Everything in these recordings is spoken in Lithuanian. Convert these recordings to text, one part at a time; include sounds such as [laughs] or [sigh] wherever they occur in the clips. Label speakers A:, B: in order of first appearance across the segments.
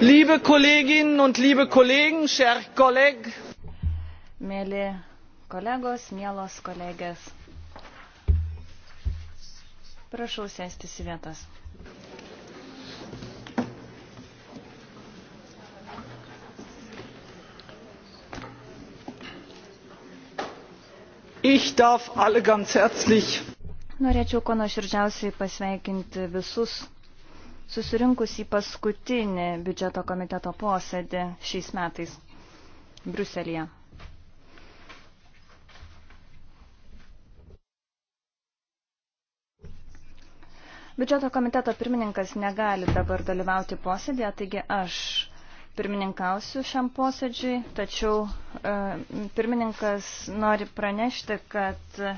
A: Liebe
B: Kolleginnen und liebe Kollegen, cher
A: Kolleg. Mėly kolegos, mielos kolegės. Prašau sėstis į vietas.
B: Ich darf alle ganz
A: herzlich. Norėčiau kuo nuoširdžiausiai pasveikinti visus susirinkus į paskutinį biudžeto komiteto posėdį šiais metais Bruselėje. Biudžeto komiteto pirmininkas negali dabar dalyvauti posėdėje, taigi aš pirmininkausiu šiam posėdžiui, tačiau e, pirmininkas nori pranešti, kad e,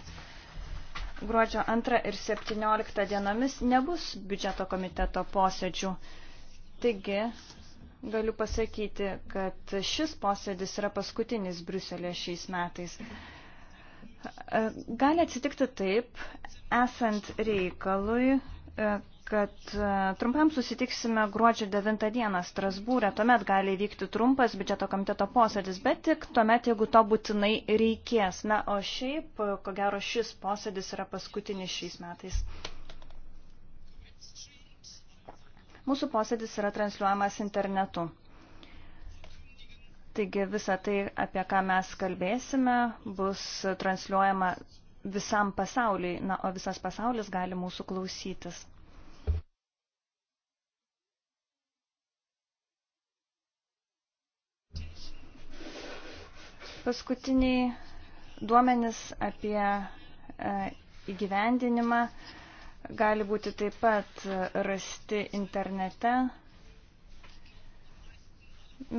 A: gruodžio 2 ir 17 dienomis nebus biudžeto komiteto posėdžių. Taigi, galiu pasakyti, kad šis posėdis yra paskutinis Briuselė šiais metais. E, gali atsitikti taip, esant reikalui, e, kad e, trumpam susitiksime gruodžio 9 dieną Strasbūrė, tuomet gali įvykti trumpas biudžeto komiteto posėdis, bet tik tuomet, jeigu to būtinai reikės. Na, o šiaip, e, ko gero, šis posėdis yra paskutinis šiais metais. Mūsų posėdis yra transliuojamas internetu. Taigi visa tai, apie ką mes kalbėsime, bus transliuojama visam pasauliui, na, o visas pasaulis gali mūsų klausytis. Paskutiniai duomenys apie e, įgyvendinimą gali būti taip pat rasti internete.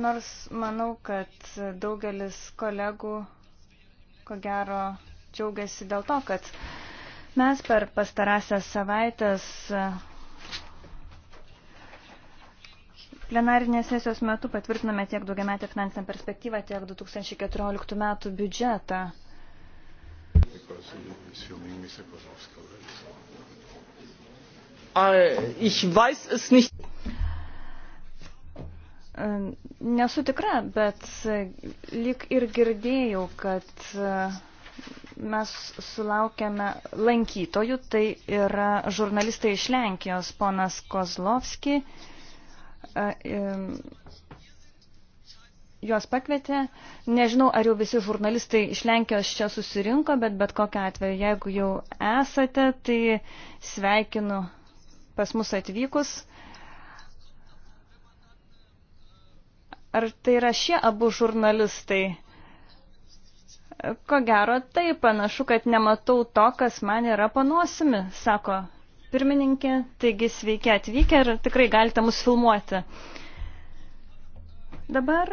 A: Nors manau, kad daugelis kolegų ko gero džiaugiasi dėl to, kad mes per pastarąsias savaitės Plenarinės sesijos metu patvirtiname tiek daugiametę finansinę perspektyvą, tiek 2014 metų biudžetą.
C: Äh, ich weiß es nicht.
A: Ehm, nesu tikra, bet e, lik ir girdėjau, kad e, mes sulaukėme lankytojų, tai yra žurnalistai iš Lenkijos, ponas Kozlovski E, juos pakvietė. Nežinau, ar jau visi žurnalistai iš Lenkijos čia susirinko, bet bet kokią atveju, jeigu jau esate, tai sveikinu pas mus atvykus. Ar tai yra šie abu žurnalistai? Ko gero, tai panašu, kad nematau to, kas man yra panosimi, sako pirmininkė, taigi sveiki atvykę ir tikrai galite mus filmuoti. Dabar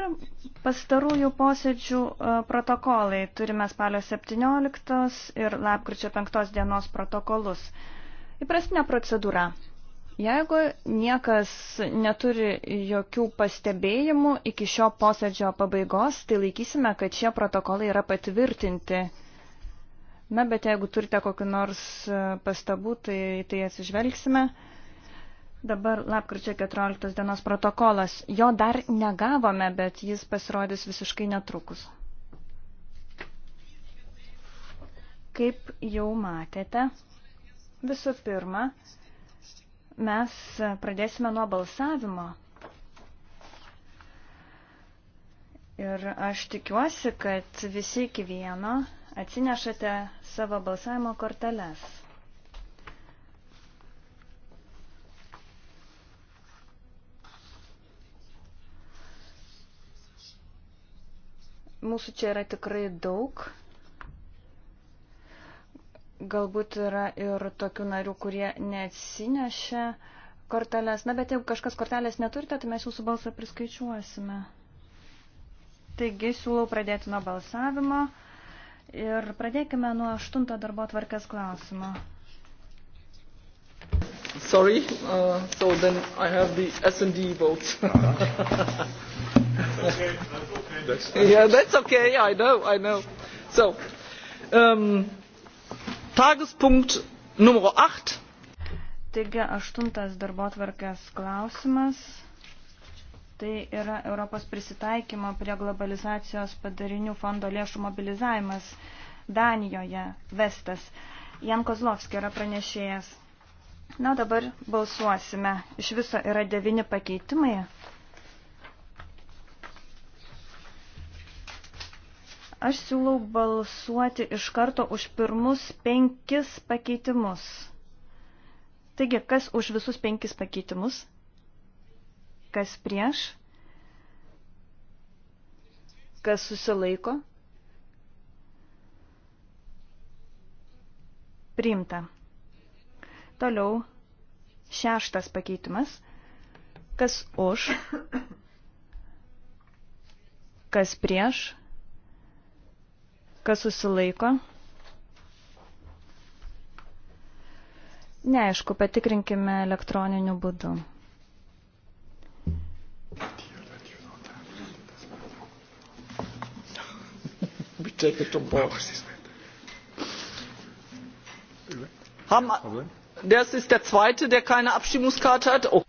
A: pastarųjų posėdžių e, protokolai. Turime spalio 17 ir lapkričio 5 dienos protokolus. Įprastinė procedūra. Jeigu niekas neturi jokių pastebėjimų iki šio posėdžio pabaigos, tai laikysime, kad šie protokolai yra patvirtinti Na, bet jeigu turite kokiu nors e, pastabų, tai tai atsižvelgsime. Dabar lapkričio 14 dienos protokolas. Jo dar negavome, bet jis pasirodys visiškai netrukus. Kaip jau matėte, visų pirma, mes pradėsime nuo balsavimo. Ir aš tikiuosi, kad visi iki vieno atsinešate savo balsavimo korteles. Mūsų čia yra tikrai daug. Galbūt yra ir tokių narių, kurie neatsinešia korteles. Na, bet jeigu kažkas kortelės neturite, tai mes jūsų balsą priskaičiuosime. Taigi siūlau pradėti nuo balsavimo. Ir pradėkime nuo aštunto darbo tvarkės klausimo.
B: Sorry, uh, so then I have the S&D vote.
C: that's okay. yeah,
B: that's okay. I know, I know. So, um, Tagespunkt numero 8.
A: Taigi, aštuntas darbo tvarkės klausimas. Tai yra Europos prisitaikymo prie globalizacijos padarinių fondo lėšų mobilizavimas Danijoje, Vestas. Jan Kozlovski yra pranešėjas. Na, dabar balsuosime. Iš viso yra devini pakeitimai. Aš siūlau balsuoti iš karto už pirmus penkis pakeitimus. Taigi, kas už visus penkis pakeitimus? Kas prieš? Kas susilaiko? Priimta. Toliau šeštas pakeitimas. Kas už? Kas prieš? Kas susilaiko? Neaišku, patikrinkime elektroniniu būdu.
B: Čekaj to bo. Das ist der zweite, der keine Abstimmungskarte hat. Oh.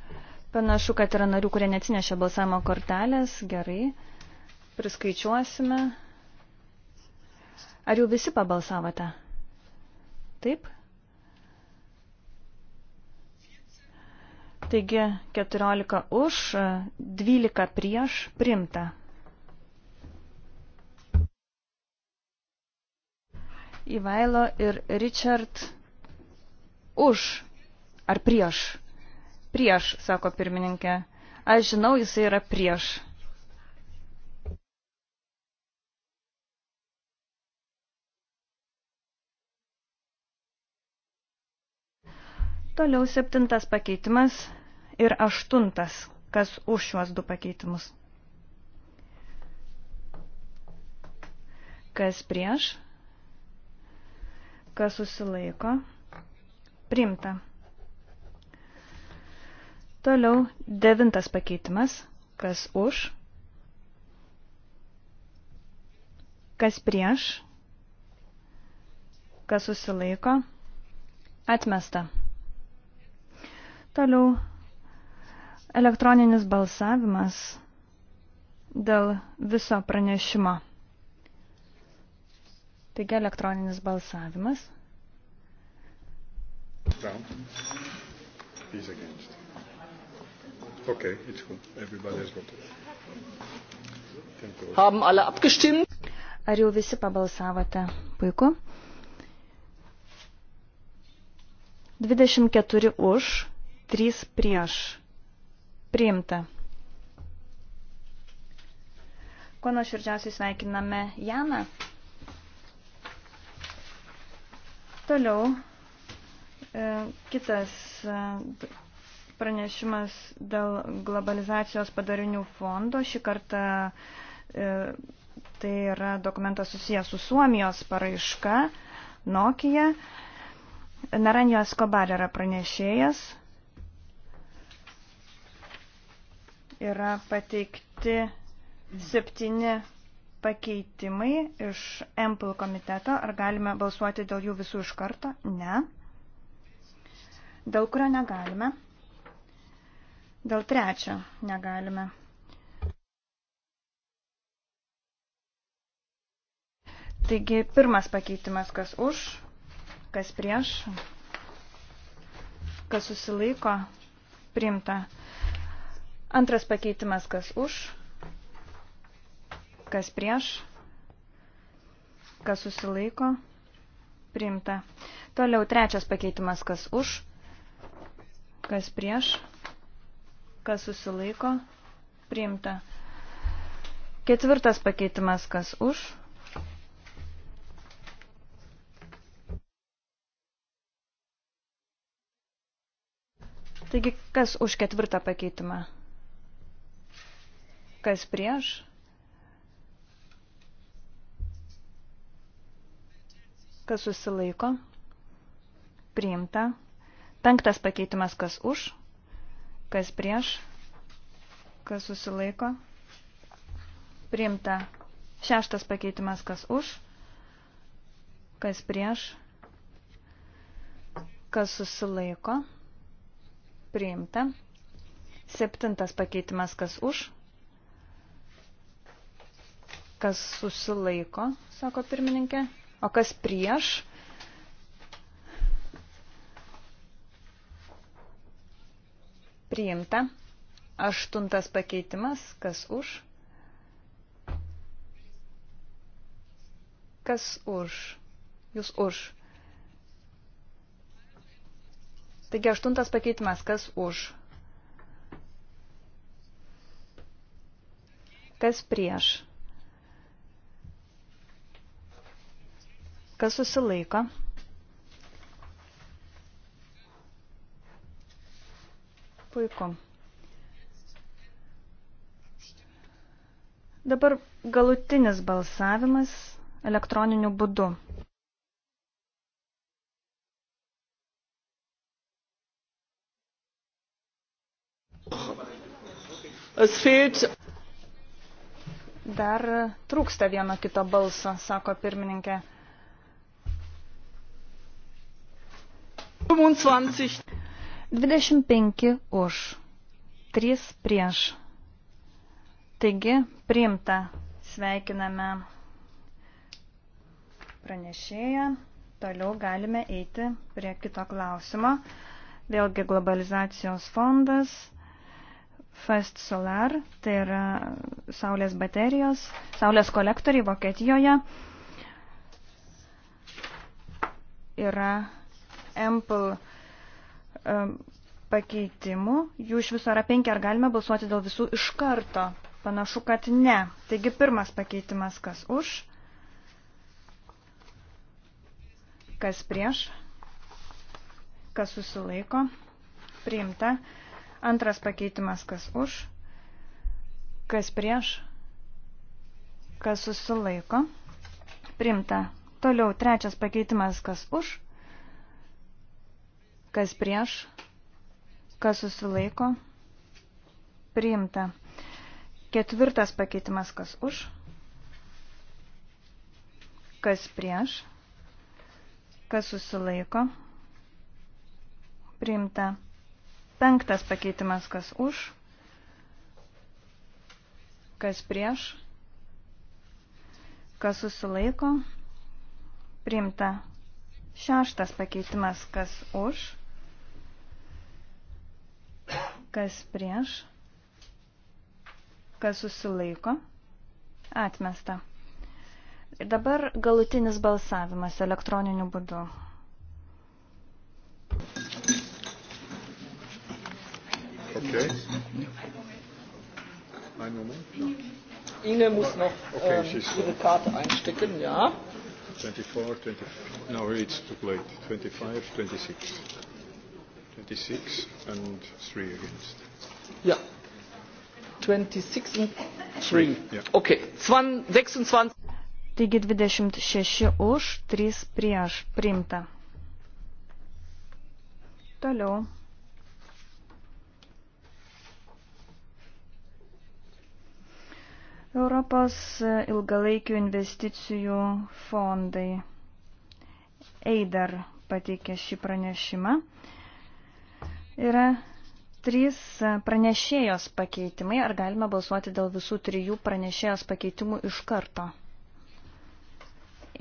A: Panašu, kad yra narių, kurie neatsinešė balsavimo kortelės. Gerai. Priskaičiuosime. Ar jau visi pabalsavote? Taip? Taigi 14 už, 12 prieš, primta. Ivailo ir Richard už ar prieš. Prieš, sako pirmininkė. Aš žinau, jisai yra prieš. Toliau septintas pakeitimas ir aštuntas, kas už šiuos du pakeitimus. Kas prieš, kas susilaiko, primta. Toliau devintas pakeitimas, kas už, kas prieš, kas susilaiko, atmesta. Toliau Elektroninis balsavimas dėl viso pranešimo. Taigi elektroninis balsavimas.
C: Down. He's against. Okay, it's good. Everybody has got it. Haben alle
B: abgestimmt?
A: Ar jau visi pabalsavote? Puiku. 24 už, 3 prieš. Priimta. Kuo nuoširdžiausiai sveikiname Janą. Toliau e, kitas e, pranešimas dėl globalizacijos padarinių fondo. Šį kartą e, tai yra dokumentas susijęs su Suomijos paraiška Nokia. Naranjo Skobar yra pranešėjas. Yra pateikti septyni pakeitimai iš MPL komiteto. Ar galime balsuoti dėl jų visų iš karto? Ne. Dėl kurio negalime? Dėl trečio negalime. Taigi pirmas pakeitimas, kas už, kas prieš, kas susilaiko, priimta. Antras pakeitimas, kas už, kas prieš, kas susilaiko, priimta. Toliau trečias pakeitimas, kas už, kas prieš, kas susilaiko, priimta. Ketvirtas pakeitimas, kas už. Taigi, kas už ketvirtą pakeitimą? Kas prieš? Kas susilaiko? Priimta. Penktas pakeitimas kas už, kas prieš, kas susilaiko. Priimta. Šeštas pakeitimas kas už, kas prieš, kas susilaiko. Priimta. Septintas pakeitimas kas už, Kas susilaiko, sako pirmininkė. O kas prieš? Priimta. Aštuntas pakeitimas. Kas už? Kas už? Jūs už. Taigi aštuntas pakeitimas, kas už? Kas prieš? Kas susilaiko? Puiku. Dabar galutinis balsavimas elektroniniu būdu. Dar trūksta vieno kito balso, sako pirmininkė. 25. 25 už, 3 prieš. Taigi, priimta. Sveikiname pranešėją. Toliau galime eiti prie kito klausimo. Vėlgi globalizacijos fondas, Fast Solar, tai yra saulės baterijos, saulės kolektoriai Vokietijoje. Yra Ample pakeitimų. Jų iš viso yra penki, ar galime balsuoti dėl visų iš karto? Panašu, kad ne. Taigi pirmas pakeitimas, kas už, kas prieš, kas susilaiko, priimta. Antras pakeitimas, kas už, kas prieš, kas susilaiko, priimta. Toliau trečias pakeitimas, kas už, kas prieš, kas susilaiko, priimta. Ketvirtas pakeitimas, kas už, kas prieš, kas susilaiko, priimta. Penktas pakeitimas, kas už, kas prieš, kas susilaiko, priimta. Šeštas pakeitimas, kas už, kas prieš, kas susilaiko, atmesta. Ir dabar galutinis balsavimas elektroniniu būdu.
B: Okay. Ein Moment. Ja. Inge
C: muss noch okay, ähm, ihre
B: Karte einstecken, ja. 24, 25, no, it's too late. 25, 26. 26 and 3 against. Ja.
A: 26 and
B: 3. Yeah. Okay. 26.
A: Taigi 26 už, 3 prieš. Primta. Toliau. Europos ilgalaikių investicijų fondai. Eidar pateikė šį pranešimą. Yra trys pranešėjos pakeitimai. Ar galime balsuoti dėl visų trijų pranešėjos pakeitimų iš karto?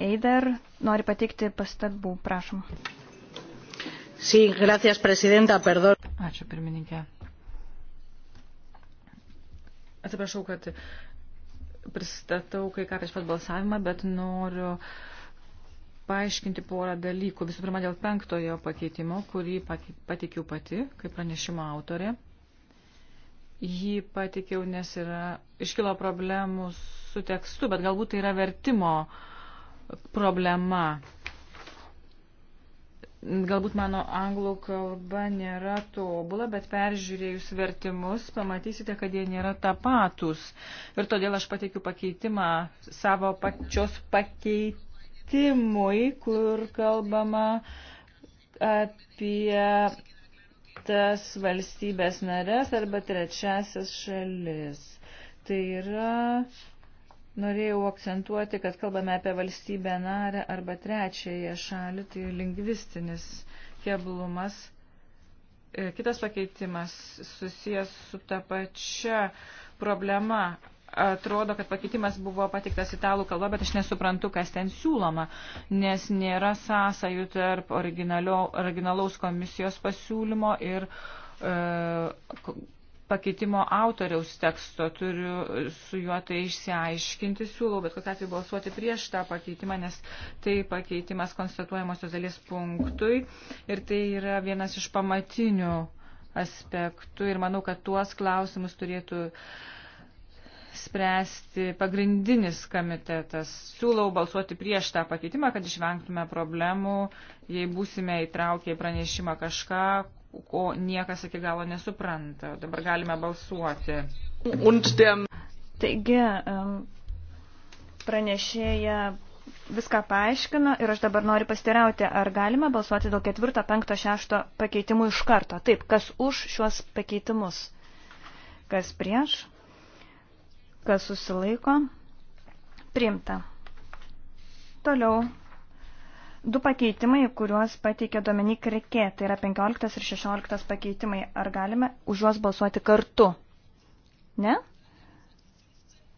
A: Eider nori pateikti pastabų, prašom.
D: Sí, gracias, presidenta, perdón. Ačiū, pirmininkė. Atsiprašau, kad pristatau kai ką prieš pat balsavimą, bet noriu uh, paaiškinti porą dalykų. Visų pirma, dėl penktojo pakeitimo, kurį patikiau pati, kaip pranešimo autorė. Jį patikiau, nes yra, iškilo problemų su tekstu, bet galbūt tai yra vertimo problema. Galbūt mano anglų kalba nėra tobula, bet peržiūrėjus vertimus pamatysite, kad jie nėra tapatus. Ir todėl aš pateikiu pakeitimą savo pačios pakeit pakeitimui, kur kalbama apie tas valstybės narės arba trečiasias šalis. Tai yra, norėjau akcentuoti, kad kalbame apie valstybę narę arba trečiąją šalį, tai lingvistinis keblumas. E, kitas pakeitimas susijęs su ta pačia problema atrodo, kad pakeitimas buvo patiktas italų kalba, bet aš nesuprantu, kas ten siūloma, nes nėra sąsajų tarp originalaus komisijos pasiūlymo ir e, pakeitimo autoriaus teksto. Turiu su juo tai išsiaiškinti, siūlau, bet kokiu atveju balsuoti prieš tą pakeitimą, nes tai pakeitimas konstatuojamosios dalies punktui ir tai yra vienas iš pamatinių aspektų ir manau, kad tuos klausimus turėtų uh, spręsti pagrindinis komitetas. Siūlau balsuoti prieš tą pakeitimą, kad išvengtume problemų, jei būsime įtraukę į pranešimą kažką, ko niekas iki galo nesupranta. Dabar galime balsuoti.
A: Taigi, pranešėja viską paaiškino ir aš dabar noriu pastirauti, ar galima balsuoti dėl ketvirto, penkto, šešto pakeitimų iš karto. Taip, kas už šiuos pakeitimus, kas prieš kas susilaiko, priimta. Toliau du pakeitimai, kuriuos pateikė Dominik Rikė, tai yra 15 ir 16 pakeitimai. Ar galime už juos balsuoti kartu? Ne?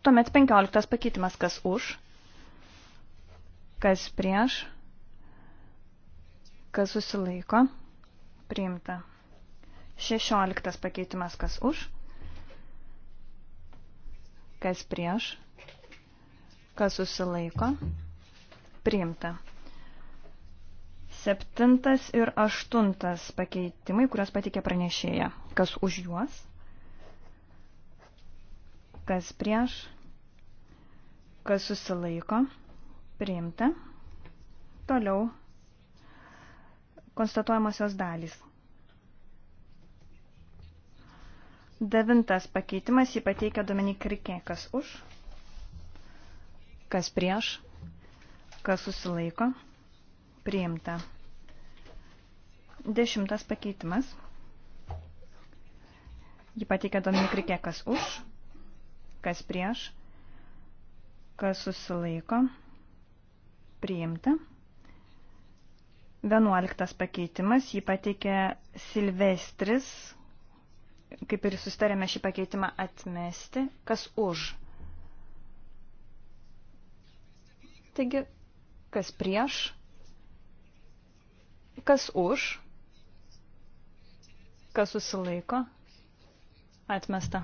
A: Tuomet 15 pakeitimas, kas už, kas prieš, kas susilaiko, priimta. 16 pakeitimas, kas už, kas prieš, kas susilaiko, priimta. Septintas ir aštuntas pakeitimai, kuriuos patikė pranešėja. Kas už juos? Kas prieš? Kas susilaiko? Priimta. Toliau. Konstatuojamosios dalys. Devintas pakeitimas jį pateikia Dominik Rikė. Kas už? Kas prieš? Kas susilaiko? Priimta. Dešimtas pakeitimas. Jį pateikia Dominik Rikė. Kas už? Kas prieš? Kas susilaiko? Priimta. Vienuoliktas pakeitimas. Jį pateikia Silvestris kaip ir sustarėme šį pakeitimą atmesti, kas už. Taigi, kas prieš, kas už, kas susilaiko, atmesta.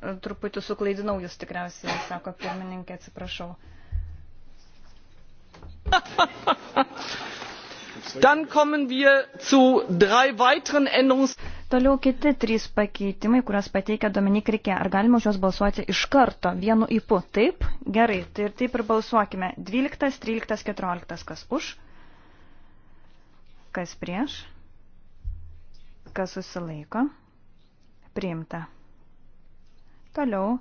A: Truputį suklaidinau jūs tikriausiai, sako pirmininkė, atsiprašau.
B: Dann kommen wir zu drei weiteren Änderungsanträgen.
A: Toliau kiti trys pakeitimai, kuriuos pateikia Dominik Rikė. Ar galima už juos balsuoti iš karto, vienu ipu? Taip? Gerai, tai ir taip ir balsuokime. 12, 13, 14. Kas už? Kas prieš? Kas susilaiko? Priimta. Toliau.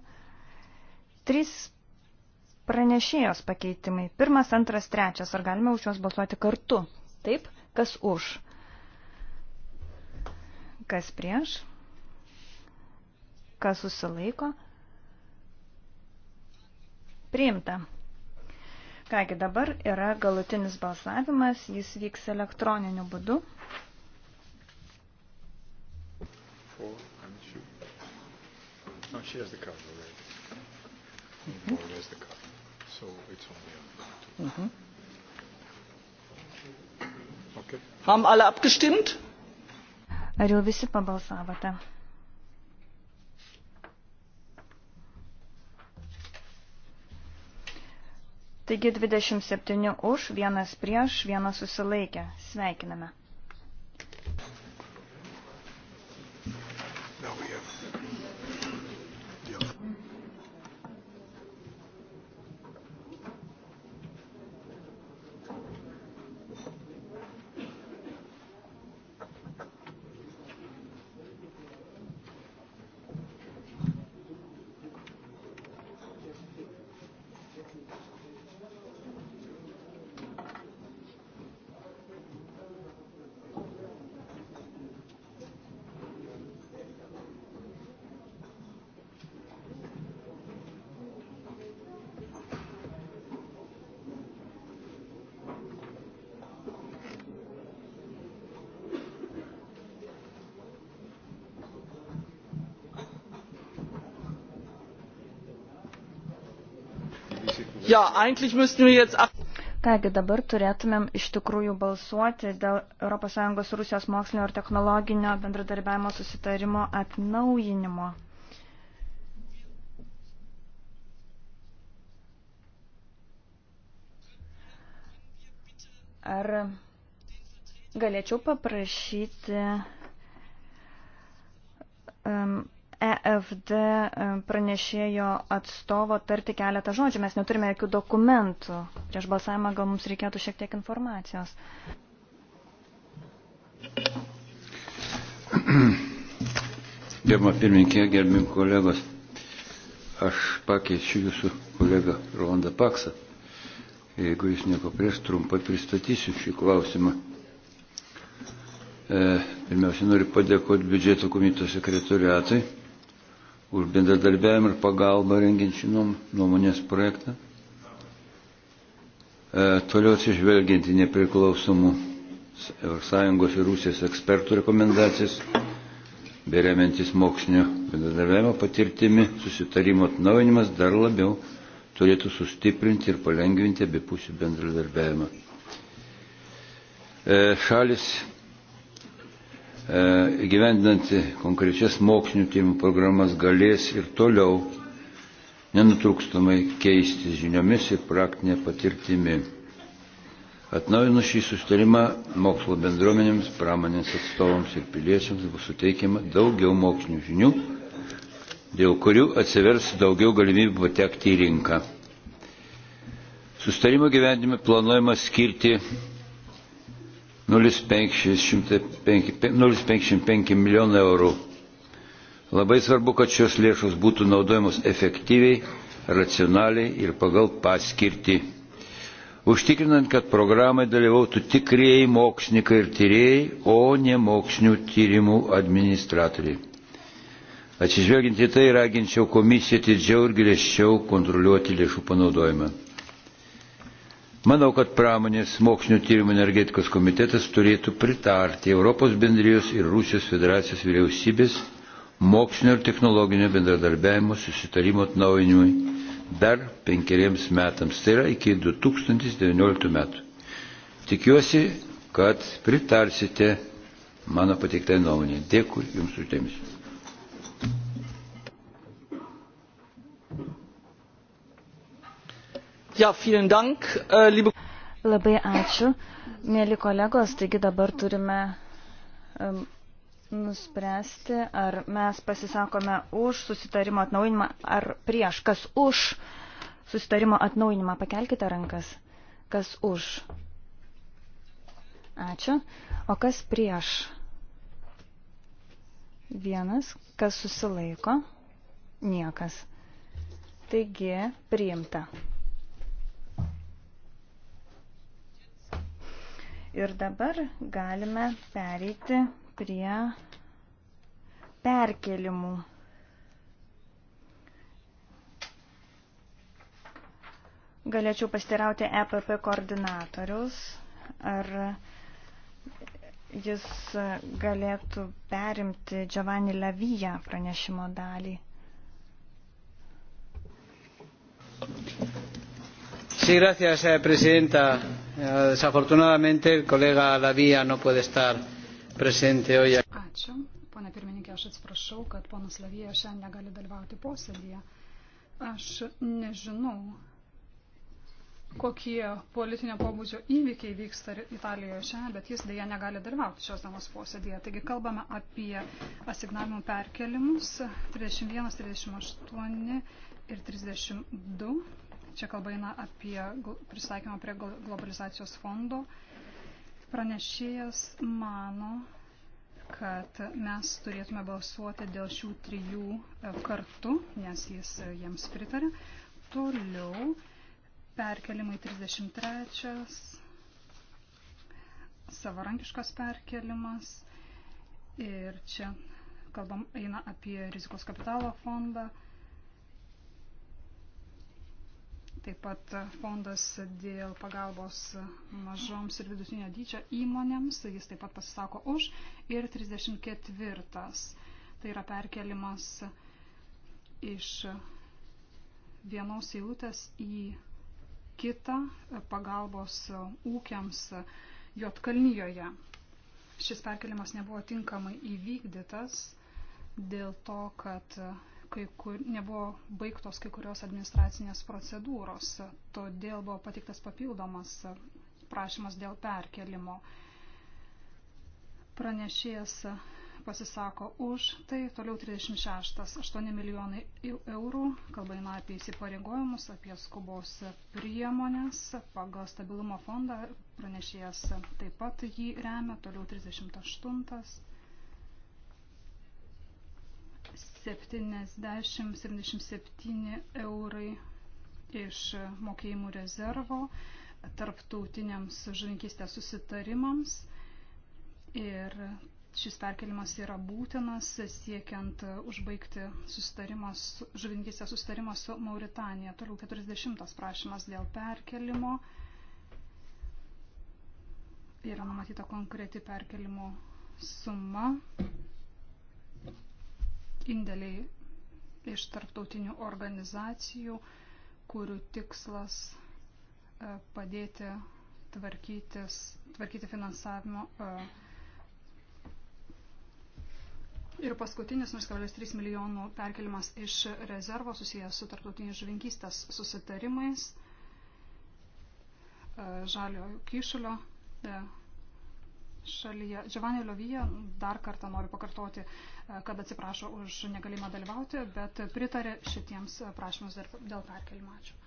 A: Trys pranešėjos pakeitimai. Pirmas, antras, trečias. Ar galime už juos balsuoti kartu? Taip? Kas už? Kas prieš? Kas susilaiko? Priimta. Kągi dabar yra galutinis balsavimas, jis vyks elektroniniu būdu.
C: Hmm? Mhm.
B: Haben
A: alle abgestimmt? Ar jau visi pabalsavote? Taigi 27 už, vienas prieš, vienas susilaikė. Sveikiname. Ja, eigentlich müssten wir jetzt ab. Kągi dabar turėtumėm iš tikrųjų balsuoti dėl ES Rusijos mokslinio ir technologinio bendradarbiavimo susitarimo atnaujinimo. Ar galėčiau paprašyti um, EFD e, pranešėjo atstovo tarti keletą žodžių. Mes neturime jokių dokumentų. Prieš balsavimą gal mums reikėtų šiek tiek informacijos.
C: Gerbama pirminkė, gerbim kolegos, aš pakeičiu jūsų kolegą Rolandą Paksą. Jeigu jūs nieko prieš, trumpai pristatysiu šį klausimą. E, pirmiausia, noriu padėkoti biudžeto komiteto sekretoriatui už bendradarbiavimą ir pagalbą rengiančių nuomonės projektą. E, toliau atsižvelgiant į nepriklausomų sąjungos ir Rusijos ekspertų rekomendacijas, beremiantis mokslinio bendradarbiavimo patirtimi, susitarimo atnaujinimas dar labiau turėtų sustiprinti ir palengvinti abipusių bendradarbiavimą. E, šalis E, gyvendinant konkrečias mokslinių tyrimų programas galės ir toliau nenutrūkstamai keistis žiniomis ir praktinė patirtimi. Atnaujinus šį sustarimą mokslo bendruomenėms, pramonės atstovams ir piliečiams bus suteikiama daugiau mokslinių žinių, dėl kurių atsivers daugiau galimybių patekti į rinką. Sustarimo gyvendime planuojama skirti 0,55 milijonų eurų. Labai svarbu, kad šios lėšos būtų naudojamos efektyviai, racionaliai ir pagal paskirtį, užtikrinant, kad programai dalyvautų tikrieji mokslininkai ir tyrėjai, o ne mokslinių tyrimų administratoriai. Atsižvelgiant į tai, raginčiau komisiją didžiau ir griežčiau kontroliuoti lėšų panaudojimą. Manau, kad pramonės mokslinio tyrimų energetikos komitetas turėtų pritarti Europos bendrijos ir Rusijos federacijos vyriausybės mokslinio ir technologinio bendradarbiavimo susitarimo atnaujinimui dar penkeriems metams, tai yra iki 2019 metų. Tikiuosi, kad pritarsite mano pateiktai nuomonė. Dėkui Jums uždėmesi.
B: Ja,
A: vielen Dank, äh, liebe... Labai ačiū. Mėly kolegos, taigi dabar turime um, nuspręsti, ar mes pasisakome už susitarimo atnaujinimą, ar prieš. Kas už susitarimo atnaujinimą? Pakelkite rankas. Kas už? Ačiū. O kas prieš? Vienas. Kas susilaiko? Niekas. Taigi, priimta. Ir dabar galime pereiti prie perkelimų. Galėčiau pastirauti EPP koordinatorius, ar jis galėtų perimti Giovanni Lavyje pranešimo dalį.
C: Sí, gracias, eh, presidenta. Eh, desafortunadamente, el colega Lavija no puede estar presente hoy.
E: Ačiū. Pone pirmininkė, aš atsiprašau, kad ponas Lavija šiandien negali dalyvauti posėdėje. Aš nežinau, kokie politinio pobūdžio įvykiai vyksta Italijoje šiandien, bet jis dėja negali dalyvauti šios dienos posėdėje. Taigi kalbame apie asignavimų perkelimus 31, 38 ir 32. Čia kalba eina apie pristaikymą prie globalizacijos fondo. Pranešėjas mano, kad mes turėtume balsuoti dėl šių trijų e, kartų, nes jis e, jiems pritarė. Toliau perkelimai 33, savarankiškas perkelimas ir čia kalbam eina apie rizikos kapitalo fondą. Taip pat fondas dėl pagalbos mažoms ir vidutinio dydžio įmonėms, jis taip pat pasisako už. Ir 34. Tai yra perkelimas iš vienos eilutės į kitą pagalbos ūkiams Jotkalnyjoje. Šis perkelimas nebuvo tinkamai įvykdytas dėl to, kad kai kur, nebuvo baigtos kai kurios administracinės procedūros, todėl buvo patiktas papildomas prašymas dėl perkelimo. Pranešėjas pasisako už, tai toliau 36, 8 milijonai eurų, kalba eina apie įsipareigojimus, apie skubos priemonės, pagal stabilumo fondą pranešėjas taip pat jį remia, toliau 38. 70-77 eurai iš mokėjimų rezervo tarptautiniams žuvininkystės susitarimams. Ir šis perkelimas yra būtinas siekiant užbaigti žuvininkystės susitarimą su Mauritanija. Toliau 40 prašymas dėl perkelimo. Yra numatyta konkreti perkelimo suma indėliai iš tarptautinių organizacijų, kurių tikslas e, padėti tvarkyti finansavimo. E, ir paskutinis 0,3 milijonų perkelimas iš rezervo susijęs su tarptautiniais žuvinkystės susitarimais, e, žaliojo kyšulio šalyje. Giovanni Lovija dar kartą noriu pakartoti kad atsiprašo už negalimą dalyvauti, bet pritarė šitiems prašymus dėl perkelimo. Ačiū.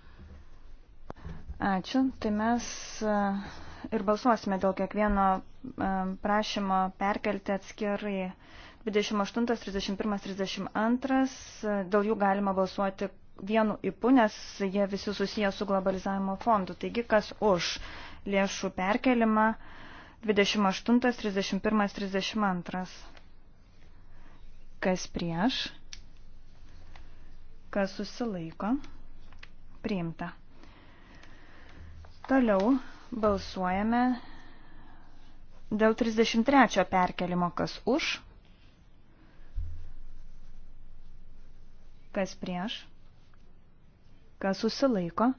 A: Ačiū. Tai mes e, ir balsuosime dėl kiekvieno e, prašymo perkelti atskirai 28, 31, 32. Dėl jų galima balsuoti vienu ipu, nes jie visi susiję su globalizavimo fondu. Taigi, kas už lėšų perkelimą 28, 31, 32 kas prieš, kas susilaiko, priimta. Toliau balsuojame dėl 33 perkelimo, kas už, kas prieš, kas susilaiko,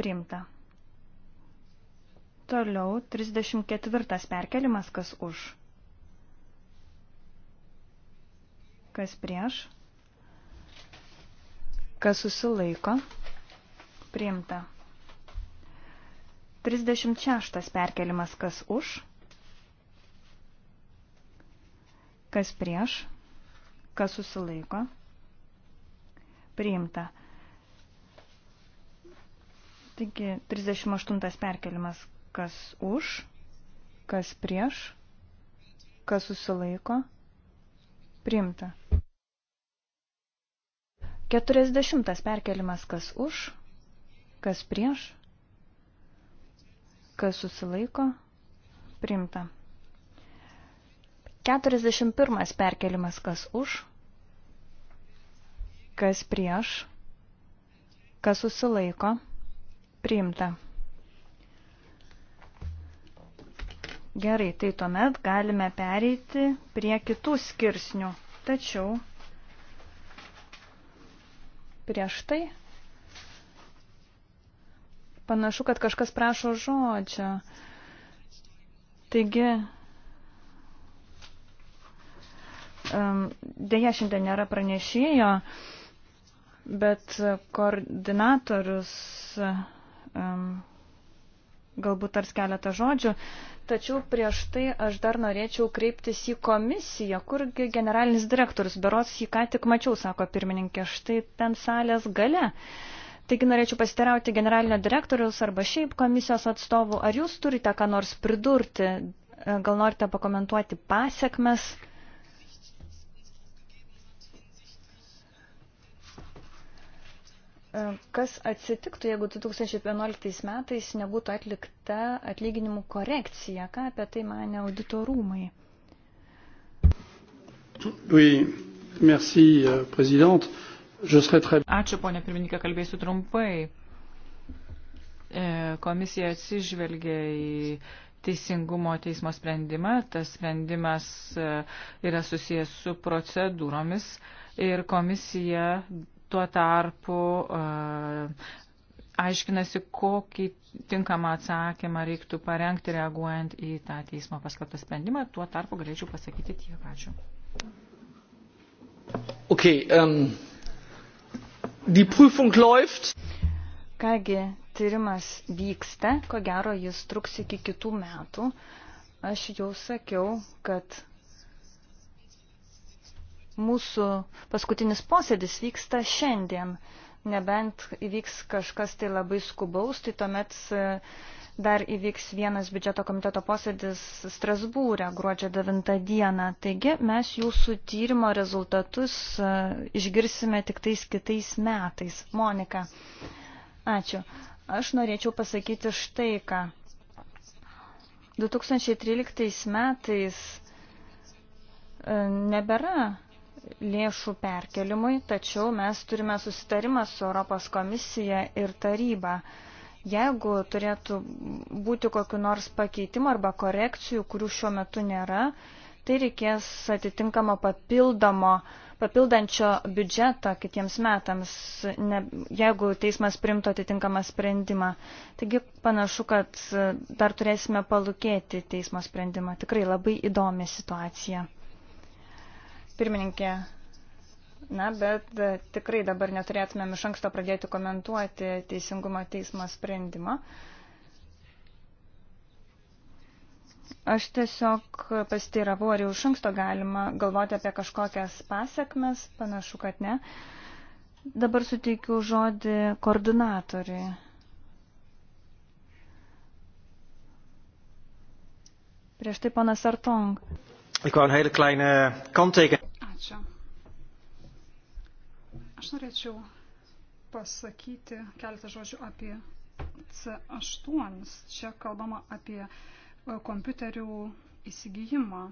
A: priimta. Toliau 34 perkelimas, kas už, kas prieš, kas susilaiko, priimta. 36 perkelimas kas už, kas prieš, kas susilaiko, priimta. Taigi 38 perkelimas kas už, kas prieš, kas susilaiko, priimta. Keturiasdešimtas perkelimas kas už, kas prieš, kas susilaiko, primta. Keturiasdešimt pirmas perkelimas kas už, kas prieš, kas susilaiko, priimta. Gerai, tai tuomet galime pereiti prie kitų skirsnių. Tačiau prieš tai. Panašu, kad kažkas prašo žodžio. Taigi, dėja šiandien nėra pranešėjo, bet koordinatorius galbūt tars keletą žodžių, tačiau prieš tai aš dar norėčiau kreiptis į komisiją, kurgi generalinis direktorius, berots jį ką tik mačiau, sako pirmininkė, štai ten salės gale. Taigi norėčiau pasiterauti generalinio direktoriaus arba šiaip komisijos atstovų, ar jūs turite ką nors pridurti, gal norite pakomentuoti pasiekmes E, kas atsitiktų, jeigu 2011 metais nebūtų atlikta atlyginimų korekcija? Ką apie tai mane
D: auditorumai?
C: Oui, merci, euh, prezident. Ačiū,
D: ponė pirmininkė, kalbėsiu trumpai. E, komisija atsižvelgia į teisingumo teismo sprendimą. Tas sprendimas e, yra susijęs su procedūromis ir komisija tuo tarpu e, aiškinasi, kokį tinkamą atsakymą reiktų parengti reaguojant į tą teismo paskelbtą sprendimą. Tuo tarpu galėčiau pasakyti tiek. Ačiū.
B: Okay, um, die Prüfung läuft.
A: Kągi, tyrimas vyksta, ko gero jis truks iki kitų metų. Aš jau sakiau, kad mūsų paskutinis posėdis vyksta šiandien. Nebent įvyks kažkas tai labai skubaus, tai tuomet e, dar įvyks vienas biudžeto komiteto posėdis Strasbūrė gruodžio 9 dieną. Taigi mes jūsų tyrimo rezultatus e, išgirsime tik tais kitais metais. Monika, ačiū. Aš norėčiau pasakyti štai ką. 2013 metais e, nebėra lėšų perkelimui, tačiau mes turime susitarimą su Europos komisija ir taryba. Jeigu turėtų būti kokiu nors pakeitimu arba korekcijų, kurių šiuo metu nėra, tai reikės atitinkamo papildomo, papildančio biudžeto kitiems metams, ne, jeigu teismas primto atitinkamą sprendimą. Taigi panašu, kad dar turėsime palūkėti teismo sprendimą. Tikrai labai įdomi situacija. Pirmininkė, na, bet tikrai dabar neturėtumėm iš anksto pradėti komentuoti teisingumo teismo sprendimą. Aš tiesiog pasteiravau, ar jau iš anksto galima galvoti apie kažkokias pasiekmes, panašu, kad ne. Dabar suteikiu žodį koordinatoriui. Prieš tai panas Artong. Ik wou een hele kleine kanttekening.
E: Ačiū. Aš norėčiau pasakyti keletą žodžių apie C8. Čia kalbama apie e, kompiuterių įsigijimą.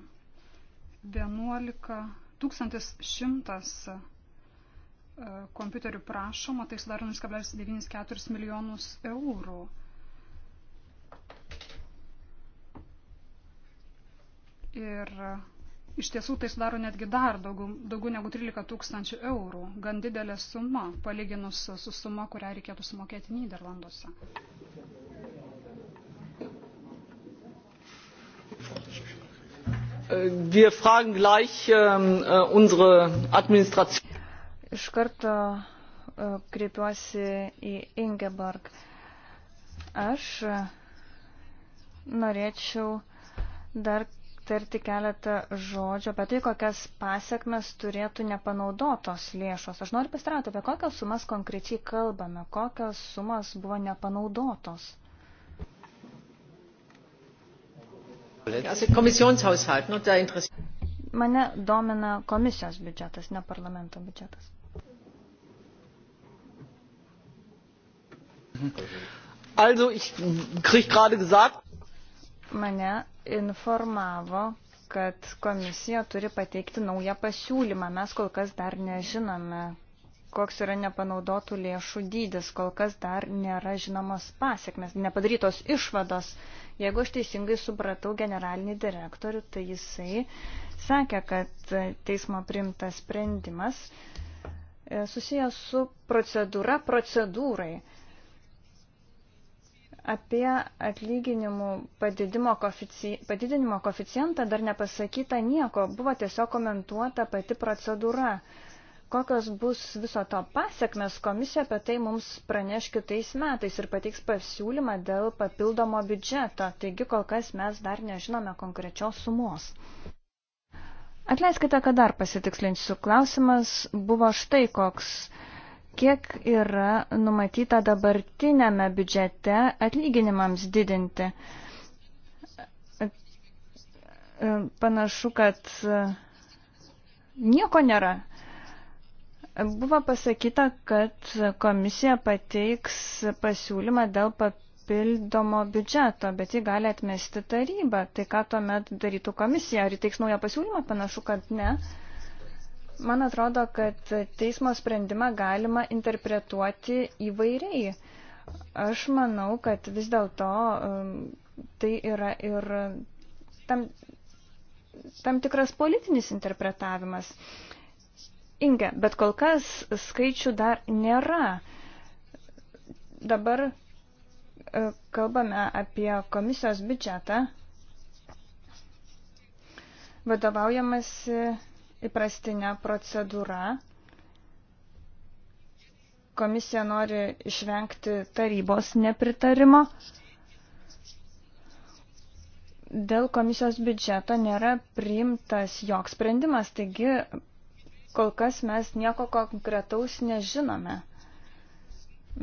E: 11 1100 e, kompiuterių prašoma, tai sudaro 0,94 milijonus eurų. Ir e, iš tiesų tai sudaro netgi dar daugiau, daugiau negu 13 tūkstančių eurų. Gan didelė suma, palyginus su suma, kurią reikėtų sumokėti Niderlanduose.
B: Äh, wir fragen gleich ähm, äh, unsere Administration.
A: Iš karto äh, kreipiuosi į Ingeborg. Aš äh, norėčiau dar tarti keletą žodžių apie tai, kokias pasiekmes turėtų nepanaudotos lėšos. Aš noriu pastarauti, apie kokias sumas konkrečiai kalbame, kokios sumas buvo nepanaudotos. Mane domina komisijos biudžetas, ne parlamento biudžetas.
B: Also, ich krieg gerade gesagt.
A: Mane informavo, kad komisija turi pateikti naują pasiūlymą. Mes kol kas dar nežinome, koks yra nepanaudotų lėšų dydis, kol kas dar nėra žinomos pasiekmes, nepadarytos išvados. Jeigu aš teisingai supratau generalinį direktorių, tai jisai sakė, kad teismo primtas sprendimas e, susijęs su procedūra procedūrai. Apie atlyginimų kofici... padidinimo koficijantą dar nepasakyta nieko, buvo tiesiog komentuota pati procedūra. Kokios bus viso to pasiekmes, komisija apie tai mums praneš kitais metais ir pateiks pasiūlymą dėl papildomo biudžeto, taigi kol kas mes dar nežinome konkrečios sumos. Atleiskite, kad dar pasitikslinsiu. Klausimas buvo štai koks kiek yra numatyta dabartinėme biudžete atlyginimams didinti. Panašu, kad nieko nėra. Buvo pasakyta, kad komisija pateiks pasiūlymą dėl papildomo biudžeto, bet jį gali atmesti taryba. Tai ką tuomet darytų komisija? Ar įteiks naują pasiūlymą? Panašu, kad ne. Uh, Man atrodo, kad teismo sprendimą galima interpretuoti įvairiai. Aš manau, kad vis dėlto um, tai yra ir tam, tam tikras politinis interpretavimas. Inge, bet kol kas skaičių dar nėra. Dabar e, kalbame apie komisijos biudžetą, vadovaujamasi įprastinė procedūra. Komisija nori išvengti tarybos nepritarimo. Dėl komisijos biudžeto nėra priimtas joks sprendimas, taigi kol kas mes nieko konkretaus nežinome.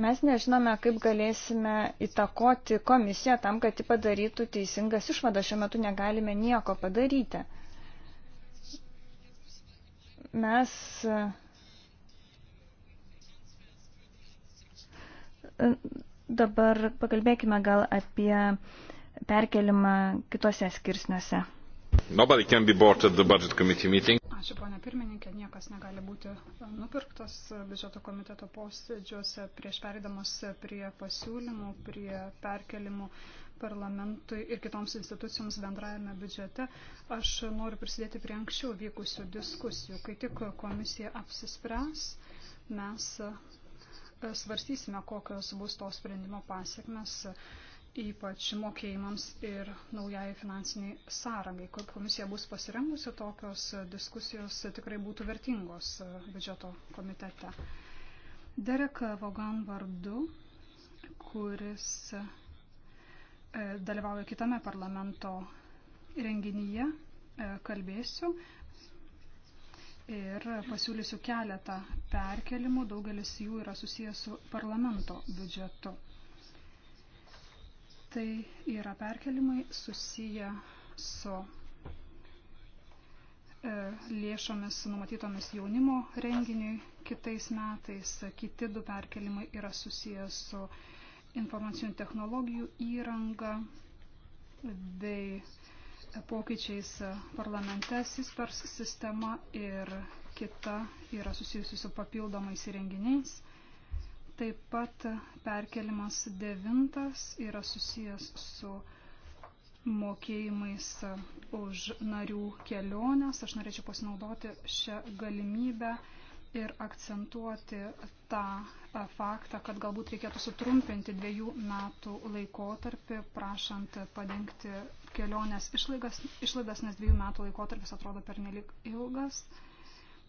A: Mes nežinome, kaip galėsime įtakoti komisiją tam, kad ji padarytų teisingas išvadas. Šiuo metu negalime nieko padaryti mes e, dabar pakalbėkime gal apie perkelimą kitose skirsniuose.
E: Ačiū, ponia pirmininkė, niekas negali būti e, nupirktas e, biudžeto komiteto posėdžiuose prieš perėdamas prie pasiūlymų, prie perkelimų. Uh, parlamentui ir kitoms institucijoms bendrajame biudžete, aš noriu prisidėti prie anksčiau vykusių diskusijų. Kai tik komisija apsispręs, mes e, svarstysime, kokios bus to sprendimo pasiekmes ypač mokėjimams ir naujai finansiniai sąrangai. Kaip komisija bus pasirengusi, tokios diskusijos tikrai būtų vertingos e, biudžeto komitete. Derek Vogan vardu, kuris E, dalyvauju kitame parlamento renginyje, e, kalbėsiu ir pasiūlysiu keletą perkelimų, daugelis jų yra susijęs su parlamento biudžetu. Tai yra perkelimai susiję su e, lėšomis numatytomis jaunimo renginiui kitais metais. Kiti du perkelimai yra susijęs su informacinių technologijų įranga bei pokyčiais parlamente, SISPERS sistema ir kita yra susijusi su papildomais įrenginiais. Taip pat perkelimas devintas yra susijęs su mokėjimais už narių keliones. Aš norėčiau pasinaudoti šią galimybę ir akcentuoti tą e, faktą, kad galbūt reikėtų sutrumpinti dviejų metų laikotarpį, prašant padengti kelionės išlaidas, išlaidas nes dviejų metų laikotarpis atrodo pernelik ilgas.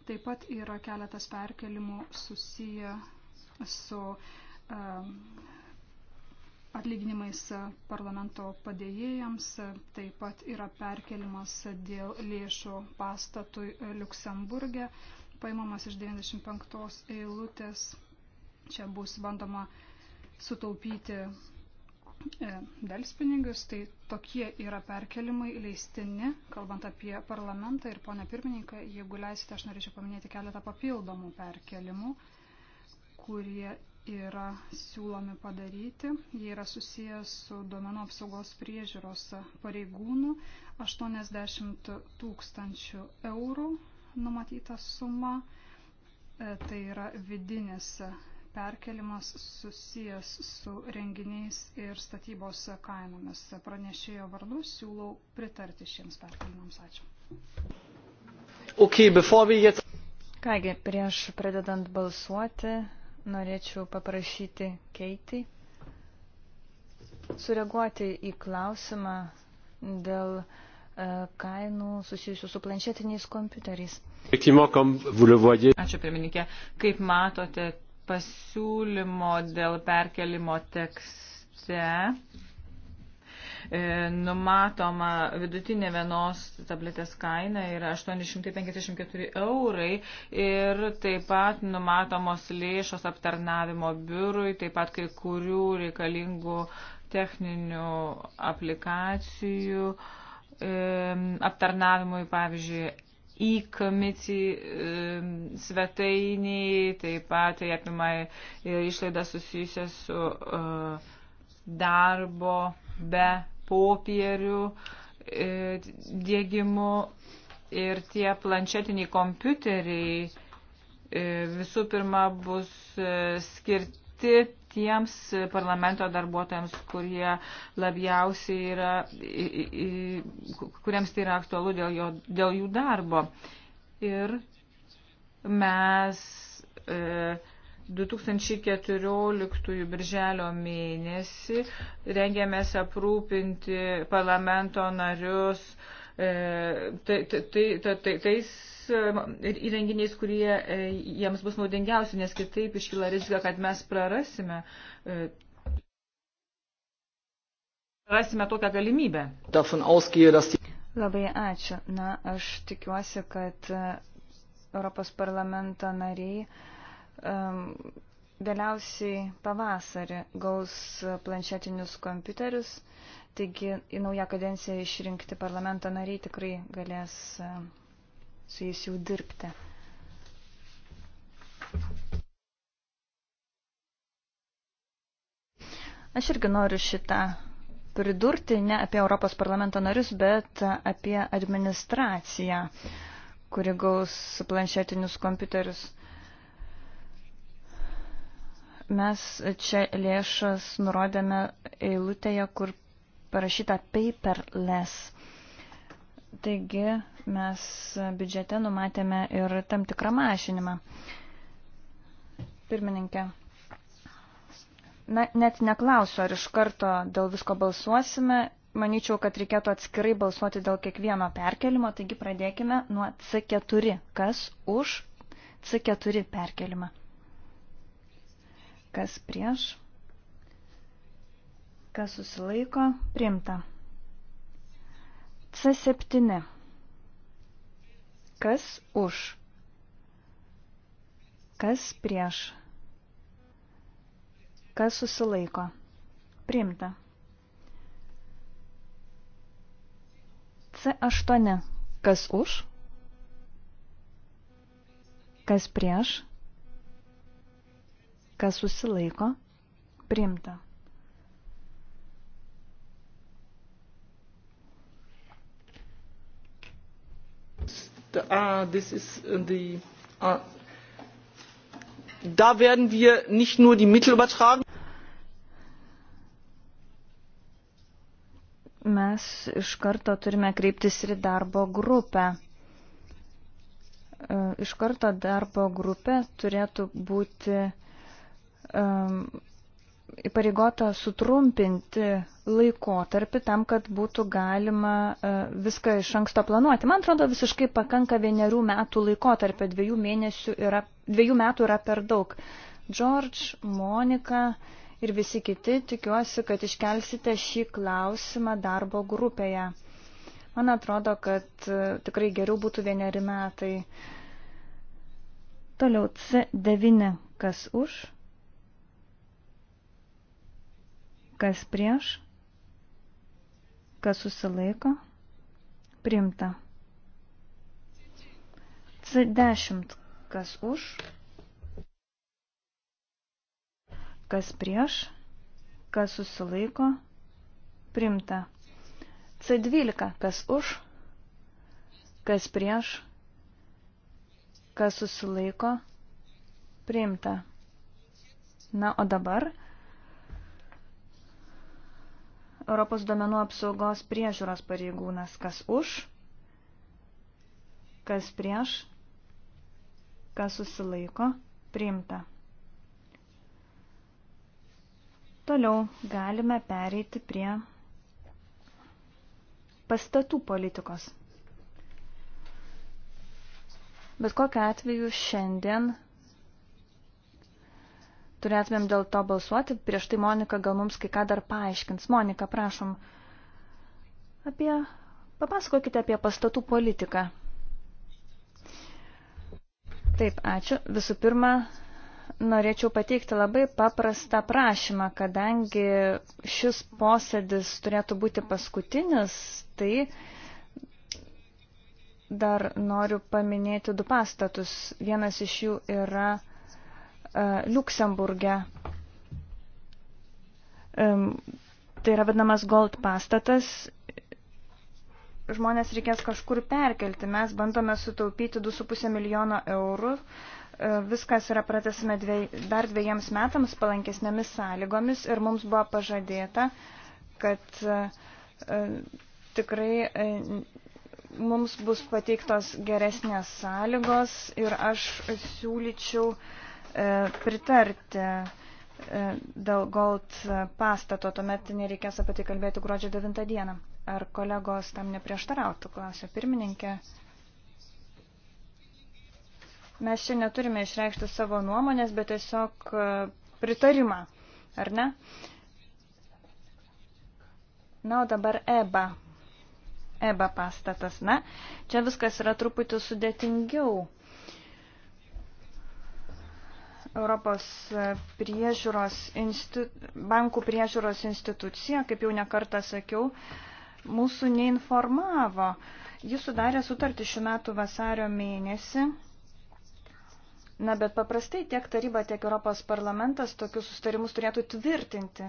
E: Taip pat yra keletas perkelimų susiję su um, atlyginimais parlamento padėjėjams, taip pat yra perkelimas dėl lėšų pastatui Luksemburgė paimamas iš 95 eilutės. Čia bus bandoma sutaupyti e, delspinigius, tai tokie yra perkelimai leistini, kalbant apie parlamentą ir ponę pirmininką, jeigu leisite, aš norėčiau paminėti keletą papildomų perkelimų, kurie yra siūlomi padaryti. Jie yra susijęs su duomenų apsaugos priežiūros pareigūnų 80 tūkstančių eurų numatytą sumą. E, tai yra vidinis perkelimas susijęs su renginiais ir statybos kainomis. Pranešėjo vardu siūlau pritarti šiems perkelimams. Ačiū.
B: Okay, get...
A: Kągi, prieš pradedant balsuoti, norėčiau paprašyti Keitį sureaguoti į klausimą dėl uh, E,
D: kainų susijusių su planšetiniais kompiuteriais.
C: Ačiū
D: pirmininkė. Kaip matote, pasiūlymo dėl perkelimo tekste e, numatoma vidutinė vienos tabletės kaina yra 854 eurai ir taip pat numatomos lėšos aptarnavimo biurui, taip pat kai kurių reikalingų techninių aplikacijų. Uh, aptarnavimui, pavyzdžiui, į komicijų svetainiai, taip pat tai apima išlaidą susijusią su e, darbo be popierių e, dėgymu ir tie planšetiniai kompiuteriai e, visų pirma bus skirti tiems parlamento darbuotojams, kurie labiausiai yra, kuriems tai yra aktualu dėl, jo, dėl jų darbo. Ir mes e, 2014 birželio mėnesį rengėmės aprūpinti parlamento narius e, tai, tai, tai, tai, tais E, įrenginiais, kurie e, jiems bus naudingiausi, nes kitaip iškyla rizika, kad mes prarasime, e, prarasime tokią galimybę. Labai
A: ačiū. Na, aš tikiuosi, kad Europos parlamento nariai um, vėliausiai pavasarį gaus planšetinius kompiuterius, taigi į naują kadenciją išrinkti parlamento nariai tikrai galės. Um, su jais jau dirbti. Aš irgi noriu šitą pridurti ne apie Europos parlamento narius, bet apie administraciją, kuri gaus planšetinius kompiuterius. Mes čia lėšas nurodėme eilutėje, kur parašyta paperless. Taigi mes biudžete numatėme ir tam tikrą mažinimą. Pirmininkė. Na, net neklausiu, ar iš karto dėl visko balsuosime. Manyčiau, kad reikėtų atskirai balsuoti dėl kiekvieno perkelimo, taigi pradėkime nuo C4. Kas už C4 perkelimą? Kas prieš? Kas susilaiko? Primta. C7. Kas už? Kas prieš? Kas susilaiko? Primta. C8. Kas už? Kas prieš? Kas susilaiko? Primta.
B: da, ah, das ist äh, die, ah, da werden wir nicht nur die Mittel übertragen.
A: Mes iš karto turime kreiptis ir darbo grupę. Iš karto darbo grupė turėtų būti um, įpareigota sutrumpinti laikotarpį tam, kad būtų galima e, viską iš anksto planuoti. Man atrodo, visiškai pakanka vienerių metų laikotarpio, dviejų, yra, dviejų metų yra per daug. George, Monika ir visi kiti, tikiuosi, kad iškelsite šį klausimą darbo grupėje. Man atrodo, kad e, tikrai geriau būtų vieneri metai. Toliau C9, kas už? Kas prieš? Kas susilaiko? Primta. C10. Kas už? Kas prieš? Kas susilaiko? Primta. C12. Kas už? Kas prieš? Kas susilaiko? Primta. Na, o dabar Europos domenų apsaugos priežiūros pareigūnas, kas už, kas prieš, kas susilaiko, priimta. Toliau galime pereiti prie pastatų politikos. Bet kokiu atveju šiandien turėtumėm dėl to balsuoti. Prieš tai Monika gal mums kai ką dar paaiškins. Monika, prašom. Apie... Papasakokite apie pastatų politiką. Taip, ačiū. Visų pirma, norėčiau pateikti labai paprastą prašymą, kadangi šis posėdis turėtų būti paskutinis, tai dar noriu paminėti du pastatus. Vienas iš jų yra E, Luksemburge. Tai yra vadinamas Gold pastatas. Žmonės reikės kažkur perkelti. Mes bandome sutaupyti 2,5 milijono eurų. E, viskas yra pratesime dviej, dar dviejams metams palankesnėmis sąlygomis ir mums buvo pažadėta, kad e, tikrai mums bus pateiktos geresnės sąlygos ir aš siūlyčiau uh, E, pritarti e, dėl Gold pastato, tuomet nereikės apie tai kalbėti gruodžio 9 dieną. Ar kolegos tam neprieštarautų, klausė pirmininkė. Mes čia neturime išreikšti savo nuomonės, bet tiesiog e, pritarimą, ar ne? Na, o dabar EBA. EBA pastatas. Na, čia viskas yra truputį sudėtingiau Europos priežiūros institu, bankų priežiūros institucija, kaip jau nekartą sakiau, mūsų neinformavo. Jis sudarė sutartį šių metų vasario mėnesį. Na, bet paprastai tiek taryba, tiek Europos parlamentas tokius sustarimus turėtų tvirtinti.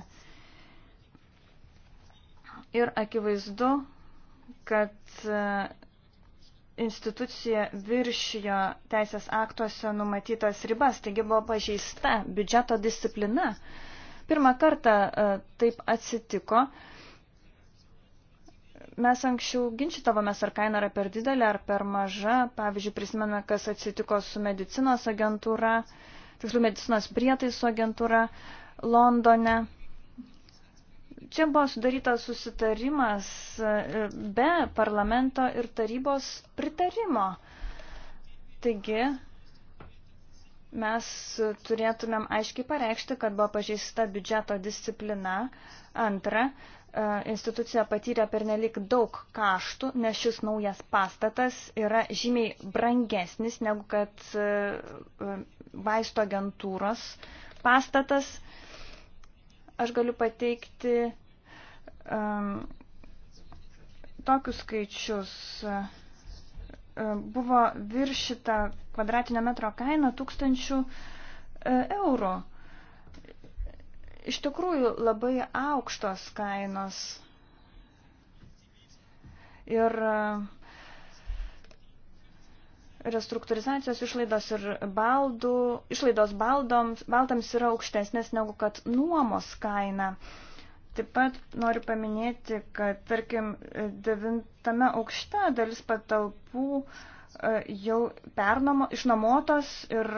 A: Ir akivaizdu, kad institucija viršijo teisės aktuose numatytas ribas, taigi buvo pažeista biudžeto disciplina. Pirmą kartą e, taip atsitiko. Mes anksčiau ginčytavomės, ar kaina yra per didelė, ar per maža. Pavyzdžiui, prisimena, kas atsitiko su medicinos agentūra, tiksliau medicinos prietaisų agentūra Londone. Čia buvo sudarytas susitarimas e, be parlamento ir tarybos pritarimo. Taigi, mes turėtumėm aiškiai pareikšti, kad buvo pažeista biudžeto disciplina. Antra, e, institucija patyrė pernelik daug kaštų, nes šis naujas pastatas yra žymiai brangesnis negu kad e, vaisto agentūros pastatas. Aš galiu pateikti um, tokius skaičius. Um, buvo viršita kvadratinio metro kaina tūkstančių e, eurų. Iš tikrųjų labai aukštos kainos. Ir uh, restruktūrizacijos išlaidos ir baldų, išlaidos baldoms, baltams yra aukštesnės negu kad nuomos kaina. Taip pat noriu paminėti, kad tarkim devintame aukšte dalis patalpų e, jau pernomo, išnuomotos ir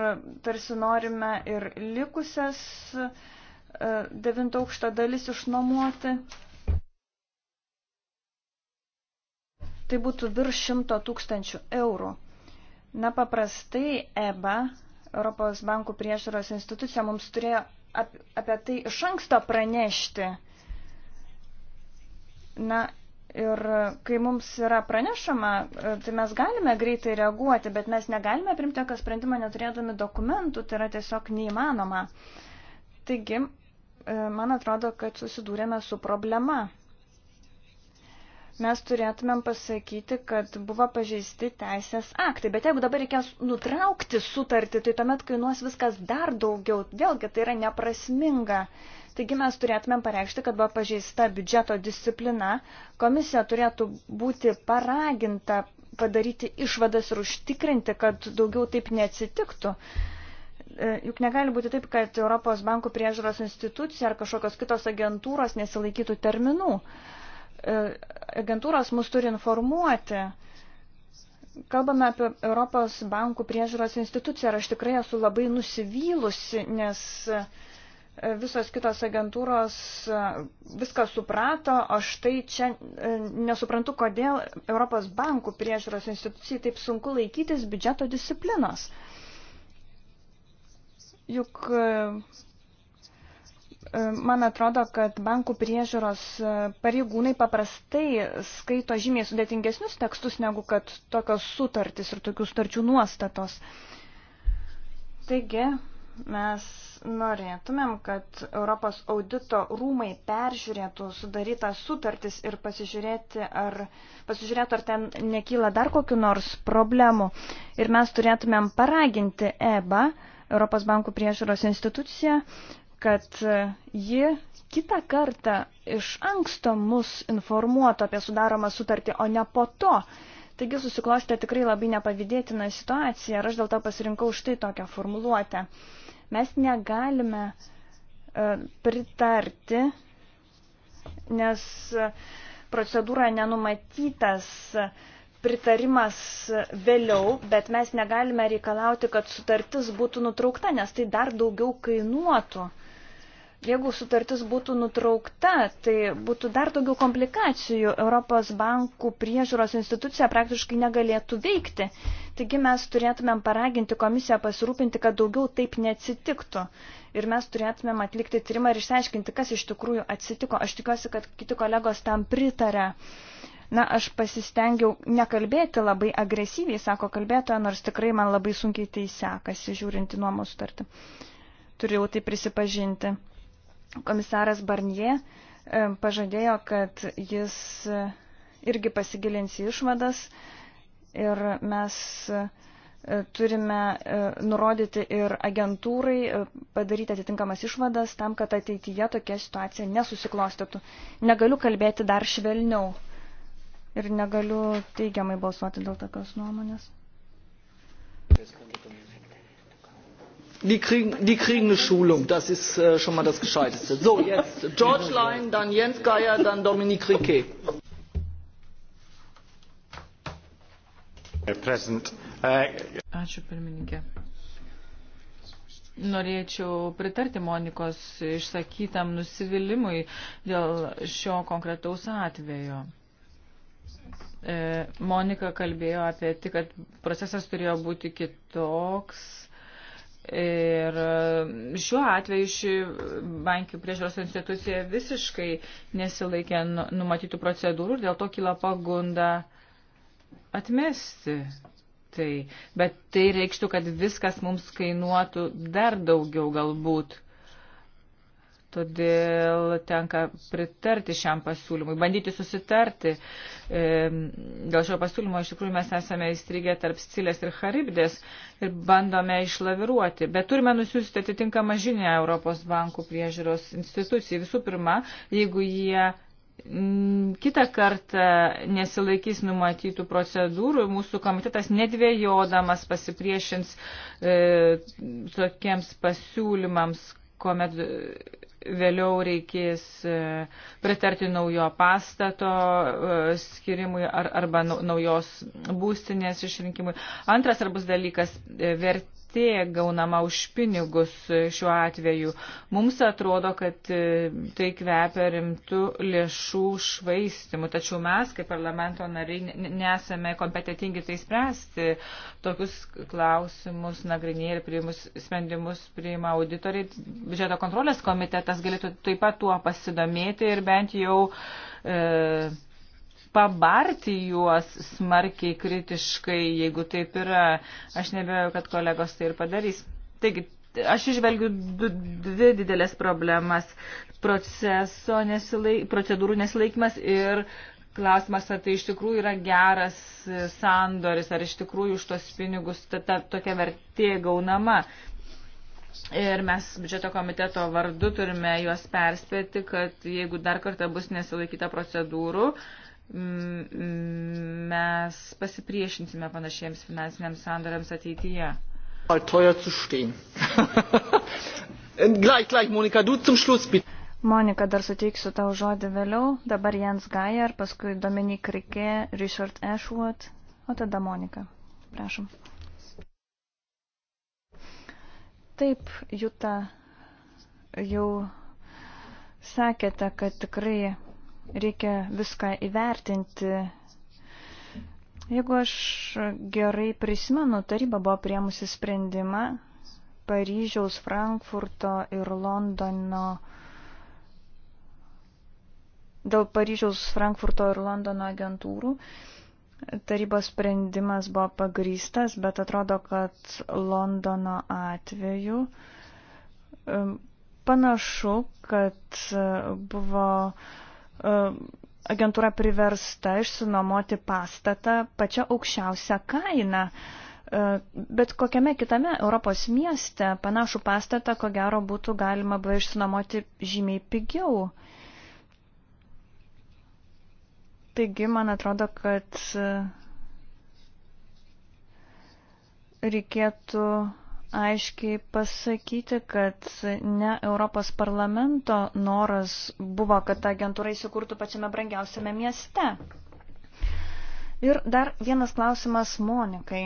A: tarsi norime ir likusias e, devinto aukšto dalis išnuomoti. Tai būtų virš šimto tūkstančių eurų. Na paprastai EBA, Europos bankų priežiūros institucija, mums turėjo apie tai iš anksto pranešti. Na ir kai mums yra pranešama, tai mes galime greitai reaguoti, bet mes negalime primti jokio sprendimo neturėdami dokumentų, tai yra tiesiog neįmanoma. Taigi, e, man atrodo, kad susidūrėme su problema mes turėtumėm pasakyti, kad buvo pažeisti teisės aktai. Bet jeigu dabar reikės nutraukti sutartį, tai tuomet kainuos viskas dar daugiau. Vėlgi tai yra neprasminga. Taigi mes turėtumėm pareikšti, kad buvo pažeista biudžeto disciplina. Komisija turėtų būti paraginta padaryti išvadas ir užtikrinti, kad daugiau taip neatsitiktų e, juk negali būti taip, kad Europos bankų priežaros institucija ar kažkokios kitos agentūros nesilaikytų terminų. E, agentūros mus turi informuoti. Kalbame apie Europos bankų priežiūros instituciją ir aš tikrai esu labai nusivylusi, nes e, visos kitos agentūros e, viską suprato, o štai čia nesuprantu, kodėl Europos bankų priežiūros institucijai taip sunku laikytis biudžeto disciplinos. Juk E, man atrodo, kad bankų priežiūros e, pareigūnai paprastai skaito žymiai sudėtingesnius tekstus negu kad tokios sutartys ir tokių starčių nuostatos. Taigi, mes norėtumėm, kad Europos audito rūmai peržiūrėtų sudarytą sutartis ir pasižiūrėti, ar, pasižiūrėtų, ar ten nekyla dar kokiu nors problemu. Ir mes turėtumėm paraginti EBA, Europos bankų priežiūros instituciją, kad ji kitą kartą iš anksto mus informuotų apie sudaromą sutartį, o ne po to. Taigi susiklostė tikrai labai nepavydėtina situacija ir aš dėl to pasirinkau štai tokią formuluotę. Mes negalime e, pritarti, nes procedūra nenumatytas pritarimas vėliau, bet mes negalime reikalauti, kad sutartis būtų nutraukta, nes tai dar daugiau kainuotų. Jeigu sutartis būtų nutraukta, tai būtų dar daugiau komplikacijų. Europos bankų priežiūros institucija praktiškai negalėtų veikti. Taigi mes turėtumėm paraginti komisiją pasirūpinti, kad daugiau taip neatsitiktų. Ir mes turėtumėm atlikti tyrimą ir išsiaiškinti, kas iš tikrųjų atsitiko. Aš tikiuosi, kad kiti kolegos tam pritarė. Na, aš pasistengiau nekalbėti labai agresyviai, sako kalbėtoja, nors tikrai man labai sunkiai tai sekasi, žiūrinti nuomos sutartį. Turėjau tai prisipažinti. Komisaras Barnie e, pažadėjo, kad jis e, irgi pasigilins į išvadas ir mes e, turime nurodyti ir agentūrai, padaryti atitinkamas išvadas tam, kad ateityje tokia situacija nesusiklostytų. Negaliu kalbėti dar švelniau ir negaliu teigiamai balsuoti dėl tokios nuomonės.
C: Thank you.
B: Die kriegen, die kriegen eine Schulung, das ist äh, schon mal das Gescheiteste. So, jetzt George Lein, dann Jens Geier, dann Dominique Riquet.
D: Äh, Ačiū pirmininkė. Norėčiau pritarti Monikos išsakytam nusivylimui dėl šio konkretaus atvejo. E, Monika kalbėjo apie tai, kad procesas turėjo būti kitoks Ir e, šiuo atveju ši bankių priežiūros institucija visiškai nesilaikė nu, numatytų procedūrų ir dėl to kyla pagunda atmesti tai. Bet tai reikštų, kad viskas mums kainuotų dar daugiau galbūt. Todėl tenka pritarti šiam pasiūlymui, bandyti susitarti. E, dėl šio pasiūlymo iš tikrųjų mes esame įstrigę tarp Scilės ir Charibdės ir bandome išlaviruoti. Bet turime nusiųsti atitinkamą žinę Europos bankų priežiūros institucijai. Visų pirma, jeigu jie mm, kitą kartą nesilaikys numatytų procedūrų, mūsų komitetas nedvėjodamas pasipriešins e, tokiems pasiūlymams, kuomet vėliau reikės e, pritarti naujo pastato e, skirimui ar, arba naujos būstinės išrinkimui. Antras svarbus dalykas e, vert, vertė gaunama už pinigus šiuo atveju. Mums atrodo, kad e, tai kvepia rimtų lėšų švaistimu, tačiau mes, kaip parlamento nariai, nesame kompetitingi tai spręsti. Tokius klausimus nagrinėję ir priimus sprendimus priima auditoriai. Biudžeto kontrolės komitetas galėtų taip pat tuo pasidomėti ir bent jau. E, pabarti juos smarkiai kritiškai, jeigu taip yra. Aš nebejoju, kad kolegos tai ir padarys. Taigi, aš išvelgiu dvi didelės problemas proceso nesilaik, procedūrų nesilaikimas ir klausimas, ar tai iš tikrųjų yra geras sandoris, ar iš tikrųjų už tos pinigus ta, ta, tokia vertė gaunama. Ir mes biudžeto komiteto vardu turime juos perspėti, kad jeigu dar kartą bus nesilaikyta procedūrų, uh, mes pasipriešinsime panašiems finansiniams sandoriams ateityje. Mal
A: teuer zu stehen. [laughs] gleich, gleich, Monika, du zum Schluss bitte. Monika, dar suteiksiu tau žodį vėliau. Dabar Jens Gajer, paskui Dominik Rikė, Richard Ashwood, o tada Monika. Prašom. Taip, Juta, jau sakėte, kad tikrai Reikia viską įvertinti. Jeigu aš gerai prisimenu, taryba buvo priemusi sprendimą Paryžiaus, Frankfurto ir Londono dėl Paryžiaus, Frankfurto ir Londono agentūrų. Tarybos sprendimas buvo pagrystas, bet atrodo, kad Londono atveju panašu, kad e, buvo E, agentūra priversta išsinuomoti pastatą pačią aukščiausią kainą. E, bet kokiame kitame Europos mieste panašų pastatą, ko gero, būtų galima buvo išsinuomoti žymiai pigiau. Taigi, man atrodo, kad e, reikėtų aiškiai pasakyti, kad ne Europos parlamento noras buvo, kad ta agentūra įsikurtų pačiame brangiausiame mieste. Ir dar vienas klausimas Monikai.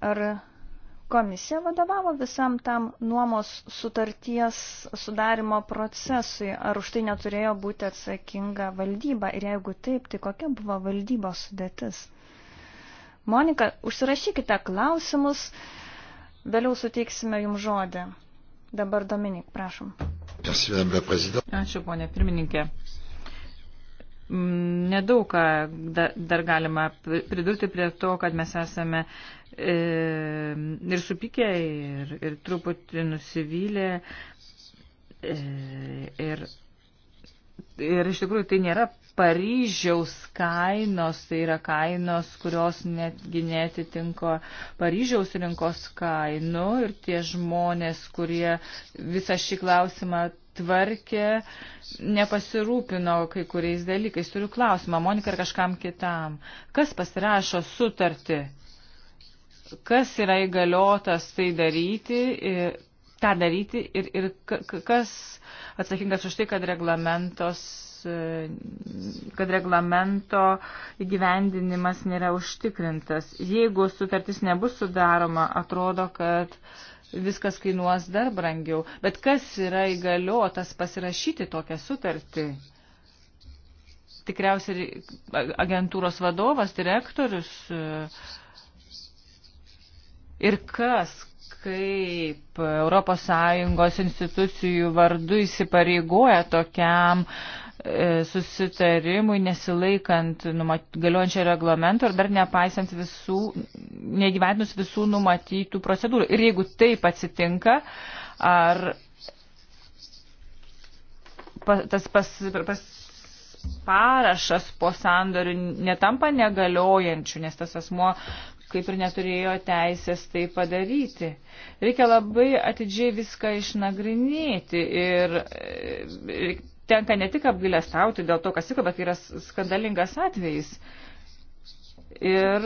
A: Ar komisija vadovavo visam tam nuomos sutarties sudarimo procesui, ar už tai neturėjo būti atsakinga valdyba ir jeigu taip, tai kokia buvo valdybos sudėtis? Monika, užsirašykite klausimus, vėliau suteiksime jums žodį. Dabar Dominik,
C: prašom. Ačiū,
D: ponė pirmininkė. Mm, nedaug ką dar galima pridurti prie to, kad mes esame e, ir supykę, ir, ir truputį nusivylę, e, ir Ir iš tikrųjų tai nėra Paryžiaus kainos, tai yra kainos, kurios netgi netitinko Paryžiaus rinkos kainų ir tie žmonės, kurie visą šį klausimą tvarkė, nepasirūpino kai kuriais dalykais. Turiu klausimą, Monika ar kažkam kitam. Kas pasirašo sutartį? Kas yra įgaliotas tai daryti, tą daryti ir, ir kas atsakingas už tai, kad reglamentos e, kad reglamento įgyvendinimas nėra užtikrintas. Jeigu sutartis nebus sudaroma, atrodo, kad viskas kainuos dar brangiau. Bet kas yra įgaliotas pasirašyti tokią sutartį? Tikriausiai agentūros vadovas, direktorius. E, ir kas, kaip ES institucijų vardu įsipareigoja tokiam e, susitarimui nesilaikant galiojančio reglamento ir dar nepaisant visų, negyventinus visų numatytų procedūrų. Ir jeigu taip atsitinka, ar tas pas, pas, parašas po sandorių netampa negaliojančių, nes tas asmuo kaip ir neturėjo teisės tai padaryti. Reikia labai atidžiai viską išnagrinėti ir e, tenka ne tik apgailestauti dėl to, kas įko, bet tai yra skandalingas atvejis. Ir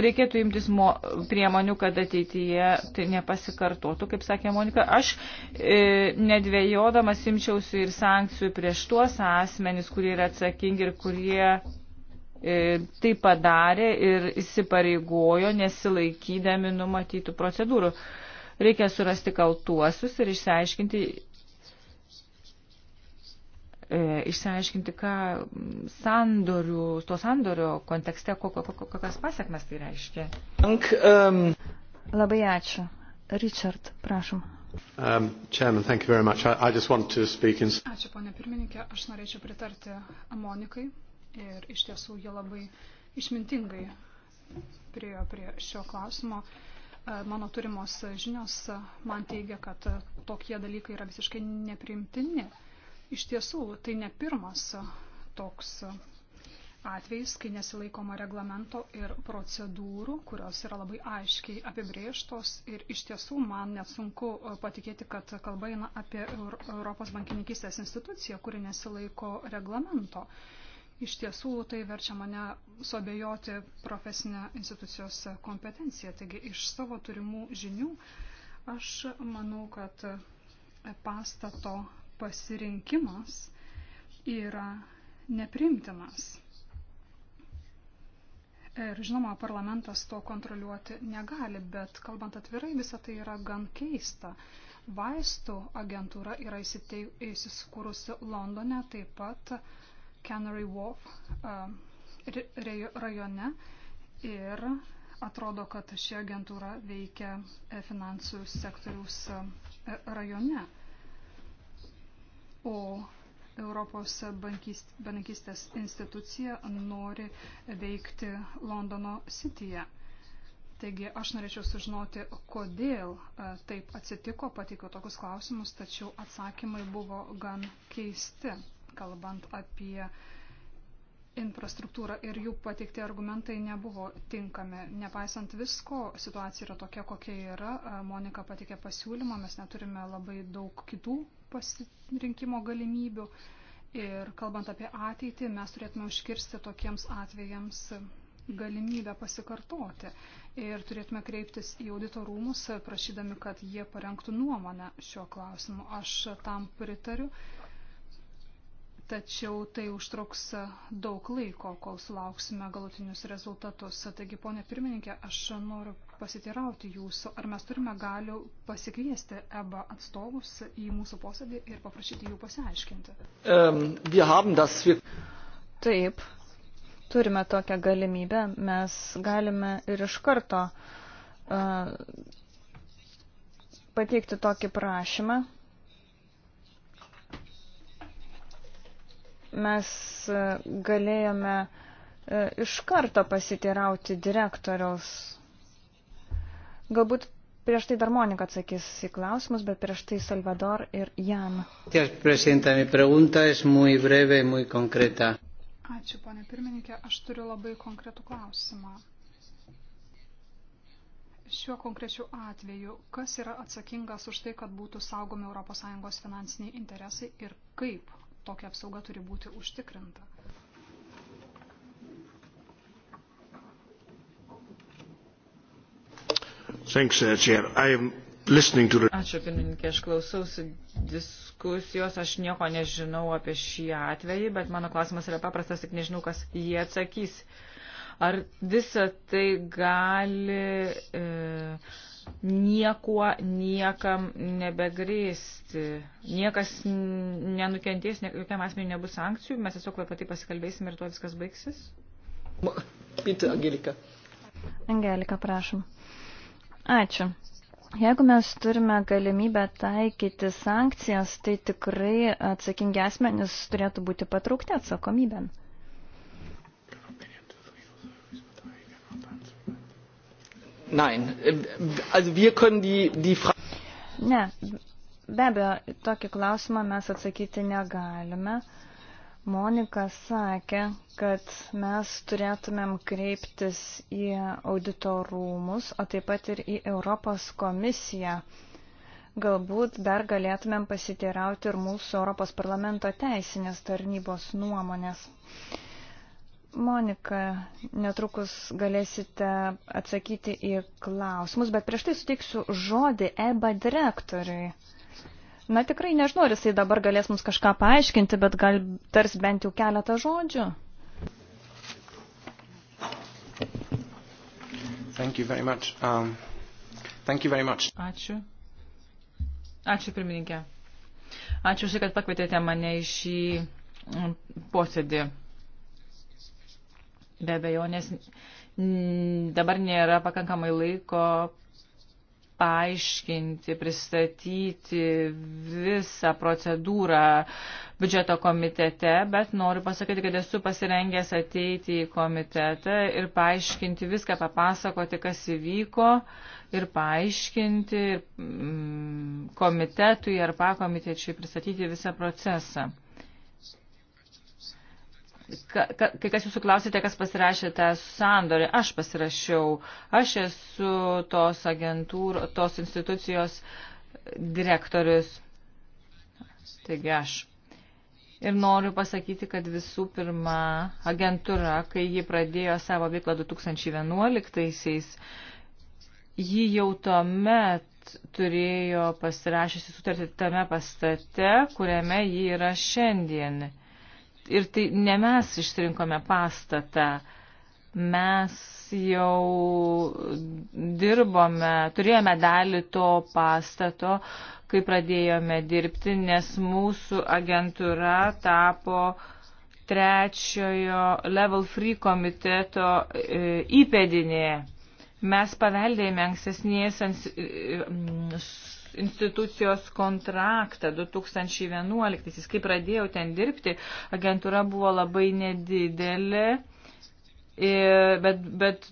D: reikėtų imtis mo, priemonių, kad ateityje tai nepasikartotų, kaip sakė Monika. Aš e, nedvėjodamas imčiausi ir sankcijų prieš tuos asmenys, kurie yra atsakingi ir kurie E, tai padarė ir įsipareigojo nesilaikydami numatytų procedūrų. Reikia surasti kaltuosius ir išsiaiškinti, e, išsiaiškinti ką sandorių, to sandorio kontekste, kokias pasiekmes tai reiškia. Ank,
A: um... Labai ačiū. Richard, prašom. Um, chairman, thank you very much.
C: I, I just want to speak in...
E: Ačiū, ponė pirmininkė. Aš norėčiau pritarti Monikai Ir iš tiesų jie labai išmintingai priejo prie šio klausimo. E, mano turimos žinios e, man teigia, kad e, tokie dalykai yra visiškai nepriimtini. Iš tiesų, tai ne pirmas toks atvejis, kai nesilaikoma reglamento ir procedūrų, kurios yra labai aiškiai apibrėžtos. Ir iš tiesų man net sunku patikėti, kad kalba eina apie Europos bankininkystės instituciją, kuri nesilaiko reglamento. Uh, Iš tiesų tai verčia mane suabejoti profesinę institucijos kompetenciją. Taigi iš savo turimų žinių aš manau, kad pastato pasirinkimas yra neprimtinas. Ir žinoma, parlamentas to kontroliuoti negali, bet kalbant atvirai, visa tai yra gan keista. Vaistų agentūra yra įsiskūrusi Londone, taip pat Canary Wharf rajone ir atrodo, kad ši agentūra veikia e, finansų sektoriaus e, rajone. O Europos bankystės institucija nori veikti Londono sityje. Taigi aš norėčiau sužinoti, kodėl taip atsitiko, pateikiau tokius klausimus, tačiau atsakymai buvo gan keisti kalbant apie infrastruktūrą ir jų pateikti argumentai nebuvo tinkami. Nepaisant visko, situacija yra tokia, kokia yra. Monika patikė pasiūlymą, mes neturime labai daug kitų pasirinkimo galimybių. Ir kalbant apie ateitį, mes turėtume užkirsti tokiems atvejams galimybę pasikartoti. Ir turėtume kreiptis į audito rūmus, prašydami, kad jie parengtų nuomonę šiuo klausimu. Aš tam pritariu tačiau tai užtruks daug laiko, kol sulauksime galutinius rezultatus. Taigi, ponė pirmininkė, aš noriu pasitirauti jūsų, ar mes turime galių pasikviesti EBA atstovus į mūsų posėdį ir paprašyti jų pasiaiškinti.
A: Um, das... Taip, turime tokią galimybę, mes galime ir iš karto uh, pateikti tokį prašymą mes e, galėjome e, iš karto pasiteirauti direktoriaus. Galbūt prieš tai dar Monika atsakys į klausimus, bet prieš tai Salvador ir
C: Jan.
E: Ačiū, ponė pirmininkė. Aš turiu labai konkretų klausimą. Šiuo konkrečiu atveju, kas yra atsakingas už tai, kad būtų saugomi ES finansiniai interesai ir kaip tokia apsauga turi būti užtikrinta.
D: Uh, Ačiū pirmininkė, aš klausausi diskusijos, aš nieko nežinau apie šį atvejį, bet mano klausimas yra paprastas, tik nežinau, kas jie atsakys. Ar visa tai gali. E, niekuo niekam nebegrėsti. Niekas nenukentės, jokiam asmeniu nebus sankcijų, mes tiesiog apie tai pasikalbėsim ir tuo viskas baigsis.
A: Pita, Angelika. Angelika, prašom. Ačiū. Jeigu mes turime galimybę taikyti sankcijas, tai tikrai atsakingi asmenys turėtų būti patraukti atsakomybėn. Nein.
B: Also wir können die, die Frage.
A: Ne, be abejo, tokį klausimą mes atsakyti negalime. Monika sakė, kad mes turėtumėm kreiptis į auditorumus, o taip pat ir į Europos komisiją. Galbūt dar galėtumėm pasiteirauti ir mūsų Europos parlamento teisinės tarnybos nuomonės. Uh, Monika, netrukus galėsite atsakyti į klausimus, bet prieš tai suteiksiu žodį EBA direktoriui. Na tikrai nežinau, ar jisai dabar galės mums kažką paaiškinti, bet gal tars bent jau keletą žodžių.
C: Thank you very much. Um, thank you very much.
D: Ačiū. Ačiū pirmininkė. Ačiū už tai, kad pakvietėte mane į šį posėdį. Be abejonės dabar nėra pakankamai laiko paaiškinti, pristatyti visą procedūrą biudžeto komitete, bet noriu pasakyti, kad esu pasirengęs ateiti į komitetą ir paaiškinti viską, papasakoti, kas įvyko ir paaiškinti komitetui ar pakomitečiui pristatyti visą procesą. Ka, ka, kai kas jūsų klausėte, kas pasirašė tą sandorį, aš pasirašiau. Aš esu tos agentūros, tos institucijos direktorius. Taigi aš. Ir noriu pasakyti, kad visų pirma, agentūra, kai ji pradėjo savo veiklą 2011-aisiais, ji jau tuomet turėjo pasirašysi sutartį tame pastate, kuriame ji yra šiandien ir tai ne mes išrinkome pastatą, mes jau dirbome, turėjome dalį to pastato, kai pradėjome dirbti, nes mūsų agentūra tapo trečiojo Level Free komiteto e, įpėdinė. Mes paveldėjome ankstesnės e, institucijos kontraktą 2011. Kai pradėjau ten dirbti, agentūra buvo labai nedidelė, bet, bet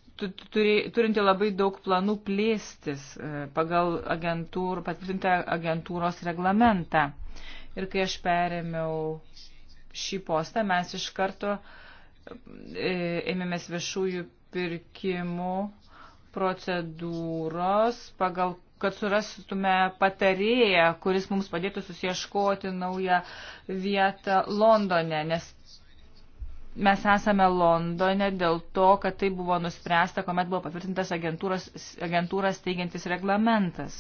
D: turinti labai daug planų plėstis e, pagal agentūr, patvirtintą agentūros reglamentą. Ir kai aš perėmiau šį postą, mes iš karto e, ėmėmės viešųjų pirkimų procedūros, pagal kad surastume patarėją, kuris mums padėtų susieškoti naują vietą Londone, nes mes esame Londone dėl to, kad tai buvo nuspręsta, kuomet buvo patvirtintas agentūros, agentūras teigiantis reglamentas.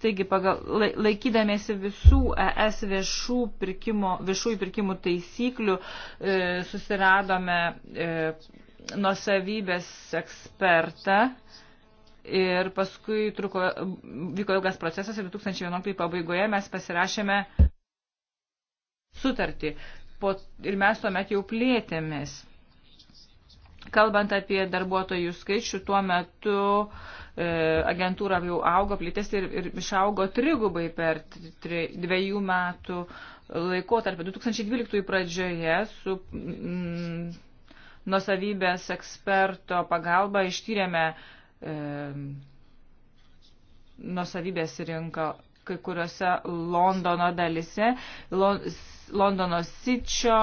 D: Taigi, pagal, laikydamėsi visų ES viešų pirkimo, viešųjų pirkimų taisyklių, e, susiradome e, nusavybės ekspertą, e, Ir paskui truko, vyko ilgas procesas ir 2011 pabaigoje mes pasirašėme sutartį. Po, ir mes tuomet jau plėtėmės. Kalbant apie darbuotojų skaičių, tuo metu e, agentūra jau augo, plėtėsi ir, ir išaugo trigubai per tri, dviejų metų laikotarpį. 2012 pradžioje su mm, nusavybės eksperto pagalba ištyrėme e, e, nusavybės rinka kai kuriuose Londono dalise, Londono Sičio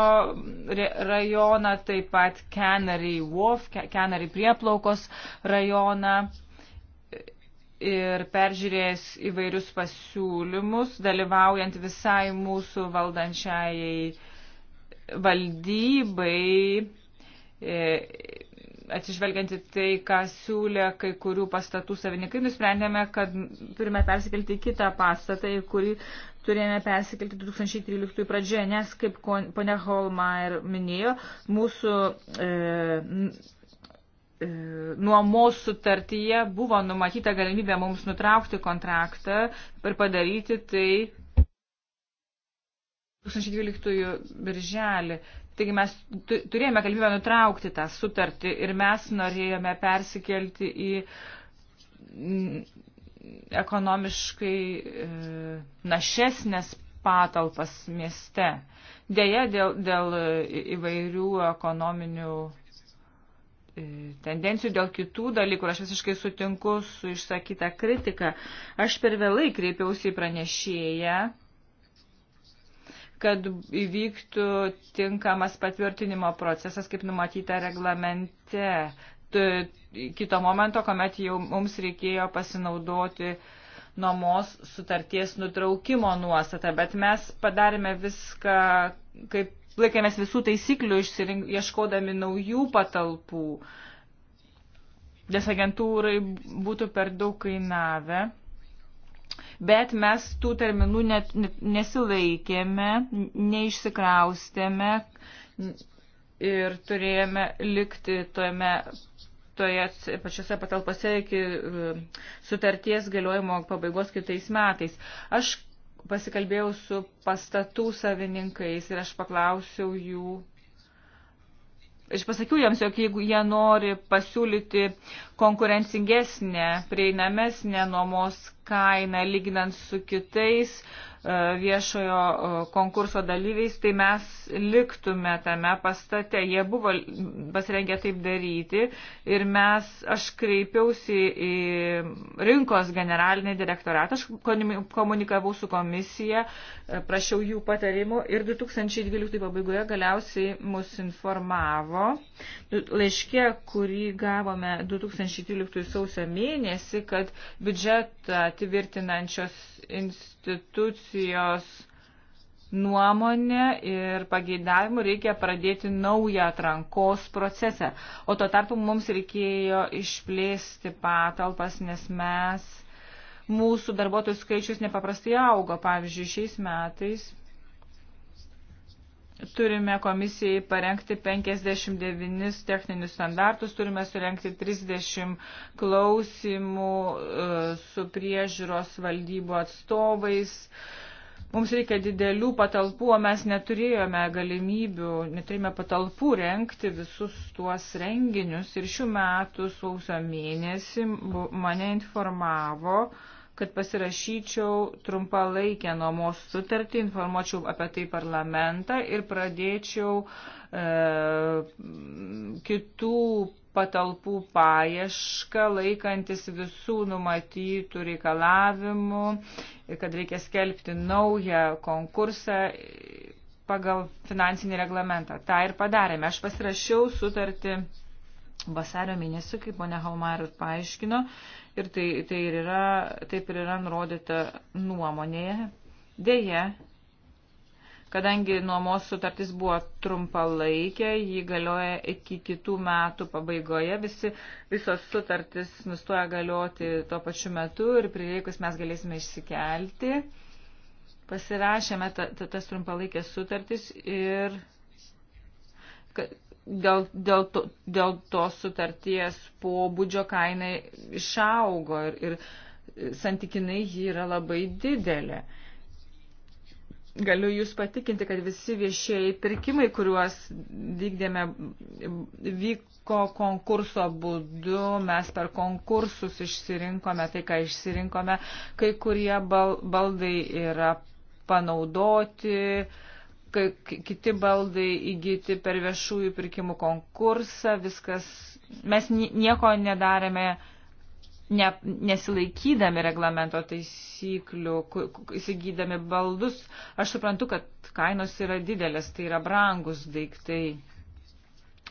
D: rajoną, taip pat Canary Wharf, Canary prieplaukos rajoną ir peržiūrėjęs įvairius pasiūlymus, dalyvaujant visai mūsų valdančiajai valdybai, e, atsižvelgiant į tai, ką siūlė kai kurių pastatų savininkai, nusprendėme, kad turime persikelti į kitą pastatą, į kurį turėjome persikelti 2013 pradžioje, nes, kaip ponia Holma ir minėjo, mūsų e, e, nuomos sutartyje buvo numatyta galimybė mums nutraukti kontraktą ir padaryti tai 2012 birželį. Taigi mes turėjome galimybę nutraukti tą sutartį ir mes norėjome persikelti į mm, ekonomiškai e, našesnės patalpas mieste. Deja, dėl, dėl įvairių ekonominių e, tendencijų, dėl kitų dalykų, aš visiškai sutinku su išsakyta kritika. Aš per vėlai kreipiausi į pranešėją kad įvyktų tinkamas patvirtinimo procesas, kaip numatyta reglamente. Kito momento, kuomet jau mums reikėjo pasinaudoti nuomos sutarties nutraukimo nuostatą, bet mes padarėme viską, kaip laikėmės visų taisyklių, išsirink, ieškodami naujų patalpų, nes agentūrai būtų per daug kainavę bet mes tų terminų net, nesilaikėme, neišsikraustėme ir turėjome likti tome, toje pačiose patalpose iki um, sutarties galiojimo pabaigos kitais metais. Aš pasikalbėjau su pastatų savininkais ir aš paklausiau jų Aš pasakiau jiems, jog jeigu jie nori pasiūlyti konkurencingesnę, prieinamesnę nuomos kainą lyginant su kitais E, viešojo e, konkurso dalyviais, tai mes liktume tame pastate. Jie buvo pasirengę taip daryti ir mes, aš kreipiausi į rinkos generalinį direktoratą, aš komunikavau su komisija, e, prašiau jų patarimų ir 2012 pabaigoje galiausiai mus informavo. Laiškė, kurį gavome 2013 sausio mėnesį, kad biudžetą tvirtinančios institucijos nuomonė ir pageidavimu reikia pradėti naują atrankos procesą. O tuo tarpu mums reikėjo išplėsti patalpas, nes mes, mūsų darbuotojų skaičius nepaprastai augo. Pavyzdžiui, šiais metais Turime komisijai parengti 59 techninius standartus, turime surenkti 30 klausimų e, su priežiūros valdybo atstovais. Mums reikia didelių patalpų, o mes neturėjome galimybių, neturėjome patalpų renkti visus tuos renginius. Ir šių metų sausio mėnesį mane informavo, uh, kad pasirašyčiau trumpalaikę nuomos sutartį, informuočiau apie tai parlamentą ir pradėčiau e, kitų patalpų paiešką, laikantis visų numatytų reikalavimų, kad reikia skelbti naują konkursą pagal finansinį reglamentą. Ta ir padarėme. Aš pasirašiau sutartį vasario mėnesį, kaip ponia Halmar ir paaiškino, Ir tai, tai ir yra, taip ir yra nurodyta nuomonėje. Deja, kadangi nuomos sutartis buvo trumpalaikė, jį galioja iki kitų metų pabaigoje, visi, visos sutartis nustoja galioti tuo pačiu metu ir prireikus mes galėsime išsikelti. Pasirašėme ta, ta, tas trumpalaikės sutartis ir dėl, dėl, to, dėl to sutarties pobūdžio kainai išaugo ir, ir santykinai ji yra labai didelė. Galiu Jūs patikinti, kad visi viešieji pirkimai, kuriuos vykdėme, vyko konkurso būdu, mes per konkursus išsirinkome tai, ką išsirinkome, kai kurie bal, baldai yra panaudoti, uh, kai kiti baldai įgyti per viešųjų pirkimų konkursą, viskas, mes nieko nedarėme ne, nesilaikydami reglamento taisyklių, įsigydami baldus, aš suprantu, kad kainos yra didelės, tai yra brangus daiktai.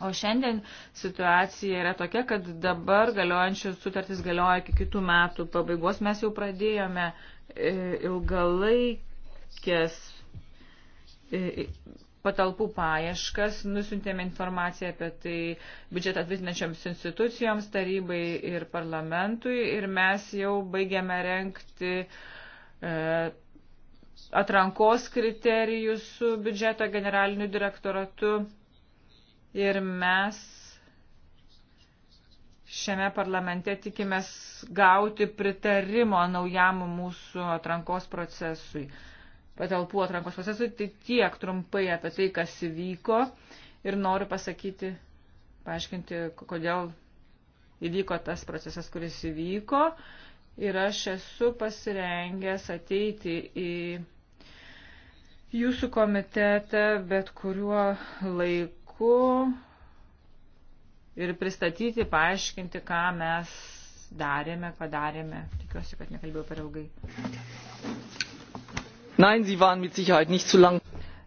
D: O šiandien situacija yra tokia, kad dabar galiojančios sutartys galioja iki kitų metų pabaigos. Mes jau pradėjome e, ilgalaikės E, patalpų paieškas, nusintėme informaciją apie tai biudžetą atvirtinančioms institucijoms, tarybai ir parlamentui ir mes jau baigėme renkti e, atrankos kriterijus su biudžeto generaliniu direktoratu ir mes šiame parlamente tikimės gauti pritarimo naujam mūsų atrankos procesui. E, patalpų atrankos procesui. Tai tiek trumpai apie tai, kas įvyko ir noriu pasakyti, paaiškinti, kodėl įvyko tas procesas, kuris įvyko. Ir aš esu pasirengęs ateiti į jūsų komitetą bet kuriuo laiku ir pristatyti, paaiškinti, ką mes darėme, padarėme. Tikiuosi, kad nekalbėjau per ilgai.
B: Nein, Sie waren mit Sicherheit nicht zu lang.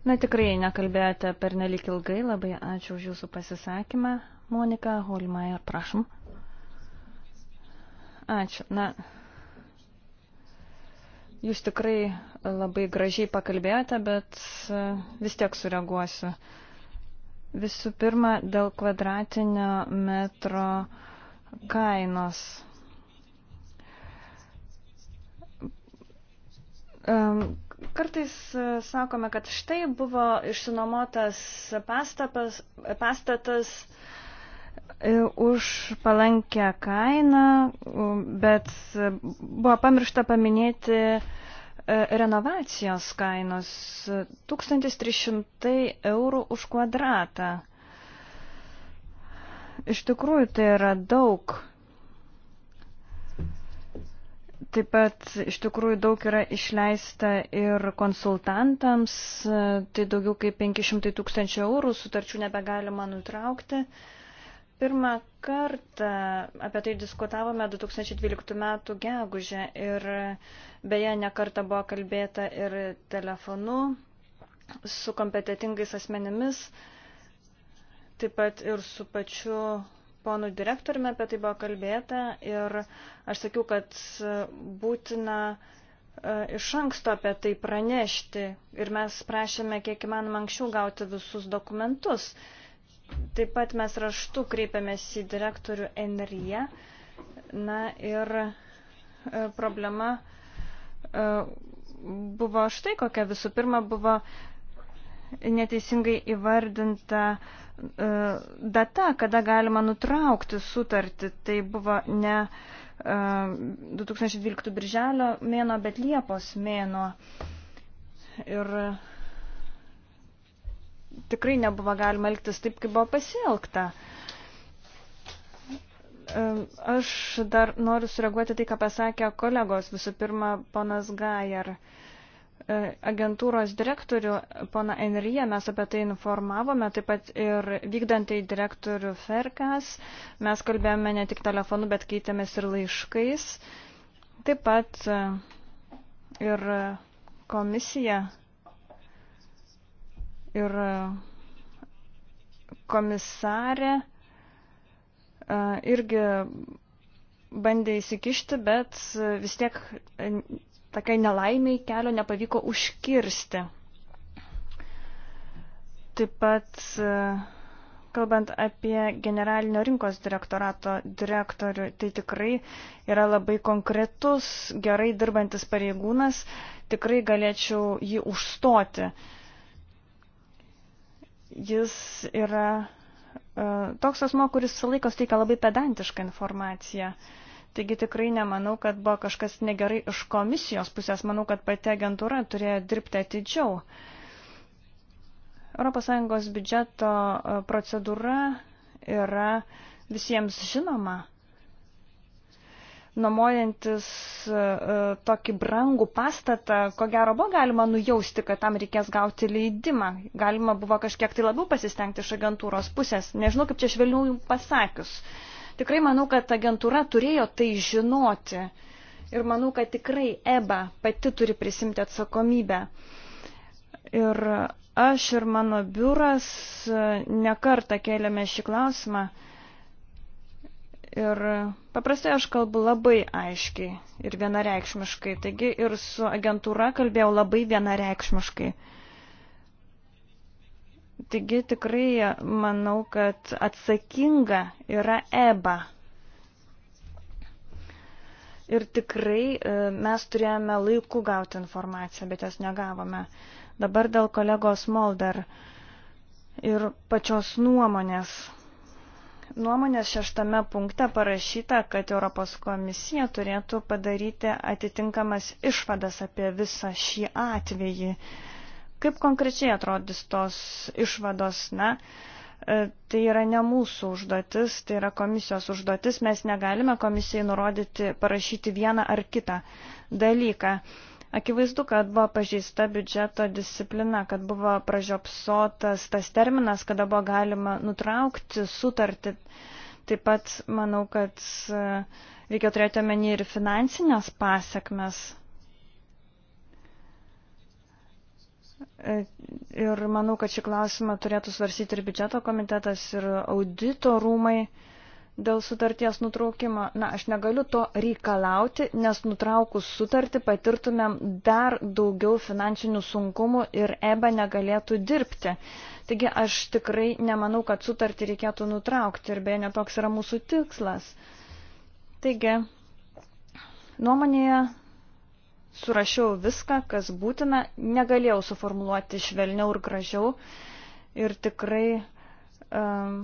A: Na tikrai nekalbėjote per nelik ilgai, labai ačiū už Jūsų pasisakymą. Monika Holmeier, prašom. Ačiū. Na, Jūs tikrai labai gražiai pakalbėjote, bet e, vis tiek sureaguosiu. Visų pirma, dėl kvadratinio metro kainos. Um, Kartais e, sakome, kad štai buvo išsinomotas pastatas, pastatas e, už palankę kainą, bet buvo pamiršta paminėti e, renovacijos kainos 1300 eurų už kvadratą. Iš tikrųjų tai yra daug Taip pat iš tikrųjų daug yra išleista ir konsultantams, tai daugiau kaip 500 tūkstančių eurų sutarčių nebegalima nutraukti. Pirmą kartą apie tai diskutavome 2012 m. gegužę ir beje nekarta buvo kalbėta ir telefonu su kompetitingais asmenimis, taip pat ir su pačiu ponų direktoriumi apie tai buvo kalbėta ir aš sakiau, kad būtina e, iš anksto apie tai pranešti ir mes prašėme kiek įmanoma anksčiau gauti visus dokumentus. Taip pat mes raštu kreipėmės į direktorių Enriją. Na ir e, problema e, buvo štai kokia. Visų pirma, buvo neteisingai įvardinta e, data, kada galima nutraukti sutartį. Tai buvo ne 2012 e, birželio mėno, bet Liepos mėno. Ir tikrai nebuvo galima elgtis taip, kaip buvo pasielgta. E, aš dar noriu sureaguoti tai, ką pasakė kolegos, visų pirma, ponas Gajar. Uh, E, agentūros direktorių, pona Enryje, mes apie tai informavome, taip pat ir vykdantai direktorių Ferkas, mes kalbėjome ne tik telefonu, bet keitėmės ir laiškais. Taip pat e, ir komisija ir komisarė e, irgi bandė įsikišti, bet vis tiek tokiai nelaimiai kelio nepavyko užkirsti. Taip pat, e, kalbant apie generalinio rinkos direktorato direktorių, tai tikrai yra labai konkretus, gerai dirbantis pareigūnas, tikrai galėčiau jį užstoti. Jis yra e, toks asmo, kuris visą laiką teikia labai pedantišką informaciją. Uh, Taigi tikrai nemanau, kad buvo kažkas negerai iš komisijos pusės. Manau, kad pati agentūra turėjo dirbti atidžiau. ES biudžeto e, procedūra yra visiems žinoma. Nuomojantis e, e, tokį brangų pastatą, ko gero buvo galima nujausti, kad tam reikės gauti leidimą. Galima buvo kažkiek tai labiau pasistengti iš agentūros pusės. Nežinau, kaip čia švelniau jums pasakius. Uh, Tikrai manau, kad agentūra turėjo tai žinoti ir manau, kad tikrai EBA pati turi prisimti atsakomybę. Ir aš ir mano biuras e, nekartą kėlėme šį klausimą. Ir paprastai aš kalbu labai aiškiai ir vienareikšmiškai, taigi ir su agentūra kalbėjau labai vienareikšmiškai. Taigi tikrai manau, kad atsakinga yra EBA. Ir tikrai e, mes turėjome laiku gauti informaciją, bet jas negavome. Dabar dėl kolegos Molder ir pačios nuomonės. Nuomonės šeštame punkte parašyta, kad Europos komisija turėtų padaryti atitinkamas išvadas apie visą šį atvejį. Uh, Kaip konkrečiai atrodys tos išvados, na, e, tai yra ne mūsų užduotis, tai yra komisijos užduotis, mes negalime komisijai nurodyti, parašyti vieną ar kitą dalyką. Akivaizdu, kad buvo pažįsta biudžeto disciplina, kad buvo pražiopsotas tas terminas, kada buvo galima nutraukti sutartį. Taip pat manau, kad e, reikia turėti omeny ir finansinės pasiekmes. E, ir manau, kad šį klausimą turėtų svarsyti ir biudžeto komitetas, ir audito rūmai dėl sutarties nutraukimo. Na, aš negaliu to reikalauti, nes nutraukus sutartį patirtumėm dar daugiau finansinių sunkumų ir EBA negalėtų dirbti. Taigi aš tikrai nemanau, kad sutartį reikėtų nutraukti ir beje netoks yra mūsų tikslas. Taigi, nuomonėje surašiau viską, kas būtina, negalėjau suformuluoti švelniau ir gražiau ir tikrai um,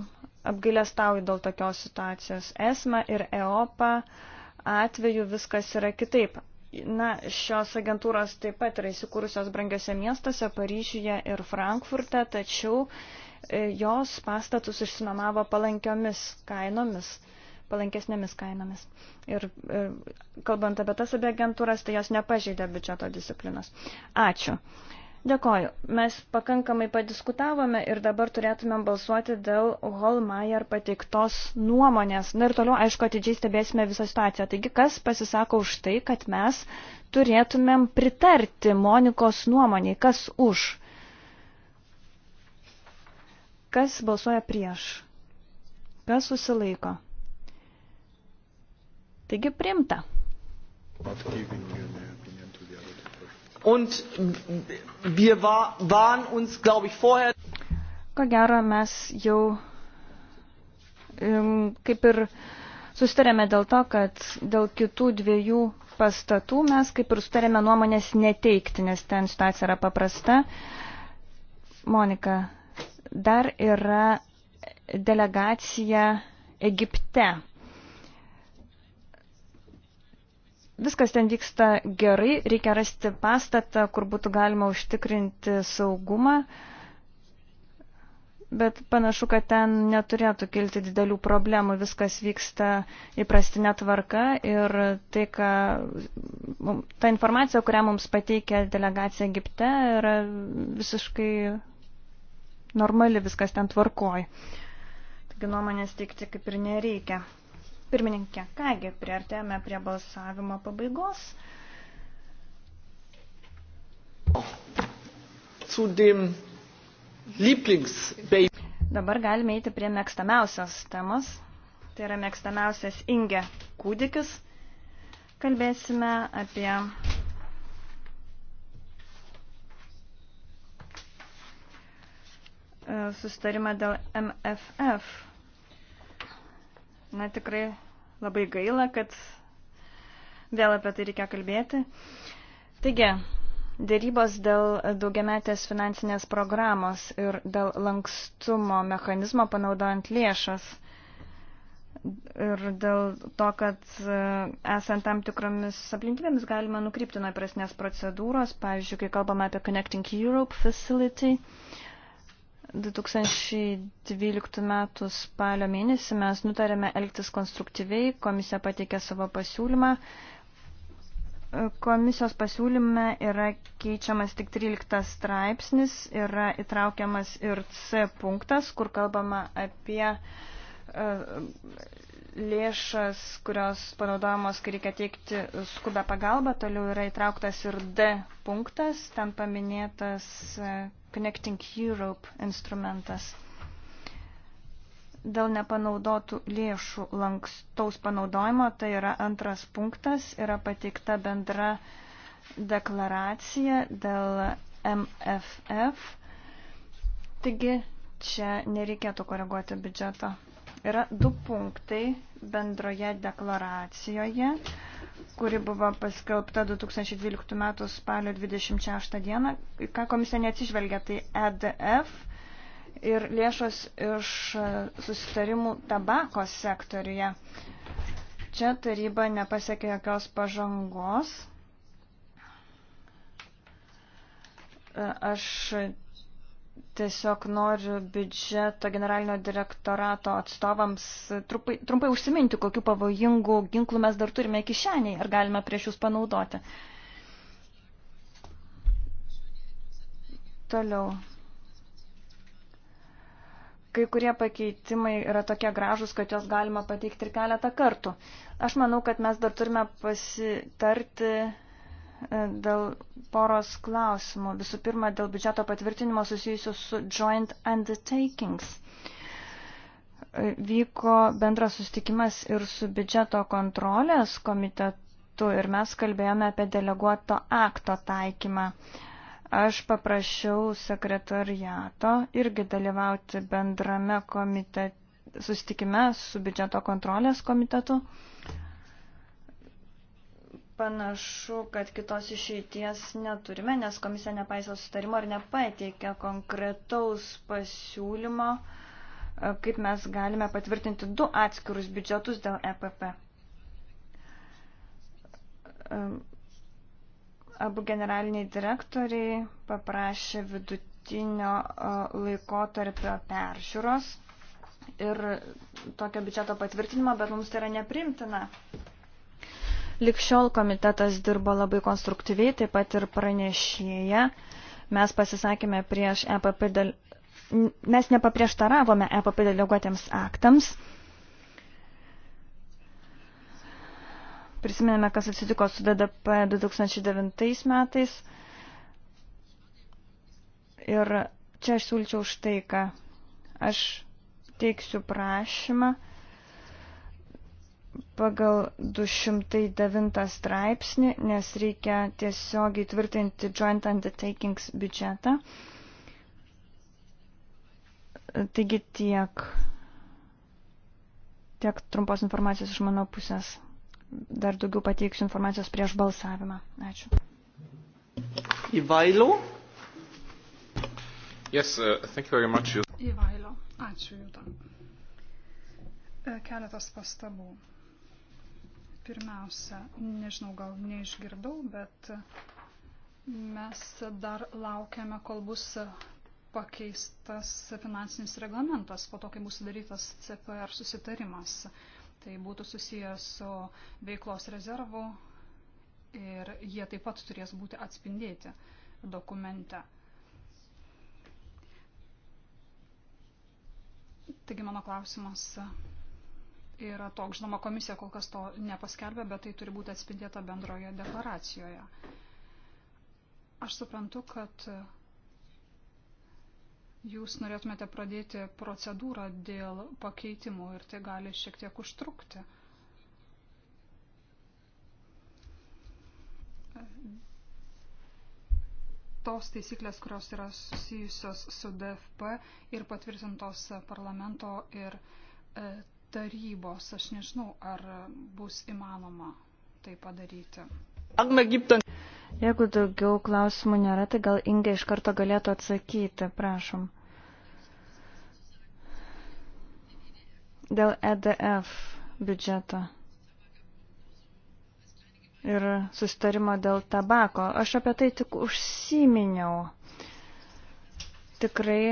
A: apgailestauju dėl tokios situacijos. ESMA ir EOPA atveju viskas yra kitaip. Na, šios agentūros taip pat yra įsikūrusios brangiose miestuose, Paryžiuje ir Frankfurte, tačiau e, jos pastatus išsinomavo palankiomis kainomis palankesnėmis kainomis. Ir, ir kalbant apie tas abie agentūras, tai jos nepažeidė biudžeto disciplinos. Ačiū. Dėkoju. Mes pakankamai padiskutavome ir dabar turėtumėm balsuoti dėl Holmeier pateiktos nuomonės. Na ir toliau, aišku, atidžiai stebėsime visą situaciją. Taigi, kas pasisako už tai, kad mes turėtumėm pritarti Monikos nuomoniai? Kas už? Kas balsuoja prieš? Kas susilaiko? Taigi primta. Und wir
B: waren uns, glaube ich, vorher.
A: Ko gero, mes jau kaip ir sustarėme dėl to, kad dėl kitų dviejų pastatų mes kaip ir sustarėme nuomonės neteikti, nes ten situacija yra paprasta. Monika, dar yra delegacija Egipte. Viskas ten vyksta gerai, reikia rasti pastatą, kur būtų galima užtikrinti saugumą, bet panašu, kad ten neturėtų kilti didelių problemų, viskas vyksta įprastinė tvarka ir tai, ką, ta informacija, kurią mums pateikė delegacija Egipte, yra visiškai normali, viskas ten tvarkoj. Taigi nuomonės teikti kaip ir nereikia. Pirmininkė, kągi, priartėjome prie balsavimo pabaigos.
B: Zu dem Lieblingsbaby.
A: Dabar galime eiti prie mėgstamiausios temos. Tai yra mėgstamiausias Inge kūdikis. Kalbėsime apie sustarimą dėl MFF Na tikrai labai gaila, kad vėl apie tai reikia kalbėti. Taigi, dėrybos dėl daugiametės finansinės programos ir dėl lankstumo mechanizmo panaudojant lėšas ir dėl to, kad e, esant tam tikromis aplinkybėmis galima nukrypti nuo prasnės procedūros, pavyzdžiui, kai kalbame apie Connecting Europe Facility, uh, 2012 m. spalio mėnesį mes nutarėme elgtis konstruktyviai, komisija pateikė savo pasiūlymą. Komisijos pasiūlyme yra keičiamas tik 13 straipsnis, yra įtraukiamas ir C punktas, kur kalbama apie e, lėšas, kurios panaudojamos, kai reikia teikti skubę pagalbą, toliau yra įtrauktas ir D punktas, ten paminėtas e, Connecting Europe instrumentas. Dėl nepanaudotų lėšų lankstaus panaudojimo, tai yra antras punktas, yra pateikta bendra deklaracija dėl MFF. Taigi čia nereikėtų koreguoti biudžeto. Yra du punktai bendroje deklaracijoje kuri buvo paskelbta 2012 m. spalio 26 dieną. Ką komisija neatsižvelgia, tai EDF ir lėšos iš susitarimų tabako sektoriuje. Čia taryba nepasiekė jokios pažangos. Aš Tiesiog noriu biudžeto generalinio direktorato atstovams trumpai, trumpai užsiminti, kokiu pavojingu ginklu mes dar turime kišeniai, ar galime prieš jūs panaudoti. Toliau. Kai kurie pakeitimai yra tokie gražus, kad jos galima pateikti ir keletą kartų. Aš manau, kad mes dar turime pasitarti E, dėl poros klausimų. Visų pirma, dėl biudžeto patvirtinimo susijusiu su joint undertakings. E, vyko bendras sustikimas ir su biudžeto kontrolės komitetu ir mes kalbėjome apie deleguoto akto taikymą. Aš paprašiau sekretariato irgi dalyvauti bendrame komitete sustikime su biudžeto kontrolės komitetu. Uh, Panašu, kad kitos išeities neturime, nes komisija nepaiso sutarimo ir nepateikia konkretaus pasiūlymo, e, kaip mes galime patvirtinti du atskirus biudžetus dėl EPP. E, abu generaliniai direktoriai paprašė vidutinio e, laikotarpio peržiūros ir tokio biudžeto patvirtinimo, bet mums tai yra neprimtina. Likščiol komitetas dirbo labai konstruktyviai, taip pat ir pranešėje. Mes pasisakėme prieš EPP, dal... mes nepaprieštaravome EPP deleguotiems aktams. Prisiminėme, kas atsitiko su DDP 2009 metais. Ir čia aš siūlyčiau štai ką. Aš teiksiu prašymą pagal 209 straipsnį, nes reikia tiesiogiai tvirtinti joint undertakings biudžetą. Taigi tiek, tiek trumpos informacijos iš mano pusės. Dar daugiau pateiksiu informacijos prieš balsavimą. Ačiū. Įvailo. Yes, uh, thank you very much.
E: Įvailo. Ačiū Jūta. E, keletas pastabų Pirmiausia, nežinau, gal neišgirdau, bet mes dar laukiame, kol bus pakeistas finansinis reglamentas po to, kai bus sudarytas CPR susitarimas. Tai būtų susijęs su veiklos rezervu ir jie taip pat turės būti atspindėti dokumente. Taigi mano klausimas yra toks. Žinoma, komisija kol kas to nepaskelbė, bet tai turi būti atspindėta bendroje deklaracijoje. Aš suprantu, kad jūs norėtumėte pradėti procedūrą dėl pakeitimų ir tai gali šiek tiek užtrukti. tos taisyklės, kurios yra susijusios su DFP ir patvirtintos parlamento ir e, tarybos. Aš nežinau, ar bus įmanoma tai padaryti.
A: Jeigu daugiau klausimų nėra, tai gal Inga iš karto galėtų atsakyti, prašom. Dėl EDF biudžeto ir sustarimo dėl tabako. Aš apie tai tik užsiminiau. Tikrai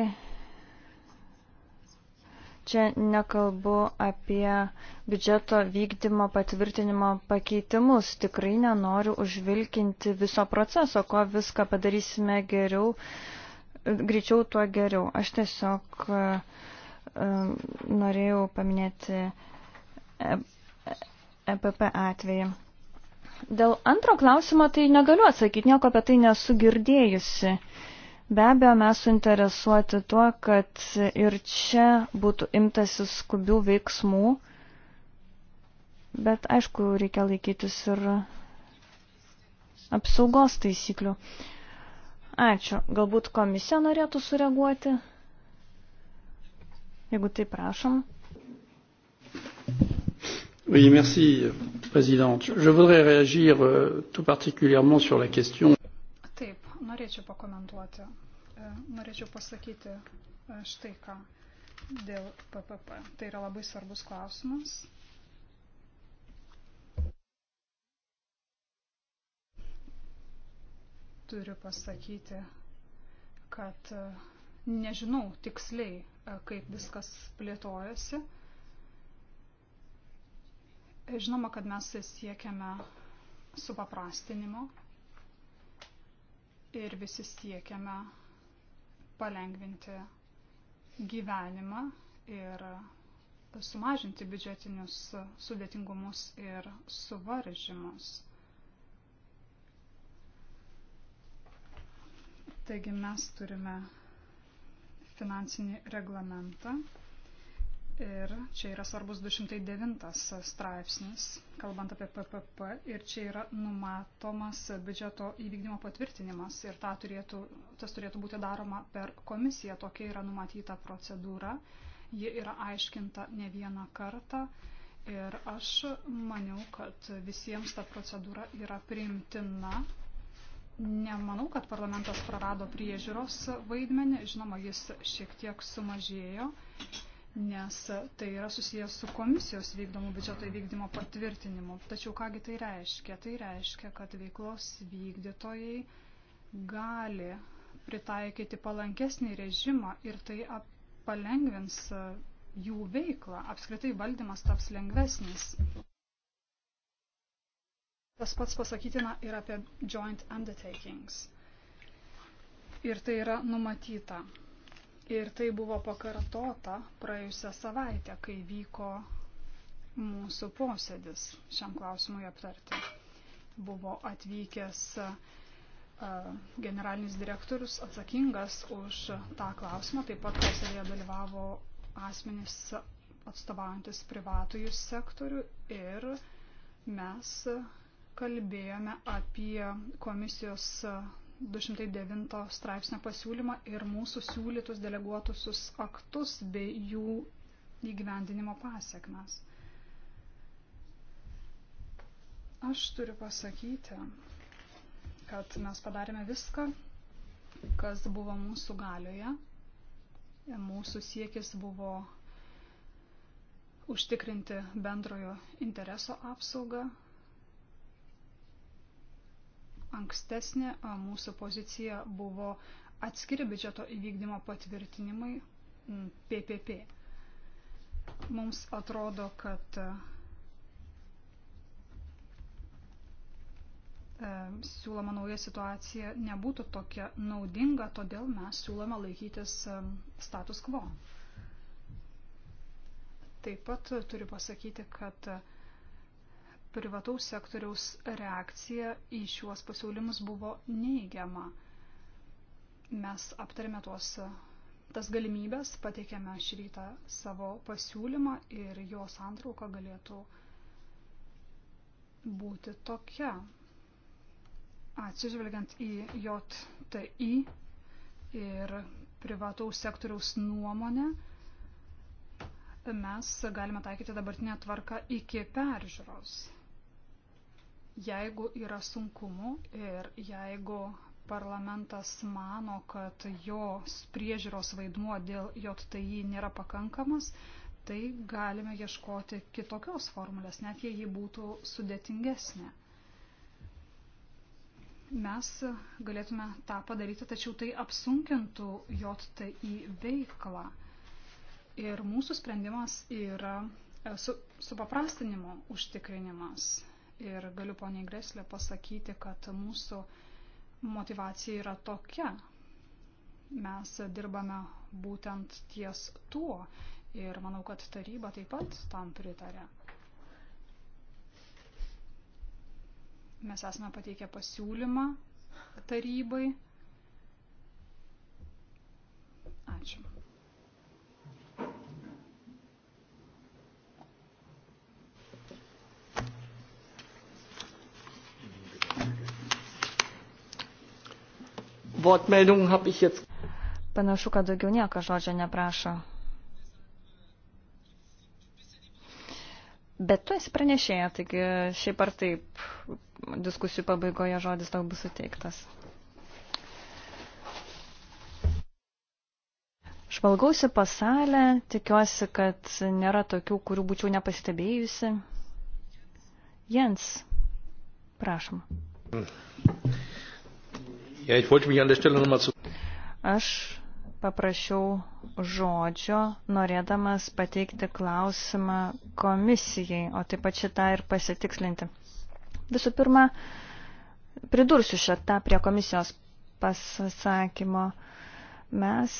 A: Čia nekalbu apie biudžeto vykdymo patvirtinimo pakeitimus. Tikrai nenoriu užvilkinti viso proceso, ko viską padarysime geriau, greičiau tuo geriau. Aš tiesiog e, e, norėjau paminėti EPP e, atvejį. Dėl antro klausimo tai negaliu atsakyti, nieko apie tai nesu girdėjusi. Uh, Be abejo, mes suinteresuoti tuo, kad ir čia būtų imtasi skubių veiksmų, bet aišku, reikia laikytis ir apsaugos taisyklių. Ačiū. Galbūt komisija norėtų sureaguoti? Jeigu tai prašom.
C: Oui, merci, Présidente. Je voudrais réagir euh, tout particulièrement sur la question
E: norėčiau pakomentuoti. E, norėčiau pasakyti e, štai ką dėl PPP. Tai yra labai svarbus klausimas. Turiu pasakyti, kad e, nežinau tiksliai, kaip viskas plėtojasi. Žinoma, kad mes siekiame supaprastinimo ir visi siekiame palengvinti gyvenimą ir sumažinti biudžetinius sudėtingumus ir suvaržymus. Taigi mes turime finansinį reglamentą Ir čia yra svarbus 209 straipsnis, kalbant apie PPP, ir čia yra numatomas biudžeto įvykdymo patvirtinimas ir ta turėtų, tas turėtų būti daroma per komisiją, tokia yra numatyta procedūra, ji yra aiškinta ne vieną kartą ir aš maniau, kad visiems ta procedūra yra priimtina. Nemanau, kad parlamentas prarado priežiūros vaidmenį, žinoma, jis šiek tiek sumažėjo nes tai yra susijęs su komisijos vykdomų biudžeto įvykdymo patvirtinimu. Tačiau kągi tai reiškia? Tai reiškia, kad veiklos vykdytojai gali pritaikyti palankesnį režimą ir tai palengvins e, jų veiklą. Apskritai valdymas taps lengvesnis. Tas pats pasakytina ir apie joint undertakings. Ir tai yra numatyta Ir tai buvo pakartota praėjusią savaitę, kai vyko mūsų posėdis šiam klausimui aptarti. Buvo atvykęs generalinis direktorius atsakingas už tą klausimą, taip pat posėdėje dalyvavo asmenys atstovaujantis privatojų sektorių ir mes kalbėjome apie komisijos 209 straipsnio pasiūlymą ir mūsų siūlytus deleguotusius aktus bei jų įgyvendinimo pasiekmes. Aš turiu pasakyti, kad mes padarėme viską, kas buvo mūsų galioje. Mūsų siekis buvo užtikrinti bendrojo intereso apsaugą, ankstesnė mūsų pozicija buvo atskiri biudžeto įvykdymo patvirtinimai PPP. Mums atrodo, kad siūloma nauja situacija nebūtų tokia naudinga, todėl mes siūlome laikytis status quo. Taip pat turiu pasakyti, kad privataus sektoriaus reakcija į šiuos pasiūlymus buvo neigiama. Mes aptarėme tuos, tas galimybės, pateikėme šį rytą savo pasiūlymą ir jo santrauka galėtų būti tokia. Atsižvelgiant į JTI ir privataus sektoriaus nuomonę, mes galime taikyti dabartinę tvarką iki peržiūros. Jeigu yra sunkumų ir jeigu parlamentas mano, kad jos priežiūros vaidmuo dėl JTI nėra pakankamas, tai galime ieškoti kitokios formulės, net jei ji būtų sudėtingesnė. Mes galėtume tą padaryti, tačiau tai apsunkintų JTI veiklą. Ir mūsų sprendimas yra supaprastinimo su užtikrinimas Ir galiu poniai Greslė pasakyti, kad mūsų motivacija yra tokia. Mes dirbame būtent ties tuo ir manau, kad taryba taip pat tam pritarė. Mes esame pateikę pasiūlymą tarybai. Ačiū.
B: Wortmeldungen habe ich jetzt.
A: Panašu, kad daugiau nieko žodžio neprašo. Bet tu esi pranešėja, taigi šiaip ar taip diskusijų pabaigoje žodis tau bus suteiktas. Žvalgausi pasalę, tikiuosi, kad nėra tokių, kurių būčiau nepastebėjusi. Jens, prašom.
B: Mm. Aš
A: paprašiau žodžio, norėdamas pateikti klausimą komisijai, o taip pat šitą ir pasitikslinti. Visų pirma, pridursiu šitą prie komisijos pasakymo. Mes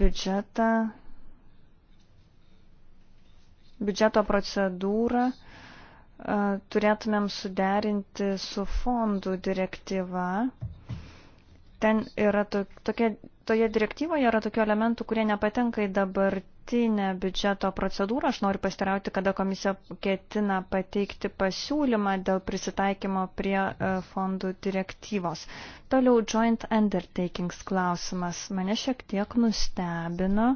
A: biudžetą, biudžeto procedūrą e, turėtumėm suderinti su fondų direktyva ten yra to, tokie, toje direktyvoje yra tokių elementų, kurie nepatenka į dabartinę biudžeto procedūrą. Aš noriu pastirauti, kada komisija ketina pateikti pasiūlymą dėl prisitaikymo prie e, fondų direktyvos. Toliau joint undertakings klausimas. Mane šiek tiek nustebino.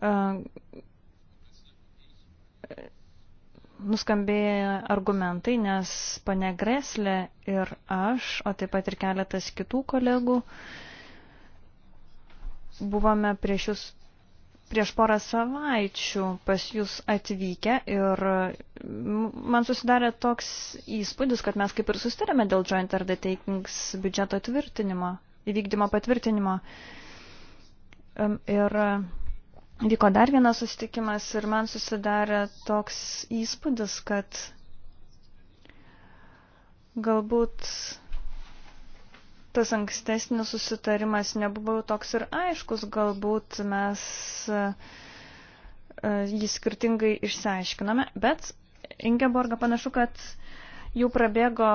A: Uh, nuskambėjo argumentai, nes pane Greslė ir aš, o taip pat ir keletas kitų kolegų, buvome prieš jūs prieš porą savaičių pas jūs atvykę ir man susidarė toks įspūdis, kad mes kaip ir sustarėme dėl joint undertakings biudžeto tvirtinimo, įvykdymo patvirtinimo. Ir Vyko dar vienas susitikimas ir man susidarė toks įspūdis, kad galbūt tas ankstesnis susitarimas nebuvo toks ir aiškus, galbūt mes e, e, jį skirtingai išsiaiškiname, bet Ingeborga panašu, kad jau prabėgo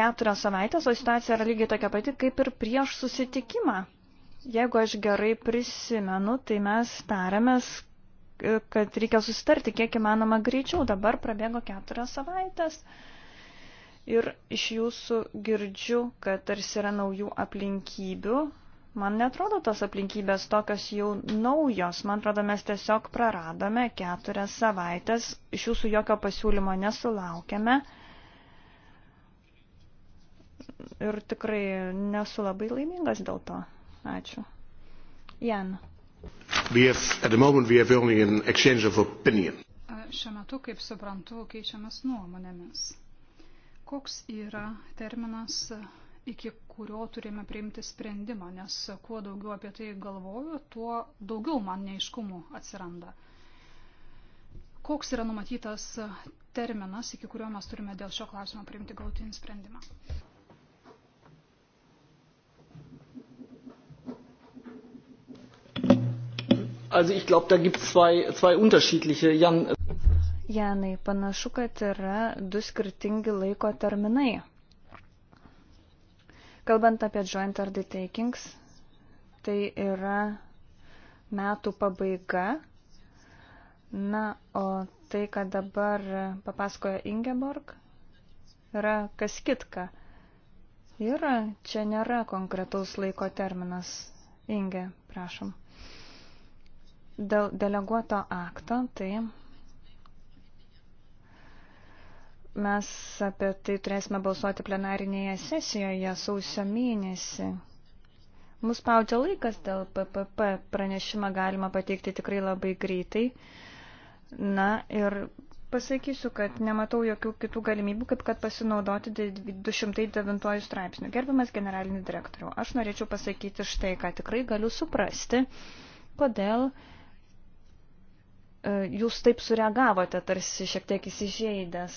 A: keturios savaitės, o situacija yra lygiai tokia pati kaip ir prieš susitikimą. Jeigu aš gerai prisimenu, tai mes tarėmės, e, kad reikia susitarti kiek įmanoma greičiau. Dabar prabėgo keturias savaitės ir iš jūsų girdžiu, kad tarsi yra naujų aplinkybių. Man netrodo tos aplinkybės tokios jau naujos. Man atrodo, mes tiesiog praradome keturias savaitės, iš jūsų jokio pasiūlymo nesulaukėme. Ir tikrai nesu labai laimingas dėl to. Ačiū. Jan. Have,
E: Šiuo metu, kaip suprantu, keičiamas nuomonėmis. Koks yra terminas, iki kurio turime priimti sprendimą, nes kuo daugiau apie tai galvoju, tuo daugiau man neiškumų atsiranda. Koks yra numatytas terminas, iki kurio mes turime dėl šio klausimo priimti gautinį sprendimą?
B: Also ich glaube, da gibt es zwei, zwei unterschiedliche. Jan.
A: Äh, Janai, panašu, kad yra du skirtingi laiko terminai. Kalbant apie joint order takings, tai yra metų pabaiga. Na, o tai, ką dabar papasakojo Ingeborg, yra kas kitka. Ir čia nėra konkretaus laiko terminas. Inge, prašom. Dėl deleguoto akto, tai mes apie tai turėsime balsuoti plenarinėje sesijoje sausio mėnesį. Mus spaudžia laikas dėl PPP, pranešimą galima pateikti tikrai labai greitai. Na ir pasakysiu, kad nematau jokių kitų galimybių, kaip kad pasinaudoti 209 straipsnių. Gerbiamas generalinį direktorių, aš norėčiau pasakyti štai, ką tikrai galiu suprasti, kodėl uh, E, jūs taip sureagavote, tarsi šiek tiek įsižeidęs.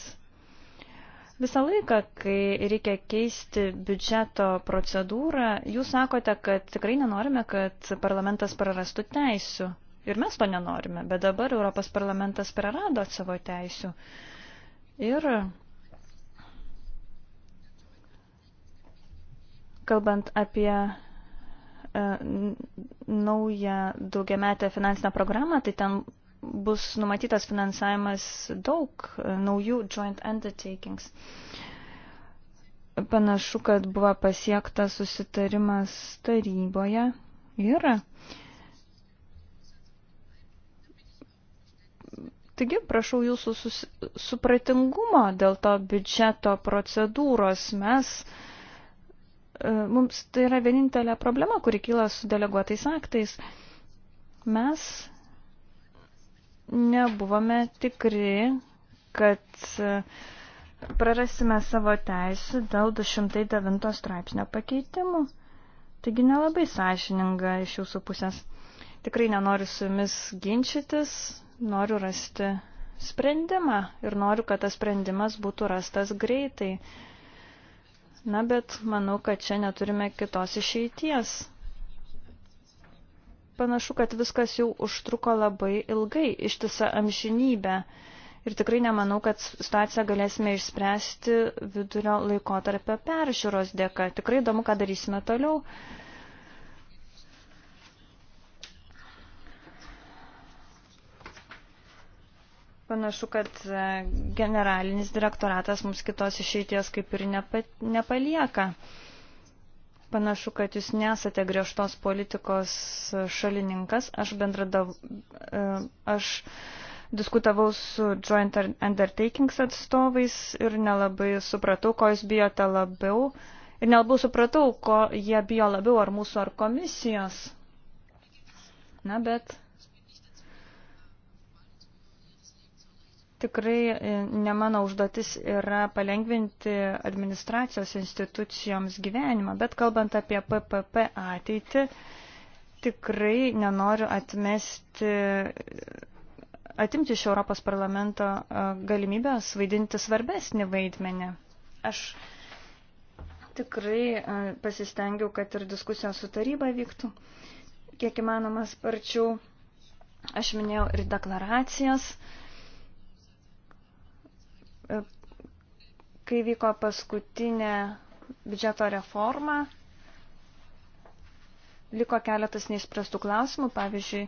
A: Visą laiką, kai reikia keisti biudžeto procedūrą, jūs sakote, kad tikrai nenorime, kad parlamentas prarastų teisių. Ir mes to nenorime, bet dabar Europos parlamentas prarado savo teisių. Ir kalbant apie e, naują daugiametę finansinę programą, tai ten bus numatytas finansavimas daug e, naujų joint undertakings. Panašu, kad buvo pasiektas susitarimas taryboje ir Taigi, prašau jūsų supratingumo dėl to biudžeto procedūros. Mes, e, mums tai yra vienintelė problema, kuri kyla su deleguotais aktais. Mes nebuvome tikri, kad e, prarasime savo teisų dėl 209 straipsnio pakeitimų. Taigi nelabai sąžininga iš jūsų pusės. Tikrai nenoriu su jumis ginčytis, noriu rasti sprendimą ir noriu, kad tas sprendimas būtų rastas greitai. Na, bet manau, kad čia neturime kitos išeities panašu, kad viskas jau užtruko labai ilgai, ištisą amžinybę. Ir tikrai nemanau, kad situaciją galėsime išspręsti vidurio laikotarpio peržiūros dėka. Tikrai įdomu, ką darysime toliau. Panašu, kad generalinis direktoratas mums kitos išeities kaip ir nepalieka. Panašu, kad jūs nesate griežtos politikos šalininkas. Aš bendradav... E, aš diskutavau su Joint Undertakings atstovais ir nelabai supratau, ko jūs bijote labiau. Ir nelabai supratau, ko jie bijo labiau, ar mūsų, ar komisijos. Na, bet Tikrai e, ne mano užduotis yra palengvinti administracijos institucijoms gyvenimą, bet kalbant apie PPP ateitį, tikrai nenoriu atmesti, atimti iš Europos parlamento e, galimybės vaidinti svarbesnį vaidmenį. Aš tikrai e, pasistengiau, kad ir diskusijos su taryba vyktų, kiek įmanoma sparčiau. Aš minėjau ir deklaracijas kai vyko paskutinė biudžeto reforma, liko keletas neįspręstų klausimų, pavyzdžiui,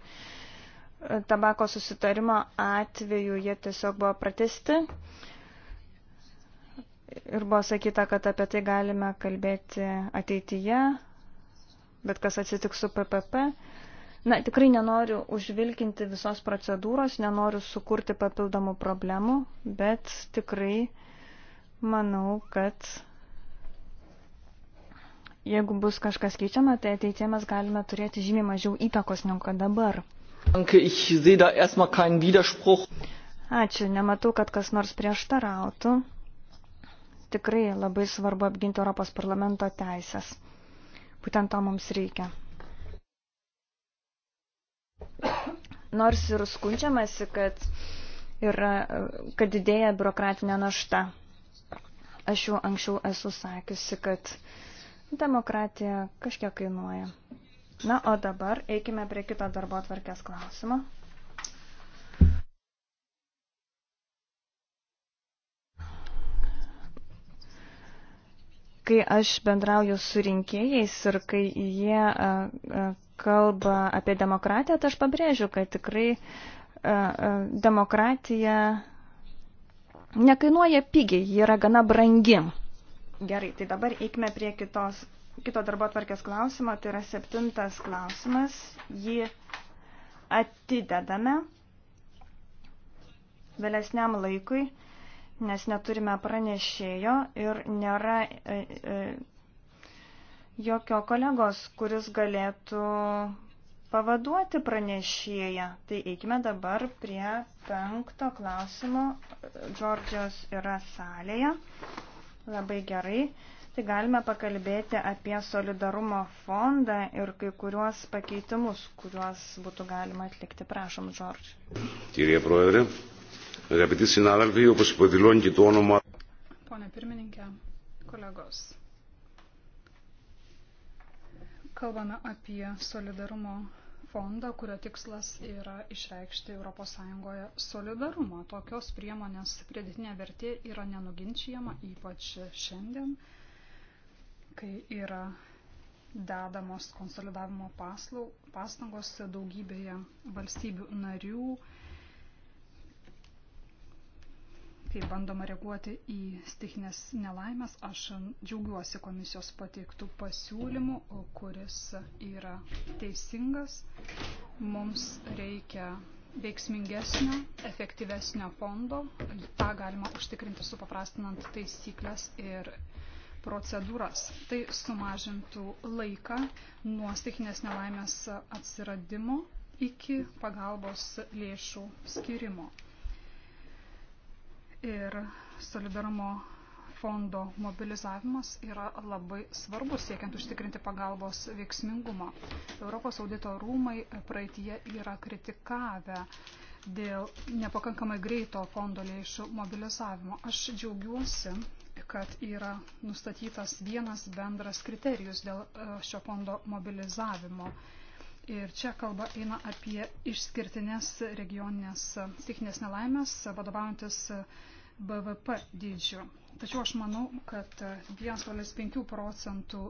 A: tabako susitarimo atveju jie tiesiog buvo pratesti ir buvo sakyta, kad apie tai galime kalbėti ateityje, bet kas atsitiks su PPP. Na, tikrai nenoriu užvilkinti visos procedūros, nenoriu sukurti papildomų problemų, bet tikrai manau, kad jeigu bus kažkas keičiama, tai ateitie mes galime turėti žymiai mažiau įtakos negu kad dabar. Ačiū, nematau, kad kas nors prieštarautų. Tikrai labai svarbu apginti Europos parlamento teisės. Būtent to mums reikia. Nors ir skundžiamasi, kad, yra, kad didėja biurokratinė našta. Aš jau anksčiau esu sakiusi, kad demokratija kažkiek kainuoja. Na, o dabar eikime prie kito darbo atvarkės klausimo. kai aš bendrauju su rinkėjais ir kai jie kalba apie demokratiją, tai aš pabrėžiu, kad tikrai e, e, demokratija nekainuoja pigiai, ji yra gana brangi. Gerai, tai dabar eikime prie kitos, kito darbo atvarkės klausimo, tai yra septintas klausimas, jį atidedame vėlesniam laikui, nes neturime pranešėjo ir nėra e, jokio kolegos, kuris galėtų pavaduoti pranešėją. Tai eikime dabar prie penkto klausimo. Džordžijos yra salėje. Labai gerai. Tai galime pakalbėti apie solidarumo fondą ir kai kuriuos pakeitimus, kuriuos būtų galima atlikti. Prašom, Džordž.
C: Kyrie Proerė, repeticinė alfija, pasipadilionti to nomą.
E: Pone pirmininkė, kolegos. Kalbame apie solidarumo fondą, kurio tikslas yra išreikšti ES solidarumą. Tokios priemonės pridėtinė vertė yra nenuginčiama, ypač šiandien, kai yra dedamos konsolidavimo paslaug, pastangos daugybėje valstybių narių kai bandoma reaguoti į stichinės nelaimės, aš džiaugiuosi komisijos pateiktų pasiūlymų, kuris yra teisingas. Mums reikia veiksmingesnio, efektyvesnio fondo. Ta galima užtikrinti supaprastinant taisyklės ir procedūras. Tai sumažintų laiką nuo stichinės nelaimės atsiradimo iki pagalbos lėšų skirimo ir solidarumo fondo mobilizavimas yra labai svarbus siekiant užtikrinti pagalbos veiksmingumą. Europos audito rūmai praeitie yra kritikavę dėl nepakankamai greito fondo lėšų mobilizavimo. Aš džiaugiuosi, kad yra nustatytas vienas bendras kriterijus dėl e, šio fondo mobilizavimo Ir čia kalba eina apie išskirtinės regioninės stichinės nelaimės, vadovaujantis BVP dydžiu. Tačiau aš manau, kad 1,5 procentų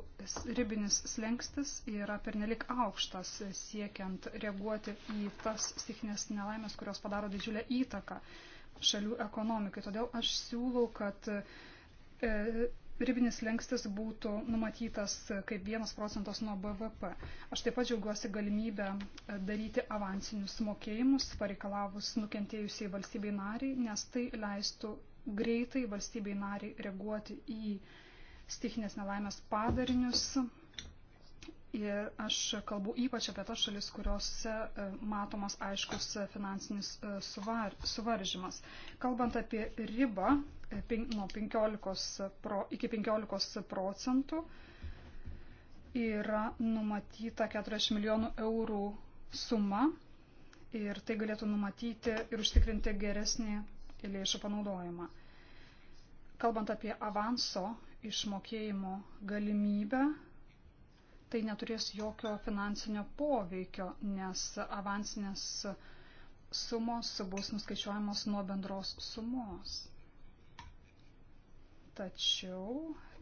E: ribinis slengstis yra pernelik aukštas siekiant reaguoti į tas stichinės nelaimės, kurios padaro didžiulę įtaką šalių ekonomikai. Todėl aš siūlau, kad e, ribinis lengstis būtų numatytas kaip 1 procentas nuo BVP. Aš taip pat džiaugiuosi galimybę e, daryti avansinius mokėjimus, pareikalavus nukentėjusiai valstybei nariai, nes tai leistų greitai valstybei nariai reaguoti į stichinės nelaimės padarinius. Ir aš kalbu ypač apie tas šalis, kuriuose e, matomas aiškus finansinis e, suvar, suvaržymas. Kalbant apie ribą, nuo 15 pro, iki 15 procentų yra numatyta 40 milijonų eurų suma ir tai galėtų numatyti ir užtikrinti geresnį lėšų panaudojimą. Kalbant apie avanso išmokėjimo galimybę, tai neturės jokio finansinio poveikio, nes avansinės sumos bus nuskaičiuojamos nuo bendros sumos. Tačiau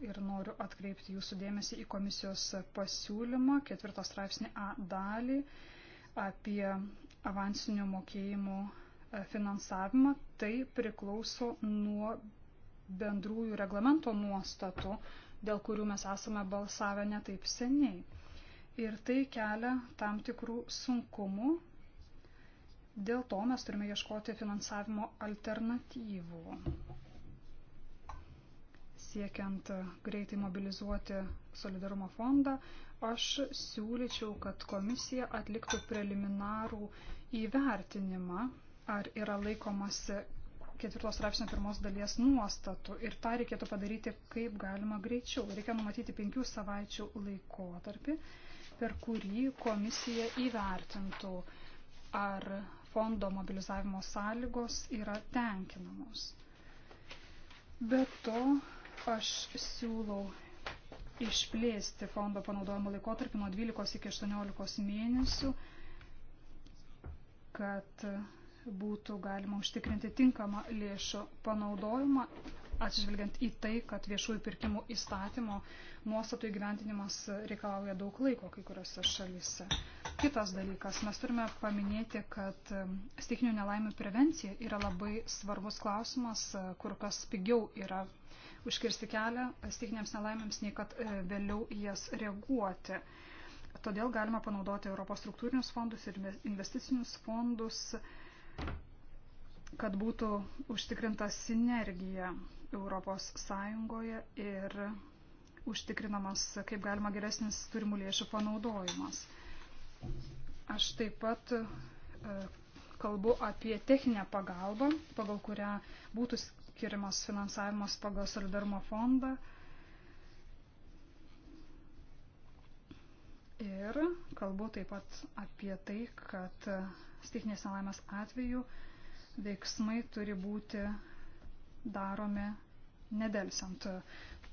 E: ir noriu atkreipti jūsų dėmesį į komisijos pasiūlymą, ketvirtos straipsnį A dalį apie avansinių mokėjimų e, finansavimą. Tai priklauso nuo bendrųjų reglamento nuostatų, dėl kurių mes esame balsavę netaip seniai. Ir tai kelia tam tikrų sunkumų. Dėl to mes turime ieškoti finansavimo alternatyvų siekiant greitai mobilizuoti solidarumo fondą, aš siūlyčiau, kad komisija atliktų preliminarų įvertinimą, ar yra laikomasi ketvirtos straipsnio pirmos dalies nuostatų ir tą reikėtų padaryti kaip galima greičiau. Reikia numatyti penkių savaičių laikotarpį, per kurį komisija įvertintų, ar fondo mobilizavimo sąlygos yra tenkinamos. Be to, Aš siūlau išplėsti fondo panaudojimo laikotarpį nuo 12 iki 18 mėnesių, kad būtų galima užtikrinti tinkamą lėšų panaudojimą, atsižvelgiant į tai, kad viešųjų pirkimų įstatymo nuostatų įgyventinimas reikalauja daug laiko kai kuriuose šalise. Kitas dalykas, mes turime paminėti, kad stikinių nelaimių prevencija yra labai svarbus klausimas, kur kas pigiau yra užkirsti kelią stikiniams nelaimėms, nei kad e, vėliau į jas reaguoti. Todėl galima panaudoti Europos struktūrinius fondus ir investicinius fondus, kad būtų užtikrinta sinergija Europos Sąjungoje ir užtikrinamas kaip galima geresnis turimų lėšų panaudojimas. Aš taip pat e, kalbu apie techninę pagalbą, pagal kurią būtų skiriamas finansavimas pagal solidarumo fondą. Ir kalbu taip pat apie tai, kad stichinės nelaimės atveju veiksmai turi būti daromi nedelsiant.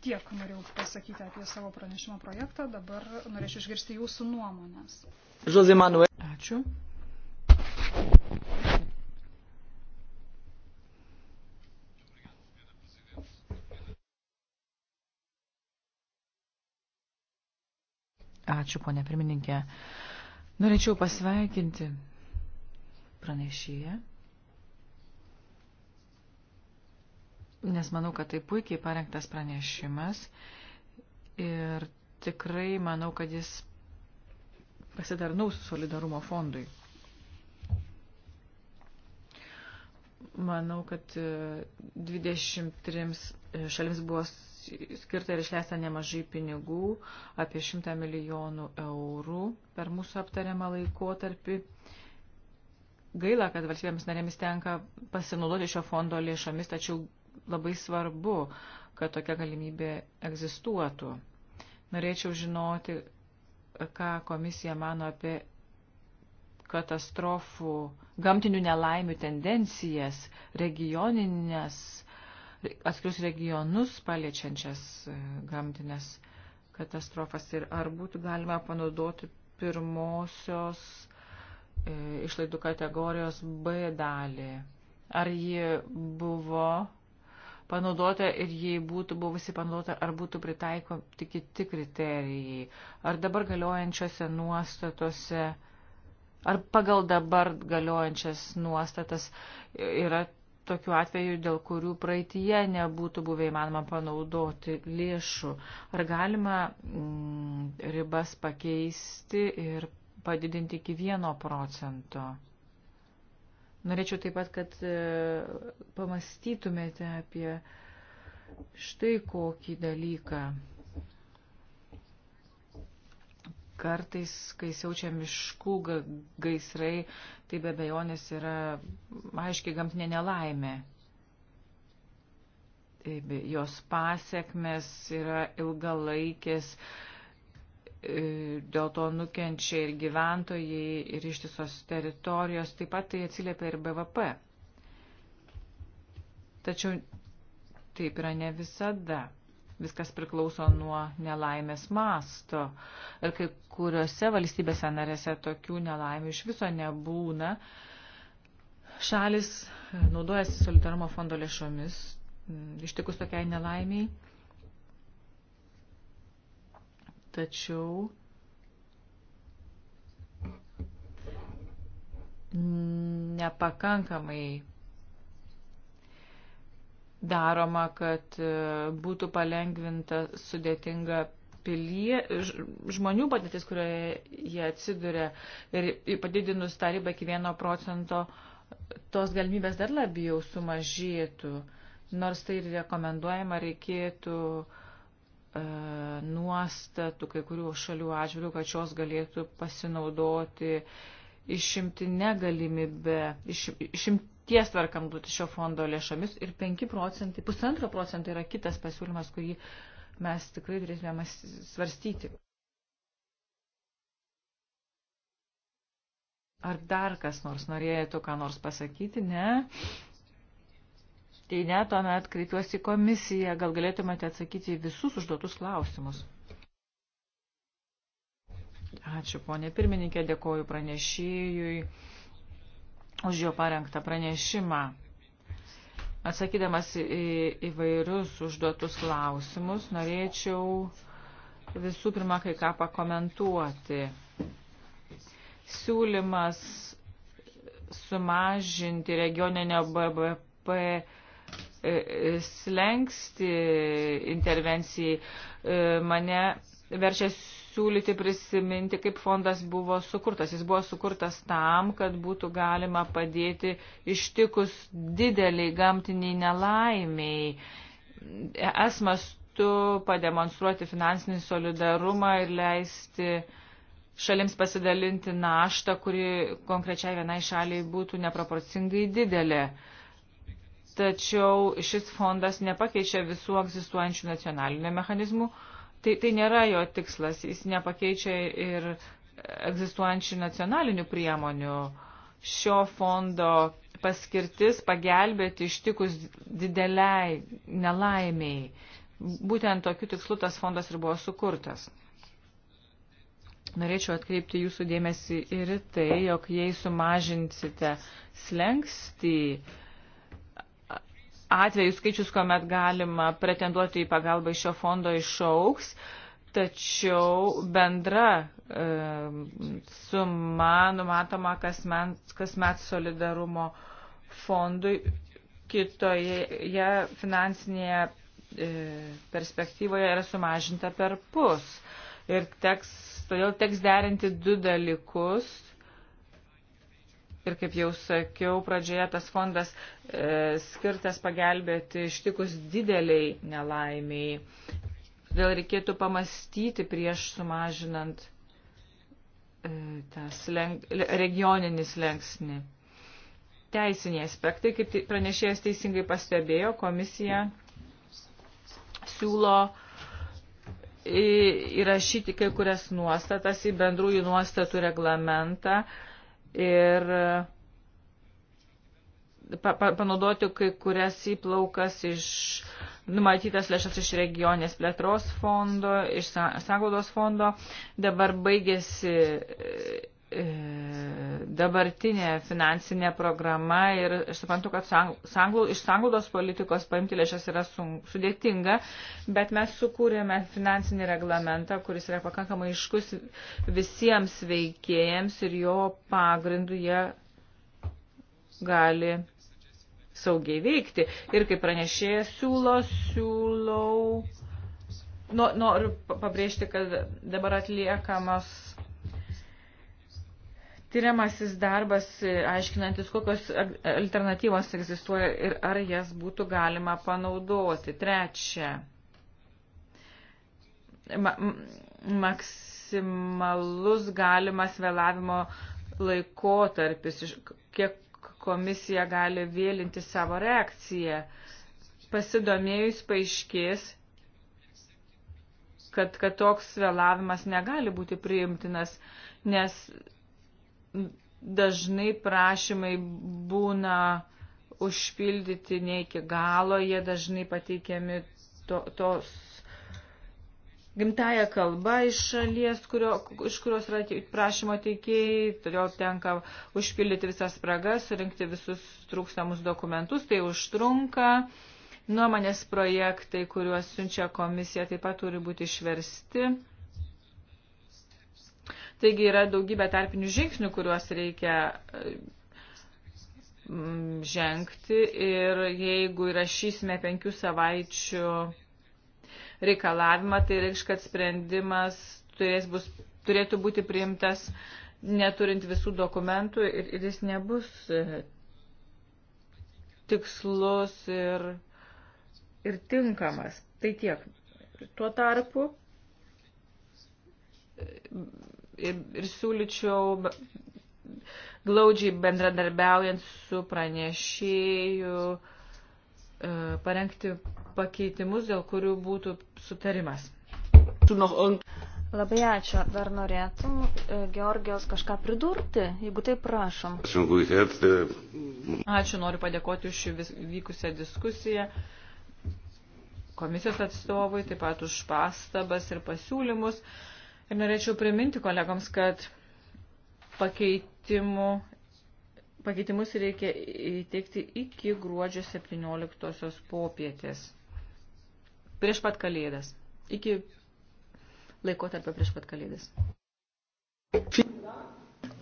E: Tiek norėjau pasakyti apie savo pranešimo projektą, dabar norėčiau išgirsti jūsų nuomonės.
D: Ačiū. Ačiū, ponė pirmininkė. Norėčiau pasveikinti pranešėją, nes manau, kad tai puikiai parengtas pranešimas ir tikrai manau, kad jis pasidarnaus solidarumo fondui. Manau, kad 23 šalims buvo skirta ir išleista nemažai pinigų, apie 100 milijonų eurų per mūsų aptariamą laikotarpį. Gaila, kad valstybėms narėmis tenka pasinaudoti šio fondo lėšomis, tačiau labai svarbu, kad tokia galimybė egzistuotų. Norėčiau žinoti, ką komisija mano apie katastrofų, gamtinių nelaimių tendencijas, regioninės atskirius regionus paliečiančias e, gamtinės katastrofas ir ar būtų galima panaudoti pirmosios e, išlaidų kategorijos B dalį. Ar ji buvo panaudota ir jei būtų buvusi panaudota, ar būtų pritaikoti kiti kriterijai. Ar dabar galiojančiose nuostatose, ar pagal dabar galiojančias nuostatas yra tokių atvejų, dėl kurių praeitie nebūtų buvę įmanoma panaudoti lėšų. Ar galima mm, ribas pakeisti ir padidinti iki vieno procento? Norėčiau taip pat, kad e, pamastytumėte apie štai kokį dalyką kartais, kai siaučia miškų gaisrai, tai be bejonės yra aiškiai gamtinė nelaimė. Taip, jos pasiekmes yra ilgalaikės, e, dėl to nukenčia ir gyventojai, ir ištisos teritorijos, taip pat tai atsiliepia ir BVP. Tačiau taip yra ne visada Viskas priklauso nuo nelaimės masto. Ir kai kuriuose valstybėse narėse tokių nelaimių iš viso nebūna. Šalis naudojasi solidarumo fondo lėšomis, ištikus tokiai nelaimiai. Tačiau nepakankamai daroma, kad e, būtų palengvinta sudėtinga pilie, žmonių padėtis, kurioje jie atsiduria ir padidinus tą ribą iki vieno procento, tos galimybės dar labiau sumažėtų. Nors tai ir rekomenduojama, reikėtų e, nuostatų kai kurių šalių atžvilgių, kad šios galėtų pasinaudoti išimtinę galimybę, iš, išimt, ties tvarkam būti šio fondo lėšomis ir 5 procentai, pusantro procentai yra kitas pasiūlymas, kurį mes tikrai turėtume svarstyti. Ar dar kas nors norėtų ką nors pasakyti? Ne. Tai ne, tuomet kreipiuosi į komisiją. Gal galėtumėte atsakyti į visus užduotus klausimus? Ačiū, ponė pirmininkė, dėkoju pranešėjui už jo parengtą pranešimą. Atsakydamas į įvairius užduotus klausimus, norėčiau visų pirma kai ką pakomentuoti. Siūlymas sumažinti regioninio BVP e, e, slengsti intervencijai e, mane verčia pasiūlyti prisiminti, kaip fondas buvo sukurtas. Jis buvo sukurtas tam, kad būtų galima padėti ištikus dideliai gamtiniai nelaimiai. Es mastu pademonstruoti finansinį solidarumą ir leisti šalims pasidalinti naštą, kuri konkrečiai vienai šaliai būtų neproporcingai didelė tačiau šis fondas nepakeičia visų egzistuojančių nacionalinių mechanizmų, Tai, tai nėra jo tikslas, jis nepakeičia ir egzistuojančių nacionalinių priemonių. Šio fondo paskirtis pagelbėti ištikus dideliai nelaimiai. Būtent tokiu tikslu tas fondas ir buvo sukurtas. Norėčiau atkreipti jūsų dėmesį ir tai, jog jei sumažinsite slengstį, atvejų skaičius, kuomet galima pretenduoti į pagalbą iš šio fondo išauks, tačiau bendra e, suma numatoma kasmet, kasmet solidarumo fondui kitoje finansinėje e, perspektyvoje yra sumažinta per pus. Ir teks, todėl teks derinti du dalykus Ir kaip jau sakiau, pradžioje tas fondas e, skirtas pagelbėti ištikus dideliai nelaimiai. Todėl reikėtų pamastyti prieš sumažinant e, tas lenk, regioninis lenksnį. Teisiniai aspektai, kaip pranešėjas teisingai pastebėjo, komisija siūlo įrašyti kai kurias nuostatas į bendrųjų nuostatų reglamentą, e, ir e, pa, pa, panaudoti kai kurias įplaukas iš numatytas lėšas iš regionės plėtros fondo, iš sąnaudos fondo. Dabar baigėsi E, dabartinė finansinė programa ir aš suprantu, kad sanglų, iš sanglaudos politikos paimti lėšas yra sudėtinga, bet mes sukūrėme finansinį reglamentą, kuris yra pakankamai iškus visiems veikėjams ir jo pagrindu jie gali saugiai veikti. Ir kaip pranešėjas siūlo, siūlau. Noriu pabrėžti, kad dabar atliekamas tyriamasis darbas, e, aiškinantis, kokios alternatyvos egzistuoja ir ar jas būtų galima panaudoti. Trečia. Ma maksimalus galimas vėlavimo laikotarpis, kiek komisija gali vėlinti savo reakciją. Pasidomėjus paaiškės, kad, kad toks vėlavimas negali būti priimtinas, nes dažnai prašymai būna užpildyti ne iki galo, jie dažnai pateikiami to, tos gimtaja kalba iš šalies, kurio, iš kurios yra prašymo teikėjai, todėl tenka užpildyti visas spragas, surinkti visus trūkstamus dokumentus, tai užtrunka. Nuomonės projektai, kuriuos siunčia komisija, taip pat turi būti išversti Taigi yra daugybė tarpinių žingsnių, kuriuos reikia e, žengti ir jeigu įrašysime penkių savaičių reikalavimą, tai reikš, kad sprendimas turės bus, turėtų būti priimtas neturint visų dokumentų ir, ir jis nebus e, tikslus ir, ir tinkamas. Tai tiek. Tuo tarpu ir, ir siūlyčiau glaudžiai bendradarbiaujant su pranešėju e, parengti pakeitimus, dėl kurių būtų sutarimas. Labai ačiū. Dar norėtum, e, Georgijos, kažką pridurti,
A: jeigu tai prašom.
D: Ačiū, noriu padėkoti už šį vykusią diskusiją komisijos atstovui, taip pat už pastabas ir pasiūlymus. Ir norėčiau priminti kolegoms, kad pakeitimų, pakeitimus reikia įteikti iki gruodžio 17 popietės. Prieš pat kalėdas. Iki laiko tarp prieš pat kalėdas.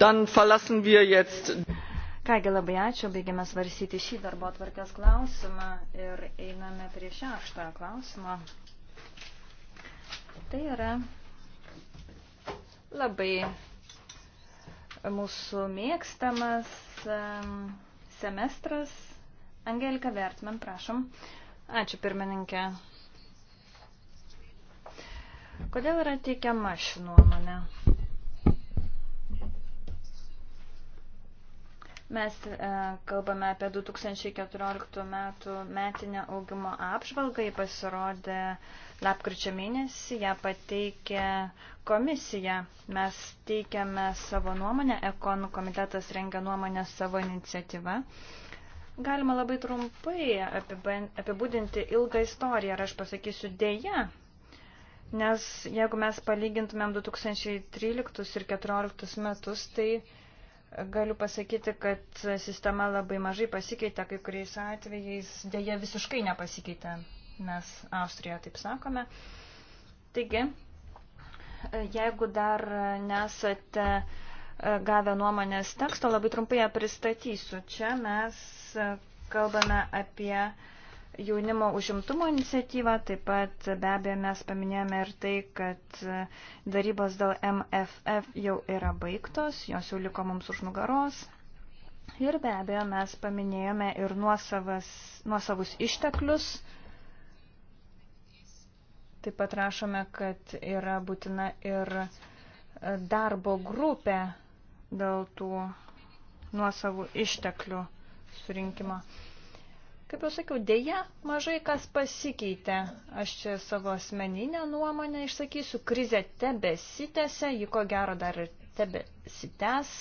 B: Dann verlassen
A: wir jetzt. Kągi labai ačiū, baigiame svarsyti šį darbo atvarkės klausimą ir einame prie šeštą klausimą. Tai yra labai mūsų mėgstamas semestras. Angelika Vertman, prašom. Ačiū pirmininkė. Kodėl yra teikiama ši nuomonė? Mes e, kalbame apie 2014 metų metinę augimo apžvalgą, jį pasirodė e, Lapkričio mėnesį ją pateikė komisija. Mes teikiame savo nuomonę, Ekonų komitetas rengia nuomonę savo iniciatyvą. Galima labai trumpai apibūdinti ilgą istoriją ir aš pasakysiu dėja, Nes jeigu mes palygintumėm 2013 ir 2014 metus, tai galiu pasakyti, kad sistema labai mažai pasikeitė, kai kuriais atvejais dėja visiškai nepasikeitė mes Austrijoje taip sakome. Taigi, jeigu dar nesate e, gavę nuomonės teksto, labai trumpai ją pristatysiu. Čia mes kalbame apie jaunimo užimtumo iniciatyvą, taip pat be abejo mes paminėjome ir tai, kad e, darybos dėl MFF jau yra baigtos, jos jau liko mums už nugaros. Ir be abejo mes paminėjome ir nuosavas, nuosavus išteklius, uh, Taip pat rašome, kad yra būtina ir e, darbo grupė dėl tų nuosavų išteklių surinkimo. Kaip jau sakiau, dėja, mažai kas pasikeitė. Aš čia savo asmeninę nuomonę išsakysiu. Krizė tebesitėse, ji ko gero dar ir tebesitęs.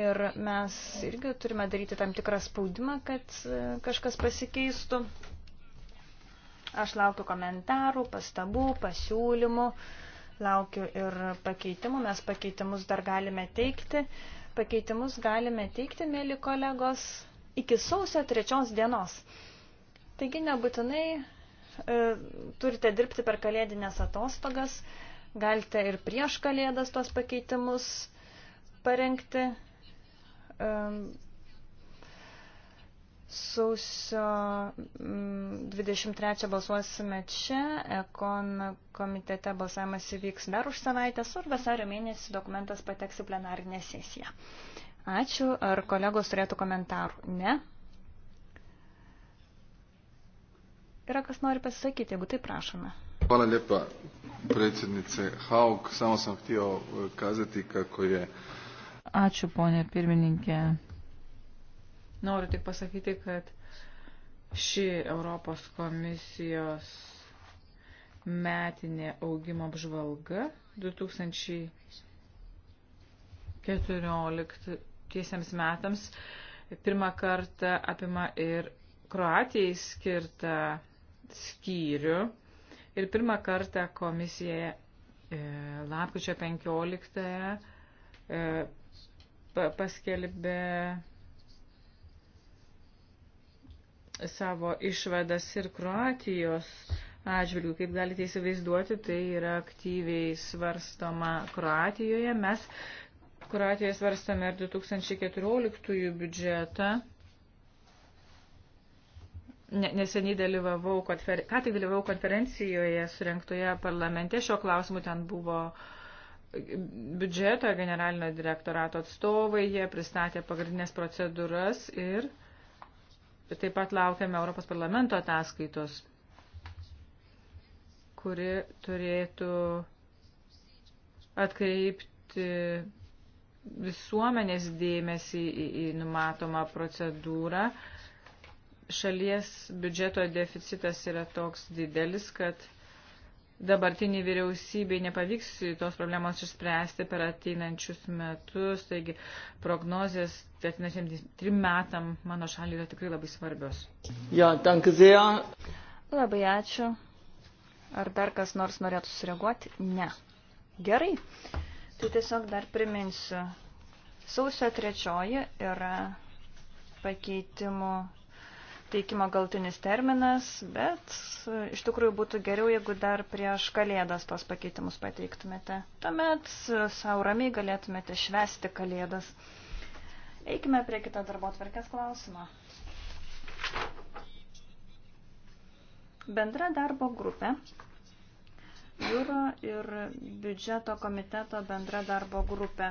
A: Ir mes irgi turime daryti tam tikrą spaudimą, kad e, kažkas pasikeistų. Aš laukiu komentarų, pastabų, pasiūlymų, laukiu ir pakeitimų. Mes pakeitimus dar galime teikti. Pakeitimus galime teikti, mėly kolegos, iki sausio trečios dienos. Taigi nebūtinai e, turite dirbti per kalėdinės atostogas, galite ir prieš kalėdas tuos pakeitimus parengti. E, Sausio 23 mm, balsuosime čia, ekon komitete balsavimas įvyks dar už savaitės ir vasario mėnesį dokumentas pateks į plenarinę sesiją. Ačiū. Ar kolegos turėtų komentarų? Ne. Yra kas nori pasisakyti, jeigu tai prašome. Hvala lijepa predsjednice Haug. Samo sam htio eh, kazati kako je...
D: Ačiū, ponė pirmininkė. Noriu tik pasakyti, kad ši Europos komisijos metinė augimo apžvalga 2014 metams pirmą kartą apima ir Kroatijai skirtą skyrių. Ir pirmą kartą komisija e, lapkričio 15 e, paskelbė savo išvadas ir Kroatijos atžvilgių. Kaip galite įsivaizduoti, tai yra aktyviai svarstoma Kroatijoje. Mes Kroatijoje svarstame ir 2014 biudžetą. Neseniai dalyvavau, konfer... ką tik dalyvavau konferencijoje surinktoje parlamente. Šio klausimu ten buvo biudžeto generalinio direktorato atstovai, jie pristatė pagrindinės procedūras ir uh, taip pat laukiame Europos parlamento ataskaitos, kuri turėtų atkreipti visuomenės dėmesį į, į numatomą procedūrą. Šalies biudžeto deficitas yra toks didelis, kad dabartiniai vyriausybei nepavyks tos problemos išspręsti per ateinančius metus, taigi prognozijas ateinančiam trim metam mano šaliai yra tikrai labai svarbios. Ja,
B: danke sehr.
A: Labai ačiū. Ar dar kas nors norėtų sureaguoti? Ne. Gerai. Tai tiesiog dar priminsiu. Sausio trečioji yra pakeitimų teikimo galtinis terminas, bet e, iš tikrųjų būtų geriau, jeigu dar prieš kalėdas tos pakeitimus pateiktumėte. Tuomet e, savo ramiai galėtumėte švesti kalėdas. Eikime prie kito darbo tvarkės klausimo. Bendra darbo grupė. Jūro ir biudžeto komiteto bendra darbo grupė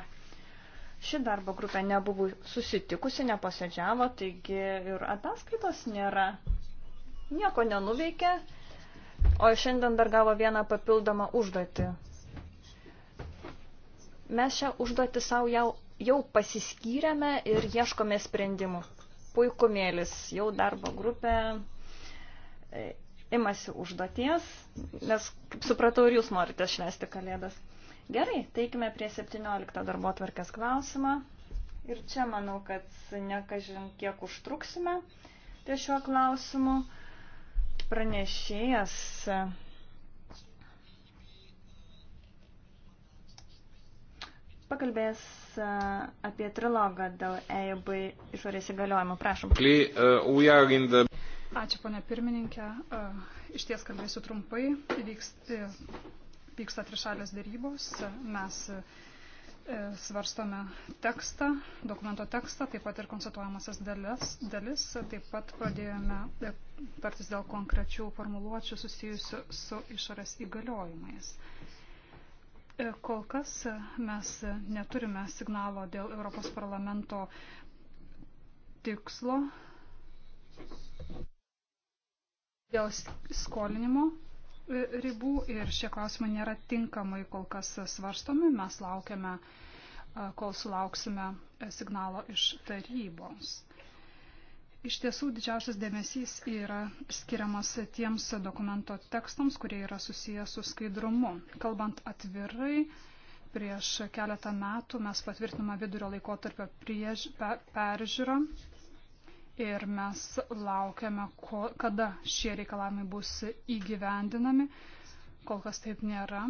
A: Ši darbo grupė nebuvo susitikusi, neposėdžiavo, taigi ir ataskaitos nėra. Nieko nenuveikė, o šiandien dar gavo vieną papildomą užduotį. Mes šią užduotį savo jau, jau pasiskyrėme ir ieškome sprendimų. Puikumėlis, jau darbo grupė e, imasi užduoties, nes, kaip supratau, ir jūs norite švęsti kalėdas. Gerai, teikime prie 17 darbo tvarkės klausimą. Ir čia manau, kad nekažin kiek užtruksime ties šiuo klausimu. Pranešėjas pakalbės e, apie
E: trilogą dėl EIB išorės įgaliojimų. Prašom.
A: E,
E: Ačiū, ponia pirmininkė. E, iš ties kalbėsiu trumpai. Vyks vyksta trišalės dėrybos. Mes e, svarstome tekstą, dokumento tekstą, taip pat ir konstatuojamasias dalis, dalis. Taip pat pradėjome e, tartis dėl konkrečių formuluočių susijusių su išorės įgaliojimais. E, kol kas mes neturime signalo dėl Europos parlamento tikslo dėl skolinimo ribų ir šie klausimai nėra tinkamai kol kas svarstomi. Mes laukiame, kol sulauksime signalo iš tarybos. Iš tiesų didžiausias dėmesys yra skiriamas tiems dokumento tekstams, kurie yra susijęs su skaidrumu. Kalbant atvirai, prieš keletą metų mes patvirtinome vidurio laikotarpio peržiūrą ir mes laukiame, ko, kada šie reikalavimai bus įgyvendinami. Kol kas taip nėra.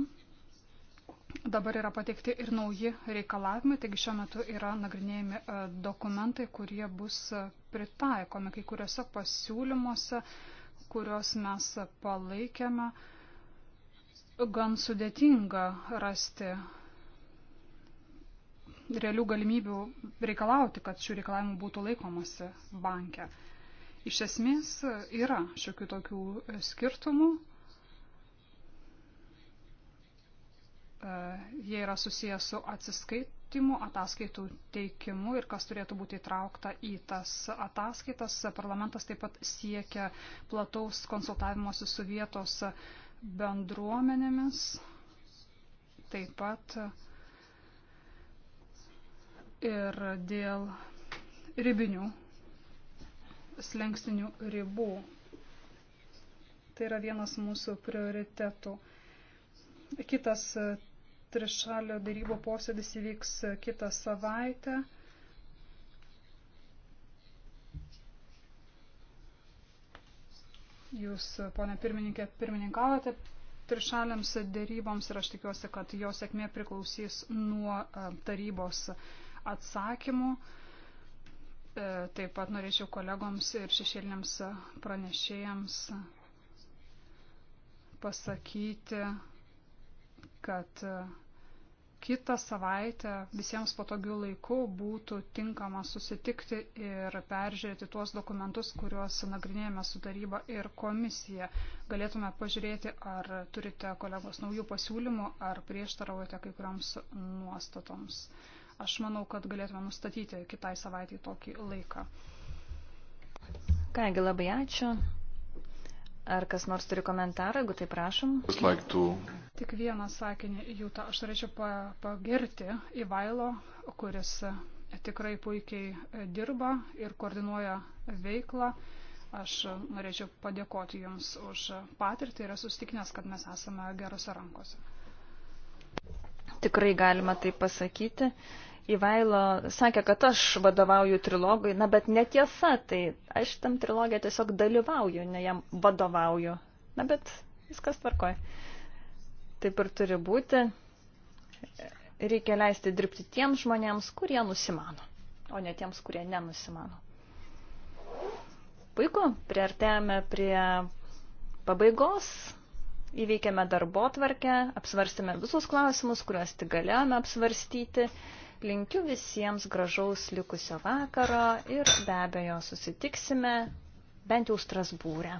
E: Dabar yra pateikti ir nauji reikalavimai, taigi šiuo metu yra nagrinėjami e, dokumentai, kurie bus pritaikomi kai kuriuose pasiūlymuose, kuriuos mes palaikėme. Gan sudėtinga rasti realių galimybių reikalauti, kad šių reikalavimų būtų laikomasi banke. Iš esmės yra šiokių tokių skirtumų. E, jie yra susijęs su atsiskaitimu, ataskaitų teikimu ir kas turėtų būti įtraukta į tas ataskaitas. Parlamentas taip pat siekia plataus konsultavimuose su vietos bendruomenėmis. Taip pat uh, ir dėl ribinių slengstinių ribų. Tai yra vienas mūsų prioritetų. Kitas trišalio darybo posėdis įvyks kitą savaitę. Jūs, ponė pirmininkė, pirmininkavote trišaliams daryboms ir aš tikiuosi, kad jo sėkmė priklausys nuo tarybos atsakymų. E, taip pat norėčiau kolegoms ir šešėliniams pranešėjams pasakyti, kad e, kitą savaitę visiems patogių laikų būtų tinkama susitikti ir peržiūrėti tuos dokumentus, kuriuos nagrinėjame su taryba ir komisija. Galėtume pažiūrėti, ar turite kolegos naujų pasiūlymų, ar prieštaraujate kai kurioms nuostatoms. Aš manau, kad galėtume nustatyti kitai savaitai tokį laiką.
A: Kągi, labai ačiū. Ar kas nors turi komentarą, jeigu tai prašom? Like to...
E: Tik vieną sakinį, Jūta, aš norėčiau pagirti Ivailo, kuris tikrai puikiai e, dirba ir koordinuoja veiklą. Aš norėčiau padėkoti Jums už patirtį ir esu stikinęs, kad mes esame gerose rankose.
A: Tikrai galima tai pasakyti. Įvailo sakė, kad aš vadovauju trilogui, na bet netiesa, tai aš tam trilogė tiesiog dalyvauju, ne jam vadovauju. Na bet viskas tvarkoj. Taip ir turi būti. Reikia leisti dirbti tiems žmonėms, kurie nusimano, o ne tiems, kurie nenusimano. Puiku, priartėjame prie pabaigos įveikėme darbo tvarkę, apsvarstėme visus klausimus, kuriuos tik galėjome apsvarstyti. Linkiu visiems gražaus likusio vakaro ir be abejo susitiksime bent jau Strasbūrę.